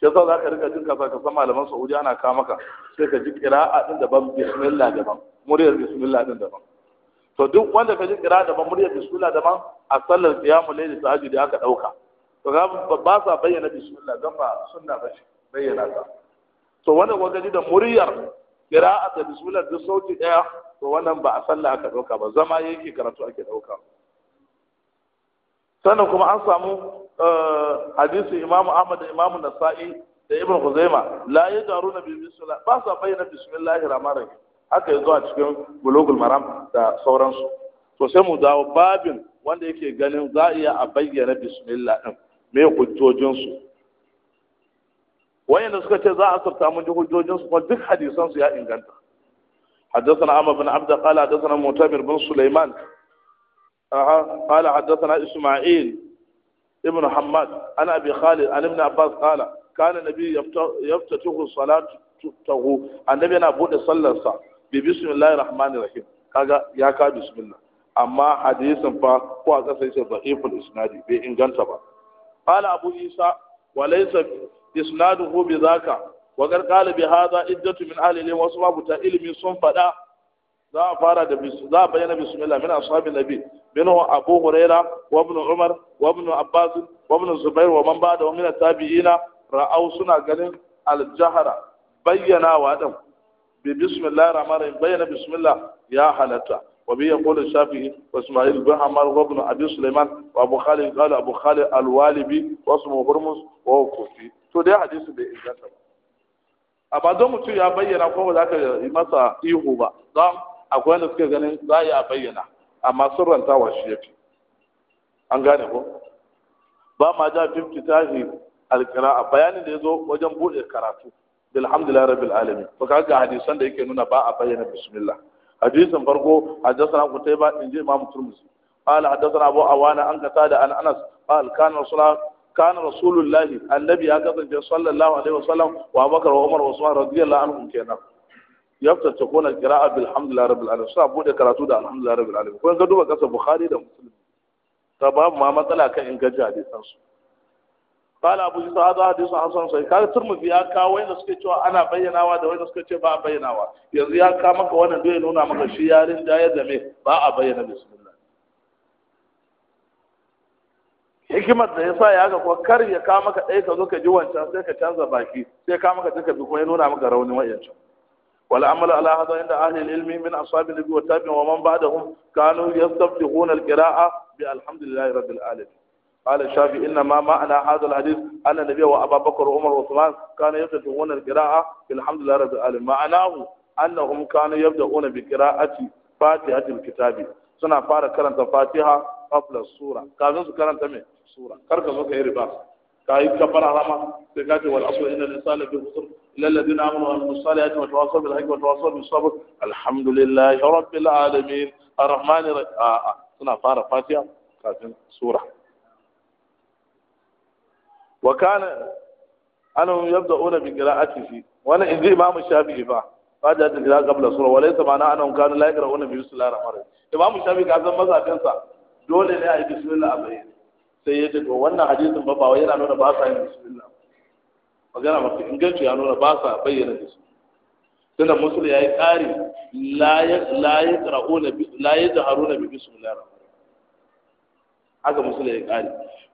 shi za ka rika jin kasa ka san malaman Saudi ana kama maka sai ka ji qira'a din daban bismillah daban muryar bismillah din daban to duk wanda ka ji kira daban muryar bismillah daban a sallar qiyamul layl ta ajudi aka dauka to ga ba sa bayyana bismillah dan ba sunna ba shi bayyana ta to wanda ka gaji da muryar qira'a da bismillah duk sauti daya to wannan ba a sallah aka dauka ba zama yake karatu ake dauka sannan kuma an samu eh, hadisi imamu ahmad da imamu nasa'i da ibn khuzaima la yadaruna bi bismillah ba sa bayyana bismillahir rahmanir rahim haka yanzu a cikin bulugul maram da sauransu to sai mu dawo babin wanda yake ganin za a iya a bayyana bismillah din me hujjojinsu da suka ce za a sarta mun ji hujjojinsu kuma duk hadisansu ya inganta حدثنا عمرو بن عبد قال حدثنا معتمر بن سليمان أه. قال حدثنا إسماعيل ابن حماد عن أبي خالد عن ابن عباس قال كان النبي يفتتح صلاته النبي yana بود صلى bi bismillahir rahmanir rahim kaga ya ka bismillah amma hadisin fa ko a kasa yace da'iful isnadi bai inganta ba qala abu isa wa laysa isnaduhu bi zaka wa gar qala bi hadha iddatu min ahli ilmi wasu babu ta sun fada za a fara da za a bayyana bismillah min ashabin nabi minhu abu huraira wa ibn umar wa ibn abbas wa ibn zubair wa man ba'da wa min at-tabi'ina ra'aw suna ganin al Bayyana bayyanawa din bi bismillah rahman rahim bayyana bismillah ya halatta wa bi yaqulu shafi'i wa isma'il bin amr wa ibn abi sulaiman wa abu khalid qala abu khalid Alwalibi, walibi wa ismu hurmus wa kufi to dai hadisi bai inganta ba amma mutum ya bayyana ko ba za ka yi masa ihu ba don akwai wanda suke ganin za ya bayyana amma sun wa shi ya an gane ko ba ma ja fifti tahi alkira'a bayanin da ya zo wajen buɗe karatu da alhamdulillah rabbil alamin to kaga hadisan da yake nuna ba a bayyana bismillah hadisin farko hadathana qutayba in je imam turmusi qala hadathana abu awana an qatada an anas qala kana rasulullah kana annabi ya kasance sallallahu alaihi wasallam wa abubakar wa umar wa usman radiyallahu anhum kenan yaftata kuna qira'a bil hamdulillah rabbil alamin sa bude karatu da alhamdulillah rabbil alamin ko ga duba kasa bukhari da muslim ta ba matsala kan inganci hadisan قال ابو يوسف هذا حديث حسن صحيح kaga turmuzi ya kawo wanda suke cewa ana bayyanawa da wanda suka ce ba a bayyanawa yanzu ya kawo maka wannan da nuna maka shi yarin da ya zame ba a bayyana bismillah hikimar da ya sa ya ga ko kar ya kawo maka ɗaya ka zo ka ji wancan sai ka canza baki sai ka maka duka bi kuma ya nuna maka raunin wayancan wal amala ala hada inda ahli ilmi min ashabi nabi wa tabi'in wa man ba'dahum kanu yastafihuna hunar qira'a bi alhamdulillahi rabbil alamin قال الشافعي إنما معنى هذا الحديث أن النبي وأبا بكر وعمر وعثمان كانوا يفتحون القراءة بالحمد لله رب العالمين معناه أنهم كانوا يبدأون بقراءة فاتحة الكتاب سنة فارة كرنت فاتحة قبل السورة كانوا كرنت من سورة كرك سوك إرباس كاي كبر علامة تكات والأصل إن الإنسان في خسر إلا الذين آمنوا وعملوا الصالحات وتواصوا بالحق وتواصوا بالصبر الحمد لله رب العالمين الرحمن الرحيم آه آه. سنة فارة فاتحة كاتم سورة wa kana anhum yabda'una bi qira'atihi wannan inji imam shafi'i ba ba da da qira'a qabla sura wa laysa ma'ana anhum kanu la yaqra'una bi bismillah ar-rahman ar-rahim imam shafi'i ka san mazhabin sa dole ne a yi bismillah a bayyane sai ya ce to wannan hadisin ba ba wai yana nuna ba sa yin bismillah magana mafi inganci ya nuna ba sa bayyana bismillah tunda musul ya yi ƙari la ya jaharuna bi bismillah haka Musulmi ya yi ƙari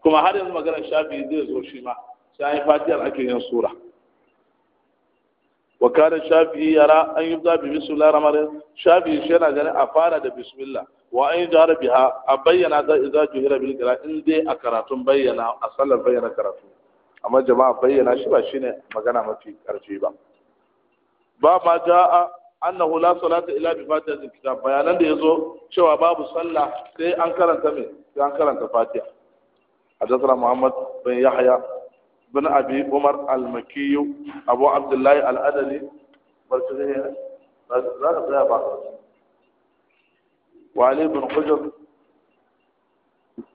kuma har yanzu maganar shafi zai zo shi ma sai an fatiyar ake yin sura wa kana shafi yara an yi bi bismillah ramadan shafi shi yana ganin a fara da bismillah wa an yi jara biha a bayyana da idza juhira bil qira in dai a karatun bayyana a sallar bayyana karatu amma jama'a bayyana shi ba shine magana mafi karfi ba ba ma ja'a annahu la salata illa bi fatiha kitab bayanan da yazo cewa babu sallah sai an karanta me sai an karanta fatiha حدثنا محمد بن يحيى بن أبي عمر المكي أبو عبد الله الأدلي مركزه وعلي بن حجر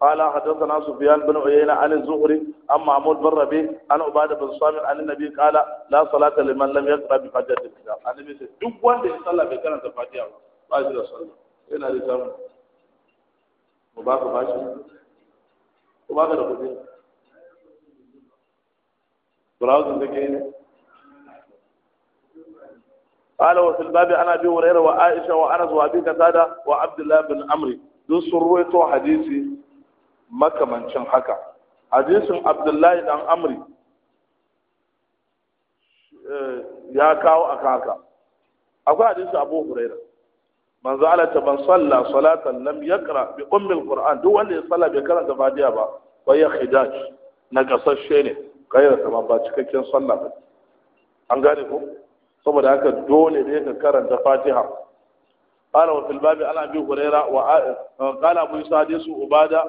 قال حدثنا سفيان بن عيينة عن الزهري أما عمود بن ربي أنا عبادة بن صامر عن النبي قال لا صلاة لمن لم يقرأ بفاتحة الكتاب النبي said duk wanda ya sallah bai karanta fatiha ba ba shi da sallah yana da ko ba ka da kudi browsing da ke ne قال وفي الباب عن ابي هريره وعائشه وانس وابي قتاده وعبد الله بن عمرو دون سرويتو حديثي makamancin haka hadisin abdullahi dan amri eh, ya kawo a haka akwai hadisi abu huraira manzo Allah ta ban salla salatan lam yaqra bi ummil qur'an duk wanda ya salla bai karanta fatiha ba wa ya khidaj na kasashe ne kaira kamar ba cikakken salla ba an gane ko saboda haka dole ne ka karanta fatiha قال وفي الباب عن ابي هريره وقال ابو يسعد عباده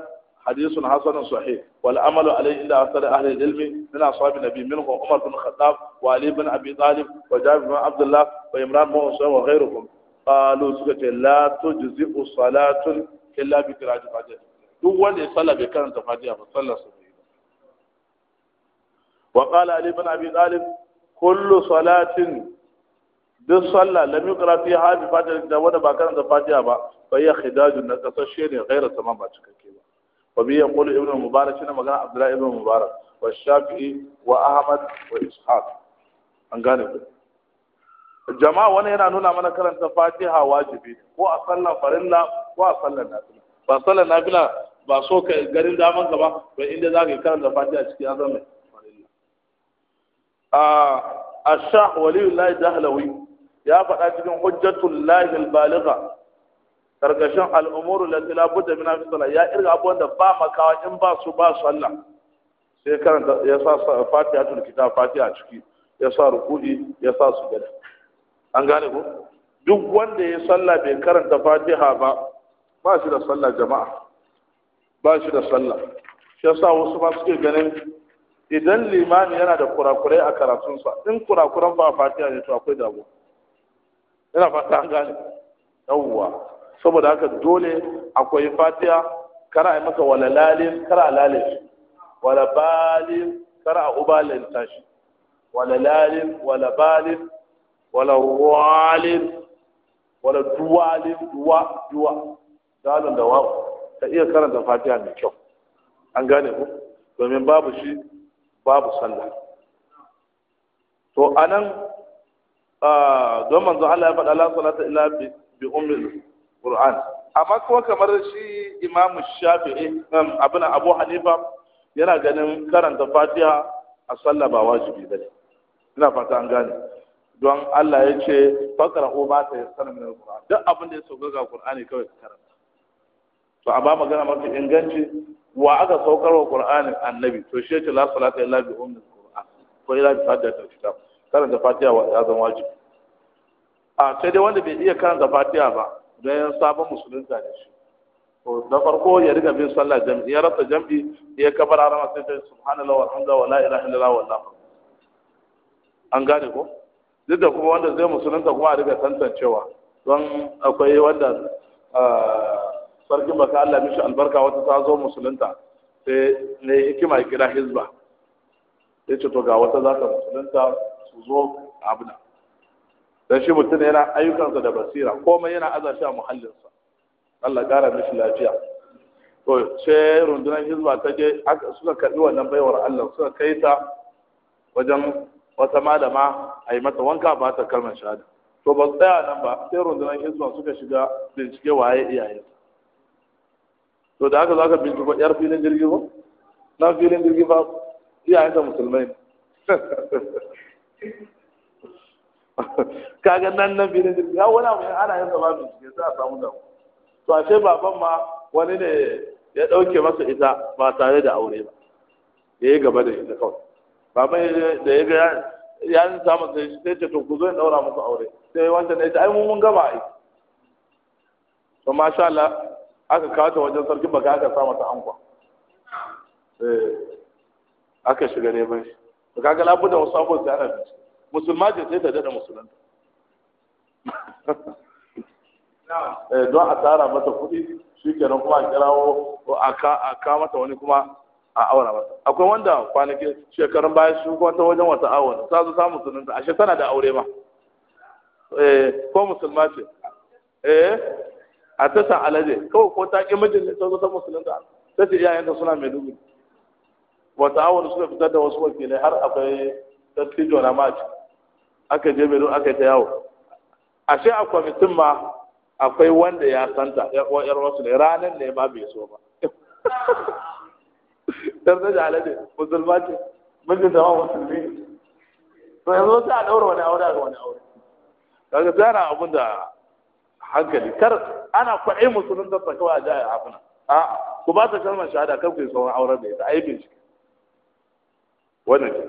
حديث حسن صحيح والعمل عليه عند اكثر اهل العلم من اصحاب النبي منهم عمر بن الخطاب وعلي بن ابي طالب وجابر بن عبد الله وعمران بن وغيرهم qalu suka ce la tujzi'u salatun illa bi qira'ati fatiha duk wanda ya salla bai karanta fatiha ba sallar sa bai ali ibn abi talib kullu salatin duk sallah lam yuqra fi hadi fatiha ba karanta fatiha ba fa ya khidajun na kasashe ne ghaira tamam ba cikakke ba wa bi yaqul ibn mubarak shine magana Abdula ibn mubarak wa shafi'i wa ahmad wa ishaq an gane ku jama'a wani yana nuna mana karanta fatiha wajibi ko a sallan farilla ko a sallan nafila ba sallan nafila ba so ka garin daman gaba ba inda za ka karanta fatiha cikin azami farilla a ashah waliyullahi dahlawi ya faɗa cikin hujjatul lahi albaligha karkashin al'umuru lati la budda min fi salat ya irga abubuwan da ba makawa in ba su ba sallah sai karanta ya sa fatiha tul kitab fatiha ciki ya sa ruku'i ya sa sujada an gane ku? duk wanda ya sallah bai karanta fatiha ba ba shi da sallah jama'a ba shi da sallah shi yasa wasu ba suke ganin idan limami yana da kurakurai a karatunsa in kurakuran ba a fatiha ne to akwai dago yana fata an gane yawwa saboda haka dole akwai fatiha kara a maka wala lalin kara a lalin wala balin kara a ubalin tashi wala lalin wala balin wala walin wala duwalin duwa duwa dalin da wawu ta iya karanta fatiha mai kyau an gane ku domin babu shi babu sallah to anan don manzo Allah ya faɗa la salata illa bi ummil qur'an amma kuma kamar shi imam shafi'i um, abin abu hanifa yana ganin karanta fatiha a sallah ba wajibi bane ina fata an gane don Allah ya ce Fakar o ba ta yassar min alquran duk abin da ya sauka ga qur'ani kawai ka karanta to a ba magana mafi inganci wa aka saukar wa qur'anin annabi to shi ce la salata illa bi ummil qur'an ko illa bi fatiha kitab karanta fatiha ya zama wajibi a sai dai wanda bai iya karanta fatiha ba don yan sabon musulunta ne shi to na farko ya riga bin sallah jam'i ya rasa jam'i ya kabara rama sai ta subhanallah walhamdulillah wala ilaha illallah wallahu an gane ko duk da kuma wanda zai musulunta kuma a riga tantancewa don akwai wanda ah, sarkin baka Allah mishi albarka wata ta zo musulunta sai ne hikima kira hizba ya ce to ga wata za ka musulunta su zo abuna dan shi mutum yana ayyukansa da basira komai yana azashi a muhallinsa Allah kara mishi lafiya to sai rundunar hizba ta je suka karbi wannan baiwar Allah suka kai ta wajen wata malama a yi mata wanka ba ta kalmar shahada to ba tsaya nan ba sai rundunar izuwa suka shiga bincike waye iyaye to da haka za ka binciko yar filin jirgi ba na filin jirgi ba iyayen ta musulmai kaga nan nan filin jirgi ya wani abu ana yin zama bincike sai a samu damu to ashe baban ma wani ne ya ɗauke masa ita ba tare da aure ba ya yi gaba da ita kawai mai da ya ga ya samu sai sai ce to ku zo in daura muku aure sai wanda ne ai mun gama ai to masha Allah aka kawo ta wajen sarkin baka aka sa mata ankwa eh aka shiga ne bai to kaga labuda wasu abubuwa sai ana musulma ce sai ta dada musulunta eh, don a tsara mata kuɗi shi kenan kuma a kirawo a ka mata wani kuma a aura masa akwai wanda kwanaki shekarun baya su wata wajen wata awon ta zo ta musulunta ashe tana da aure ma eh ko musulma ce eh a ta alaje kawai ko ta ki mijin ne ta zo ta musulunta ta ce suna mai dubu wata awon suka fitar da wasu wakilai har akwai dattijo na mace aka je maiduguri aka yi ta yawo ashe a kwamitin ma akwai wanda ya santa yar wasu ne ranar ne ma bai so ba tarzaji alade musulma ce mijin zama musulmi ne to yanzu sai a daura wani aure a wani aure kaga sai abin da hankali kar ana kwaɗe musulun da ta kawai a jaya abin a ku ba ta kalmar shahada kar ku yi sauran auren da ita ai bincike wannan ke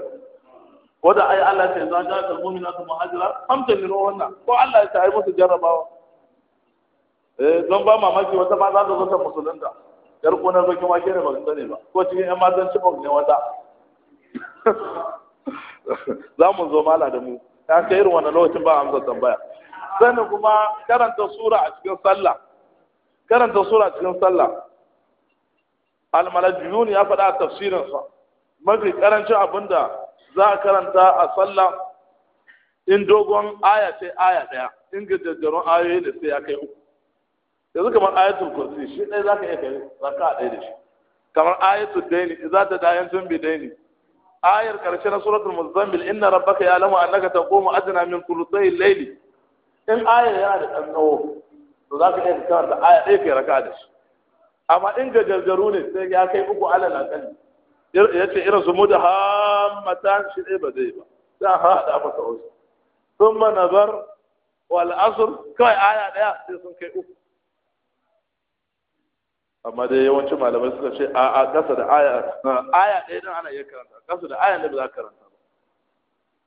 ko da ai Allah ya ce za ta kalmomi na su muhajira hamdalillah wannan ko Allah ya ce ai musu jarrabawa eh don ba mamaki wata ma za ta zo ta musulunta yar kunar bakin wake da baka sani ba ko cikin yan matan cibok ne wata za mu zo mala da mu ta kai irin wannan lokacin ba amsa tambaya sannan kuma karanta sura a cikin sallah karanta sura a cikin sallah almalajiyun ya faɗa a tafsirin tafsirinsa mafi karancin abinda za a karanta a sallah in dogon aya sai aya ɗaya in gajajjarun ayoyi ne sai ya kai uku yanzu kamar ayatul kursi shi ɗaya za ka iya kare raka a ɗaya da shi kamar ayatul daini za ta dayan tun bi daini ayar karshe na suratul muzammil inna rabbaka ya'lamu annaka taqumu adna min thuluthay al-layli in ayar yana da ɗanɗano, tsawo to za ka iya da aya ɗaya kai raka da shi amma in ga jarjaru ne sai ya kai uku ala akali ya ce irin su muda hammatan shi ɗaya ba zai ba sai a haɗa masa wasu sun ma nazar wal asr kawai aya ɗaya sai sun kai uku amma dai yawancin malamai suka ce a ƙasa da aya aya ɗaya dan ana iya karanta ƙasa da aya ne ba za ka karanta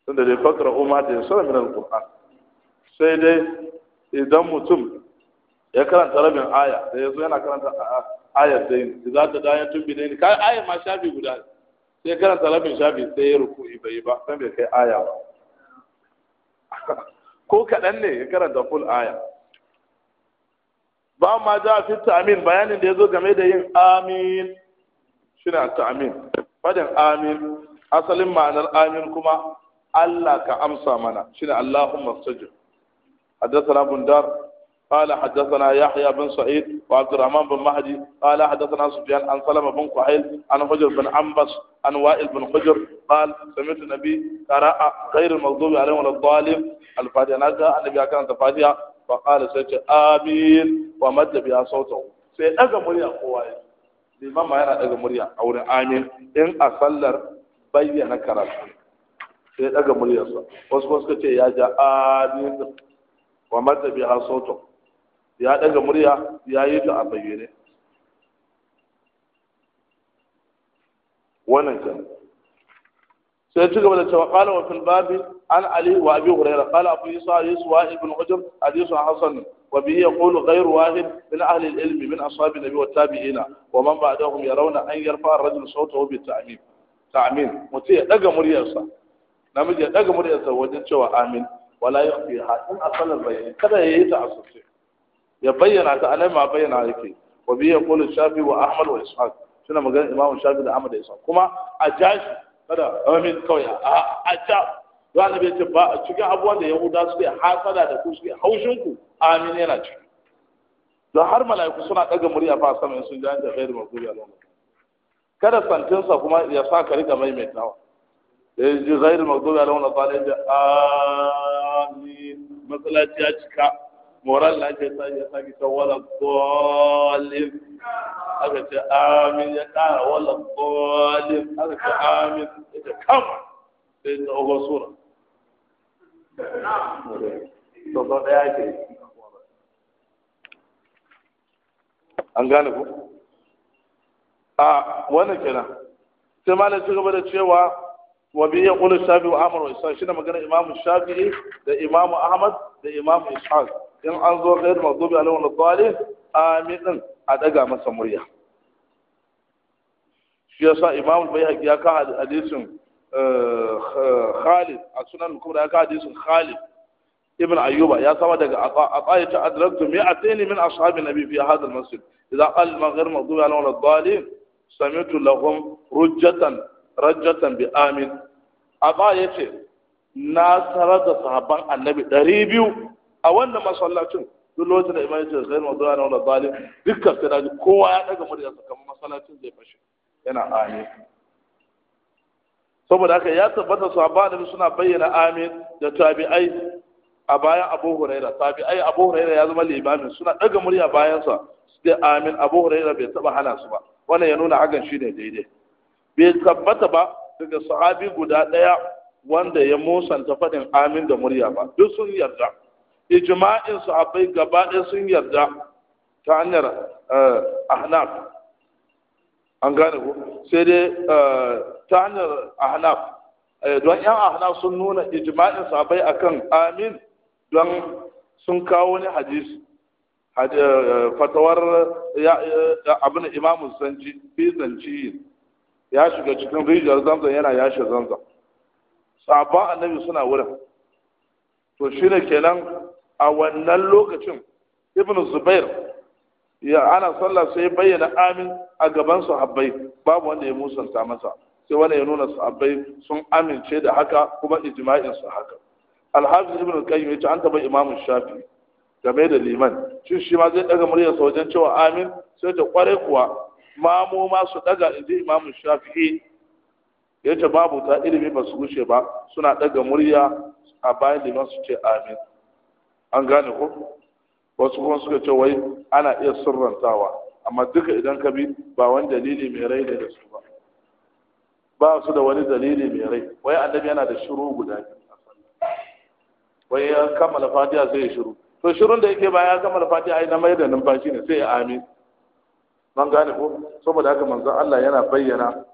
ba da dai fakra umar da sura min alƙur'an sai dai idan mutum ya karanta rabin aya da yazo yana karanta ayar da yin za ta da tun tumbi da yin kai aya ma shafi guda sai karanta rabin shafi sai ya ruku'i bai ba san bai kai aya ba ko kaɗan ne ya karanta full aya bawon ma za a fi ta'amin bayanin da ya zo game da yin amin shi ne ta'amin fadin amin asalin ma'anar amin kuma Allah ka amsa mana shi ne Allahun Mastajin haddasa bundar qala haddathana yahya bin sa'id wa abd bin mahdi qala haddathana sufyan an salama bin quhayl an hujr bin ambas an wa'il bin hujr qal sami'tu nabiy qara'a ghayr al-maghdubi alayhi al-dhalim al-fatiha annabi akan al-fatiha faƙala sai ce amin wa madda biya sautan sai daga murya kowa ya liman ma yana daga murya a wurin amin in a sallar bayyana karatu sai daga sa. wasu kuma suka ce ya ja amin wa madda biya sautan ya daga murya ya yi ta a bayyane wannan kenan sai ci gaba da cewa qala fil babi عن علي وابي هريره قال ابو يسوع يسوع بن حجر حديث حسن وبه يقول غير واحد من اهل العلم من اصحاب النبي والتابعين ومن بعدهم يرون ان يرفع الرجل صوته بالتعميم تعميم متي دغ مريarsa namiji ya daga muryarsa wajen cewa amin wala yakhfi ha in asalan bayani kada yayi ta asirce ya bayyana ta alama bayyana yake wa bi yaqulu shafi wa ahmad wa ishaq suna magana imam shafi da ahmad da kuma a kada kawai a a za annabi ce ba cikin abubuwan da yahuda suke hasada da ku suke haushin ku amin yana ciki da har mala'iku suna ɗaga murya fa sama sun ji an da khairu maghdubi alaihim kada santinsa kuma ya sa ka riga maimaitawa ya ji ghairu maghdubi alaihim qalin da amin masallaci ya cika moral na ke sa ya saki ta wala aka ce amin ya kara wala qalin aka ce amin ita kama sai ta ogon sura an gane ku a wannan kenan sai malam ci gaba da cewa wa bi yaqulu shafi wa amr wa shi shine magana imamu shafi'i da imamu ahmad da imamu ishaq in an zo ghayr maghdubi alaihi wa dhalin amin din a daga masa murya shi yasa imamu bai ya kan hadisin Khalid a sunan kubra ya kawo hadisin Khalid ibn Ayuba ya sama daga ataya ta adraktu mi atani min ashabi nabi fi hadha al-masjid idza qal al-maghrib maghdubi ala wal dhalin sami'tu na tarar da sahabban annabi 200 a wannan masallacin duk lokacin da imani ce zai mazo yana wani zalim dukkan sai kowa ya daga murya kamar masallacin zai fashe yana amin saboda haka ya tabbata su da suna bayyana amin da tabi'ai a bayan abu huraira tabi'ai abu huraira ya zama limamin suna daga murya bayansa su ce amin abu huraira bai taba hana su ba wannan ya nuna hakan shine daidai bai tabbata ba daga sahabi guda daya wanda ya musanta fadin amin da murya ba duk sun yarda ijma'in sahabbai gaba ɗaya sun yarda ta hanyar eh, ahnaf an gane ko sai dai eh, ta hanyar ahnaf eh, don yan ahnaf sun nuna ijma'in sabai akan amin don sun kawo wani hadis eh, fatawar abin imamun sanji fi zanci ya shiga cikin rijiyar zanzan yana yashe zanzan sabon annabi suna wurin to shi kenan a wannan lokacin ibn zubair ya ana sallah sai bayyana amin a gaban sahabbai babu wanda ya musanta masa sai wanda ya nuna sahabbai sun amince da haka kuma ijma'in su haka alhafiz ibn qayyim yace an taba imam shafi game da liman shin shi ma zai daga muryar sa wajen cewa amin sai ta kware kuwa mamu ma su daga inji imam ya yace babu ta ilimi ba su gushe ba suna daga murya a bayan liman su ce amin an gane ko wasu kuma suka ce wai ana iya sirrantawa amma duka idan ka bi ba wani dalili mai rai da su ba ba su da wani dalili mai rai wai annabi yana da shiru guda biyu wai ya kammala fatiha sai ya shiru to shirun da yake baya ya kammala fatiha ai na mai da numfashi ne sai ya amin man gane ko saboda haka manzo Allah yana bayyana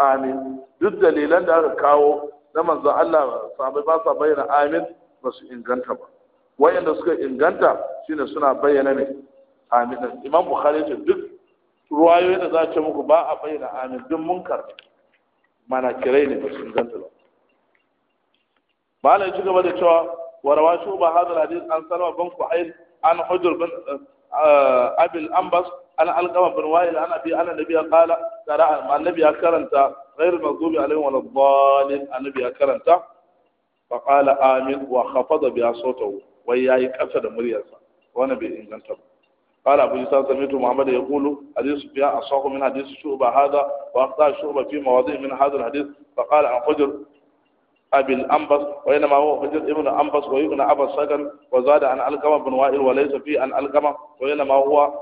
amin duk dalilan da aka kawo na manzo Allah sabai ba sa bayyana amin ba su inganta ba wayanda suka inganta shine suna bayyana ne amin imam bukhari ce duk ruwayoyin da za ce muku ba a bayyana amin duk munkar mana kirai ne ba sun zanta ba malai ci da cewa wa rawa ba hadal hadis an salama ban ku'ayl an hujr bin eh, abil ambas an alqama bin wa'il an abi anna nabiyya qala qara'a annabi ya karanta غير المغضوب عليهم ولا الضالين النبي ya karanta فقال آمين وخفض بها صوته وياي da muryarsa? وانا بإنجلتر قال أبو جسان سمعت محمد يقول حديث بها أصح من حديث شعبة هذا وأخطأ شعبة في مواضيع من هذا الحديث فقال عن فجر أبي الأنبس وإنما هو فجر ابن أنبس وابن أبا السكن وزاد عن ألقمة بن وائل وليس في عن ألقمة وإنما هو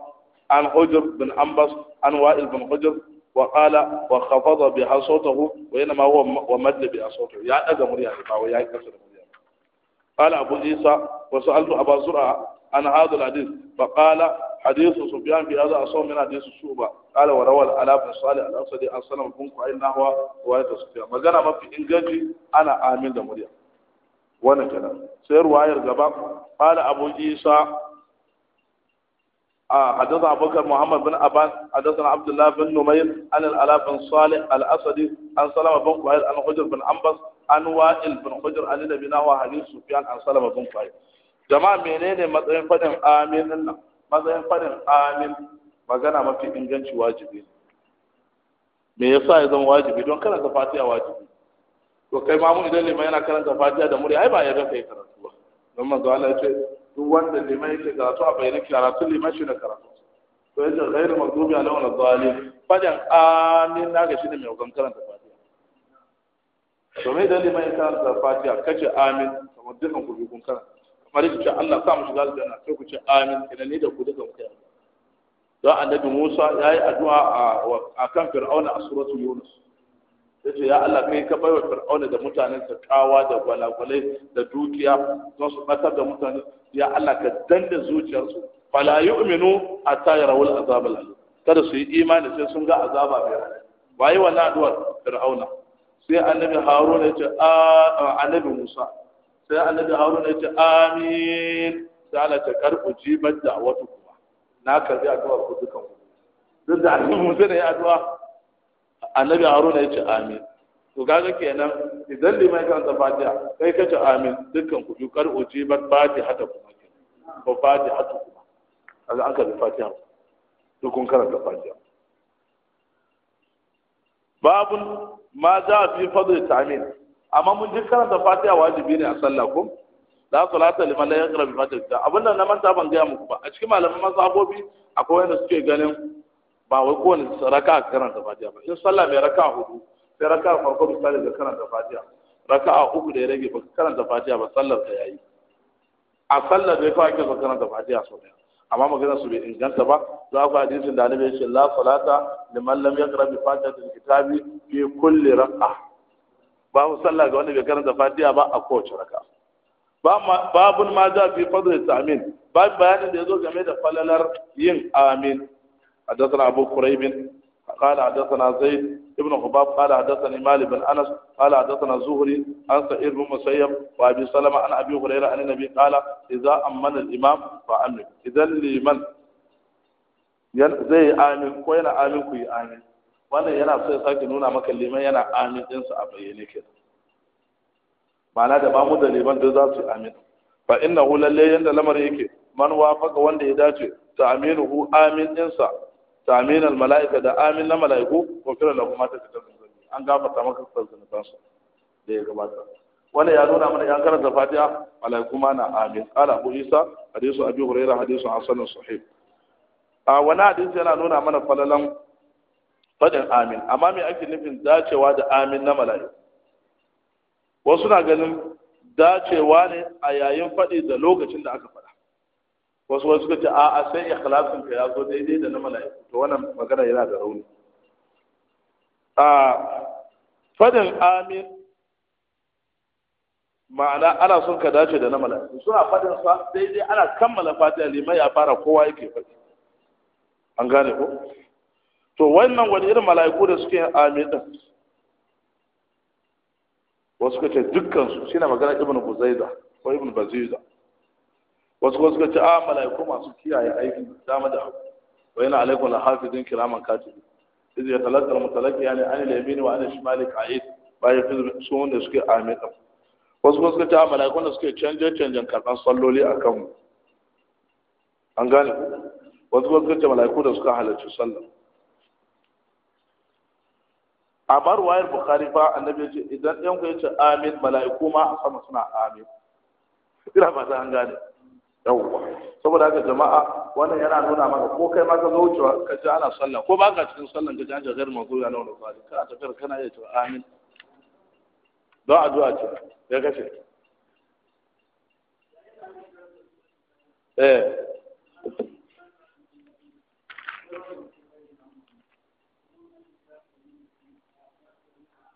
عن حجر بن أنبس عن وائل بن حجر وقال وخفض بها صوته وإنما هو ومد بها صوته يا ادم يا إبا ويا كسر قال أبو عيسى وسألت أبا زرعة عن هذا الحديث فقال حديث سفيان في هذا أصوم من حديث الشعبة قال وروى الألاف بن صالح الأسدي عن سلم بن قعيل نحو رواية سفيان مجانا ما في إنجاجي أنا آمين دمريا وانا كلام سير واير جبا قال أبو عيسى آه حدثنا أبو بكر محمد بن أبان حدثنا عبد الله بن نمير عن الألاف بن صالح الأسدي عن سلمة بن قعيل عن حجر بن عنبس عن وائل بن حجر عن النبي نحو حديث سفيان عن سلمة بن قعيل jama'a menene matsayin fadin amin nan matsayin fadin amin magana mafi inganci wajibi me yasa ya zama wajibi don karanta fatiya wajibi to kai ma mu idan liman yana karanta fatiya da muri, ai ba ya ga kai karatu ba don manzo Allah ya ce duk wanda liman yake karatu a bayyana karatu liman shi na karatu to yace ghairu maghdubi alaihim waladdallin fadin amin shi ne mai wakan karanta fatiya to me dalilin mai karanta fatiya kace amin kamar dukan ku kun karanta bari ce Allah sa mu shiga aljanna sai ku ce amin kina ne da ku duka mutai don annabi Musa ya yi addu'a a kan Fir'auna a suratul Yunus ya ce ya Allah kai ka baiwa Fir'auna da mutanen sa kawa da gwalagwalai da dukiya don su batar da mutane ya Allah ka danda zuciyarsu fala yu'minu hatta yarawul azab al kada su yi imani sai sun ga azaba mai rai waye wannan addu'a Fir'auna sai annabi Haruna ya ce annabi Musa sai annabi haruna ya ce amin sai Allah ta karbu jibar da wata kuma na karbi addu'a ku dukan ku duk da annabi sai da ya addu'a annabi haruna ya ce amin to kaga kenan idan limai kan ta fatiha kai ka ce amin dukkan ku ji karbu jibar fatiha ta kuma ke, ko fatiha ta kuma kaga an karbi fatiha to kun karanta fatiha babun ma za fi fadl ta'min amma mun ji karanta fatiha wajibi ne a sallah ko la salata liman la yaqra bi fatiha ta abinda na manta ban gaya muku ba a cikin malaman mazhabobi akwai wanda suke ganin ba wai ko ne raka'a karanta fatiha ba in sallah mai raka hudu sai raka farko misali ga karanta fatiha raka'a uku da ya rage ba karanta fatiha ba sallar ta yayi a sallar da kawai ake so karanta fatiha sau daya amma magana su bai inganta ba za ku hadisin da annabi ya ce la salata liman lam yaqra bi fatiha kitabi fi kulli raka'a babu sallah ga wanda bai karanta fatiha ba a kowace raka babun ma za fi fadl amin babu bayanin da ya zo game da falalar yin amin حدثنا أبو قريب قال حدثنا زيد ابن خباب قال حدثني مالك بن أنس قال حدثنا زهري عن سعيد بن مسيب وأبي سلمة عن أبي هريرة عن النبي قال إذا أمن الإمام فأمن إذا الإمام زي آمن كوين آمن كوي آمن wannan yana so ya sake nuna maka liman yana amin su a bayyane ke ma'ana da mu da liman duk za su yi amin fa inna hu lalle yanda lamar yake man wafaka wanda ya dace ta aminu hu amin sa, ta amin mala'ika da amin na mala'iku ko kira da kuma ta fitar zunubi an gafarta maka zunubansa da ya gabata wanda ya nuna mana yan karanta fatiha mala'iku ma na amin ala hu isa hadisu abi hurairah hadisu hasan sahih a wani hadisi yana nuna mana falalan faɗin amin amma me ake nufin dacewa da amin na mala'iku wasu na ganin dacewa ne a yayin faɗi da lokacin da aka faɗa wasu wasu suka ce a'a sai ikhlasin ka ya zo daidai da na mala'iku to wannan magana yana da rauni a faɗin amin ma'ana ana son ka dace da na mala'iku suna faɗin sa daidai ana kammala fatiha limai ya fara kowa yake faɗi an gane ko to wannan wani irin mala'iku da suke amin din wasu ka ce dukkan su shine magana ibnu buzaiza ko ibnu baziza wasu wasu ka ce a ah, mala'iku masu kiyaye aiki dama da abu wa yana alaikum la hafizin kiraman katibi Idan yatalaqqa al mutalaki yani an al-yamin wa an al-shimali qa'id ya fi su wanda suke amin din wasu wasu ka ce a ah, mala'iku da suke canje canjen karban salloli akan mu an gane wasu wasu ka ce mala'iku da suka halarci sallah a bar wayar bukhari ba annabi ya ce idan yan ku yace amin mala'iku ma a sama suna amin ina fata an gane yawwa saboda haka jama'a wannan yana nuna maka ko kai ma ka zo wucewa ka ji ana sallah ko ba ka cikin sallan ka ji an ji gairu mazu ya ba ka a tafiyar kana iya cewa amin don addu'a ce ya kashe eh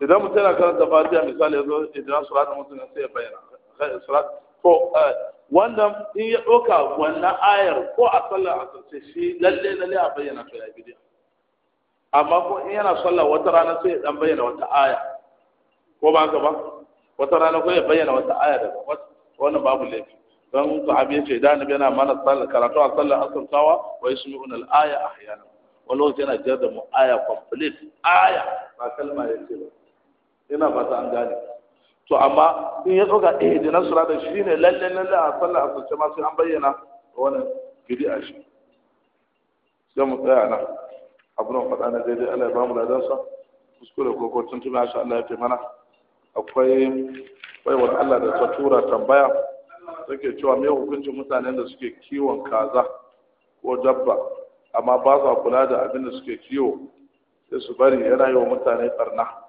idan mutum yana karanta fatiha misali yanzu, idan surat mutum sai ya bayyana surat ko eh, wannan in ya ɗauka wannan ayar ko a sallar asar sai shi lalle lalle a bayyana to ya bidiya amma ko in yana sallar wata rana sai ya dan bayyana wata aya ko ba ka ba wata rana ko ya bayyana wata aya daga wannan babu laifi don sahabi ya ce idan annabi yana mana sallar karatu a sallar asar sawa wa yasmi'una al-aya ahyana wani wajen yana jiyar da mu aya complete aya ba kalma ya ce ba ina fata an gane to amma in ya tsoka eh dinar sura da shi ne lalle lalle a sallah a sace ma sai an bayyana wannan bid'a shi sai mu tsaya na. abu nan faɗa na daidai Allah ya ba mu ladan sa kuskure ko ko tun tuna sha Allah ya taimana akwai wa Allah da ta tura tambaya take cewa me hukuncin mutanen da suke kiwon kaza ko dabba amma ba sa kula da abin da suke kiwo sai su bari yana yi wa mutane barna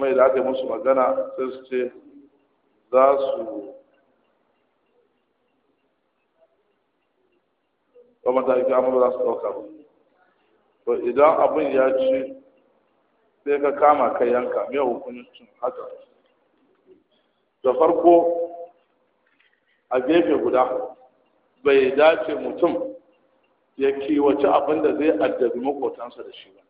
kuma idan aka yi musu magana sai su ce za su ba mata ake amuru za su ɗauka to idan abin ya ci sai ka kama kai yanka mai cin haka da farko a gefe guda bai dace mutum ya kiwaci abin da zai addabi makotansa da shi ba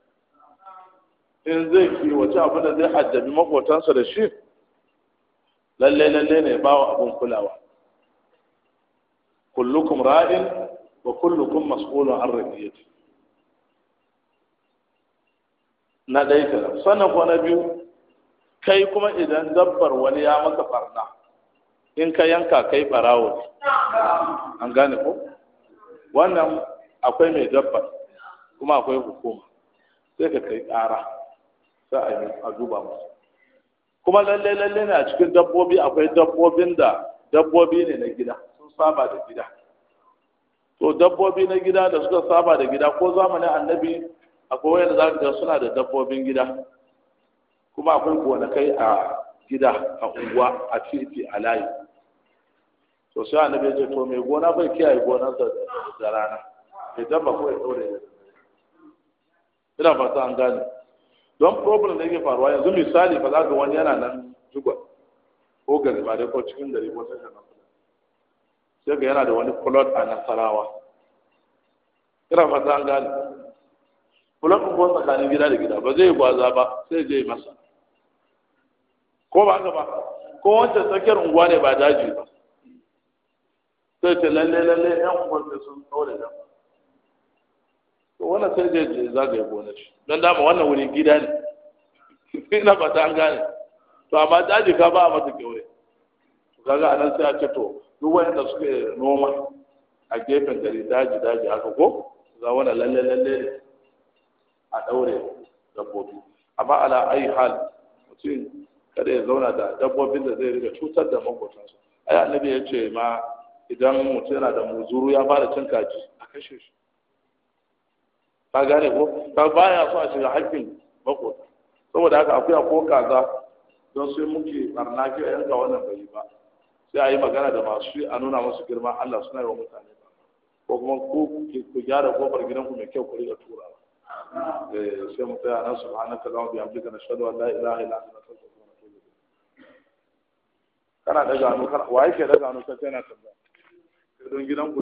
in zai kiwace abin da zai hajjabi makotansa da shi lalle lalle ne ba wa abin kulawa kullukum ra'in wa kullukum mas'ulun an rafiyati na dai ta sannan ko na biyu kai kuma idan dabbar wani ya maka farna in ka yanka kai barawo ne an gane ko wannan akwai mai dabbar kuma akwai hukuma sai ka kai ƙara Za a duba musu kuma lalle lalle ne a cikin dabbobi akwai dabbobin da dabbobi ne na gida sun saba da gida to dabbobi na gida da suka saba da gida ko zamanin annabi akwai wanda za ga suna da dabbobin gida kuma akwai gonakai a gida a unguwa a titi a layi to sai annabi ya ce to mai gona bai kiyaye gonarsa da rana idan ba kawai daure ina fata an gane don problem da yake faruwa yanzu misali ba za ka wani yana nan zuwa ko da ko cikin gari ko kana nan sai ga yana da wani plot a nasarawa Kira fata an gane plot ko tsakanin gida da gida ba zai gwaza ba sai zai masa ko ba ga ba ko wancan tsakiyar unguwa ne ba daji ba sai ce lalle lalle yan unguwar sun tsaure da wannan sai zai zagaye gona shi don dama wannan wurin gida ne na fata an gane to amma daji ka ba a masa kewaye to kaga a nan sai a ce to duk wanda suke noma a gefen gari daji daji haka ko za wani lalle lalle a daure dabbobi amma ala ayi hal mutum kada ya zauna da dabbobin da zai riga cutar da maƙotansu ai annabi ya ce ma idan mutum yana da muzuru ya fara cin kaji a kashe shi ka gane ko ka baya so a shiga haƙƙin makota saboda haka akwai ko kaza don sai muke barna a yanka wannan bai ba sai a yi magana da masu a nuna musu girma Allah suna yi wa mutane ba ko kuma ku ku gyara kofar gidanku mai kyau ku riga tura. turawa eh, sai mu tsaya nan subhanaka allahumma bihamdika nashhadu an la ilaha illa anta nastaghfiruka wa natubu ilayk kana daga hannu kana waye ke daga hannu sai na tambaya don gidanku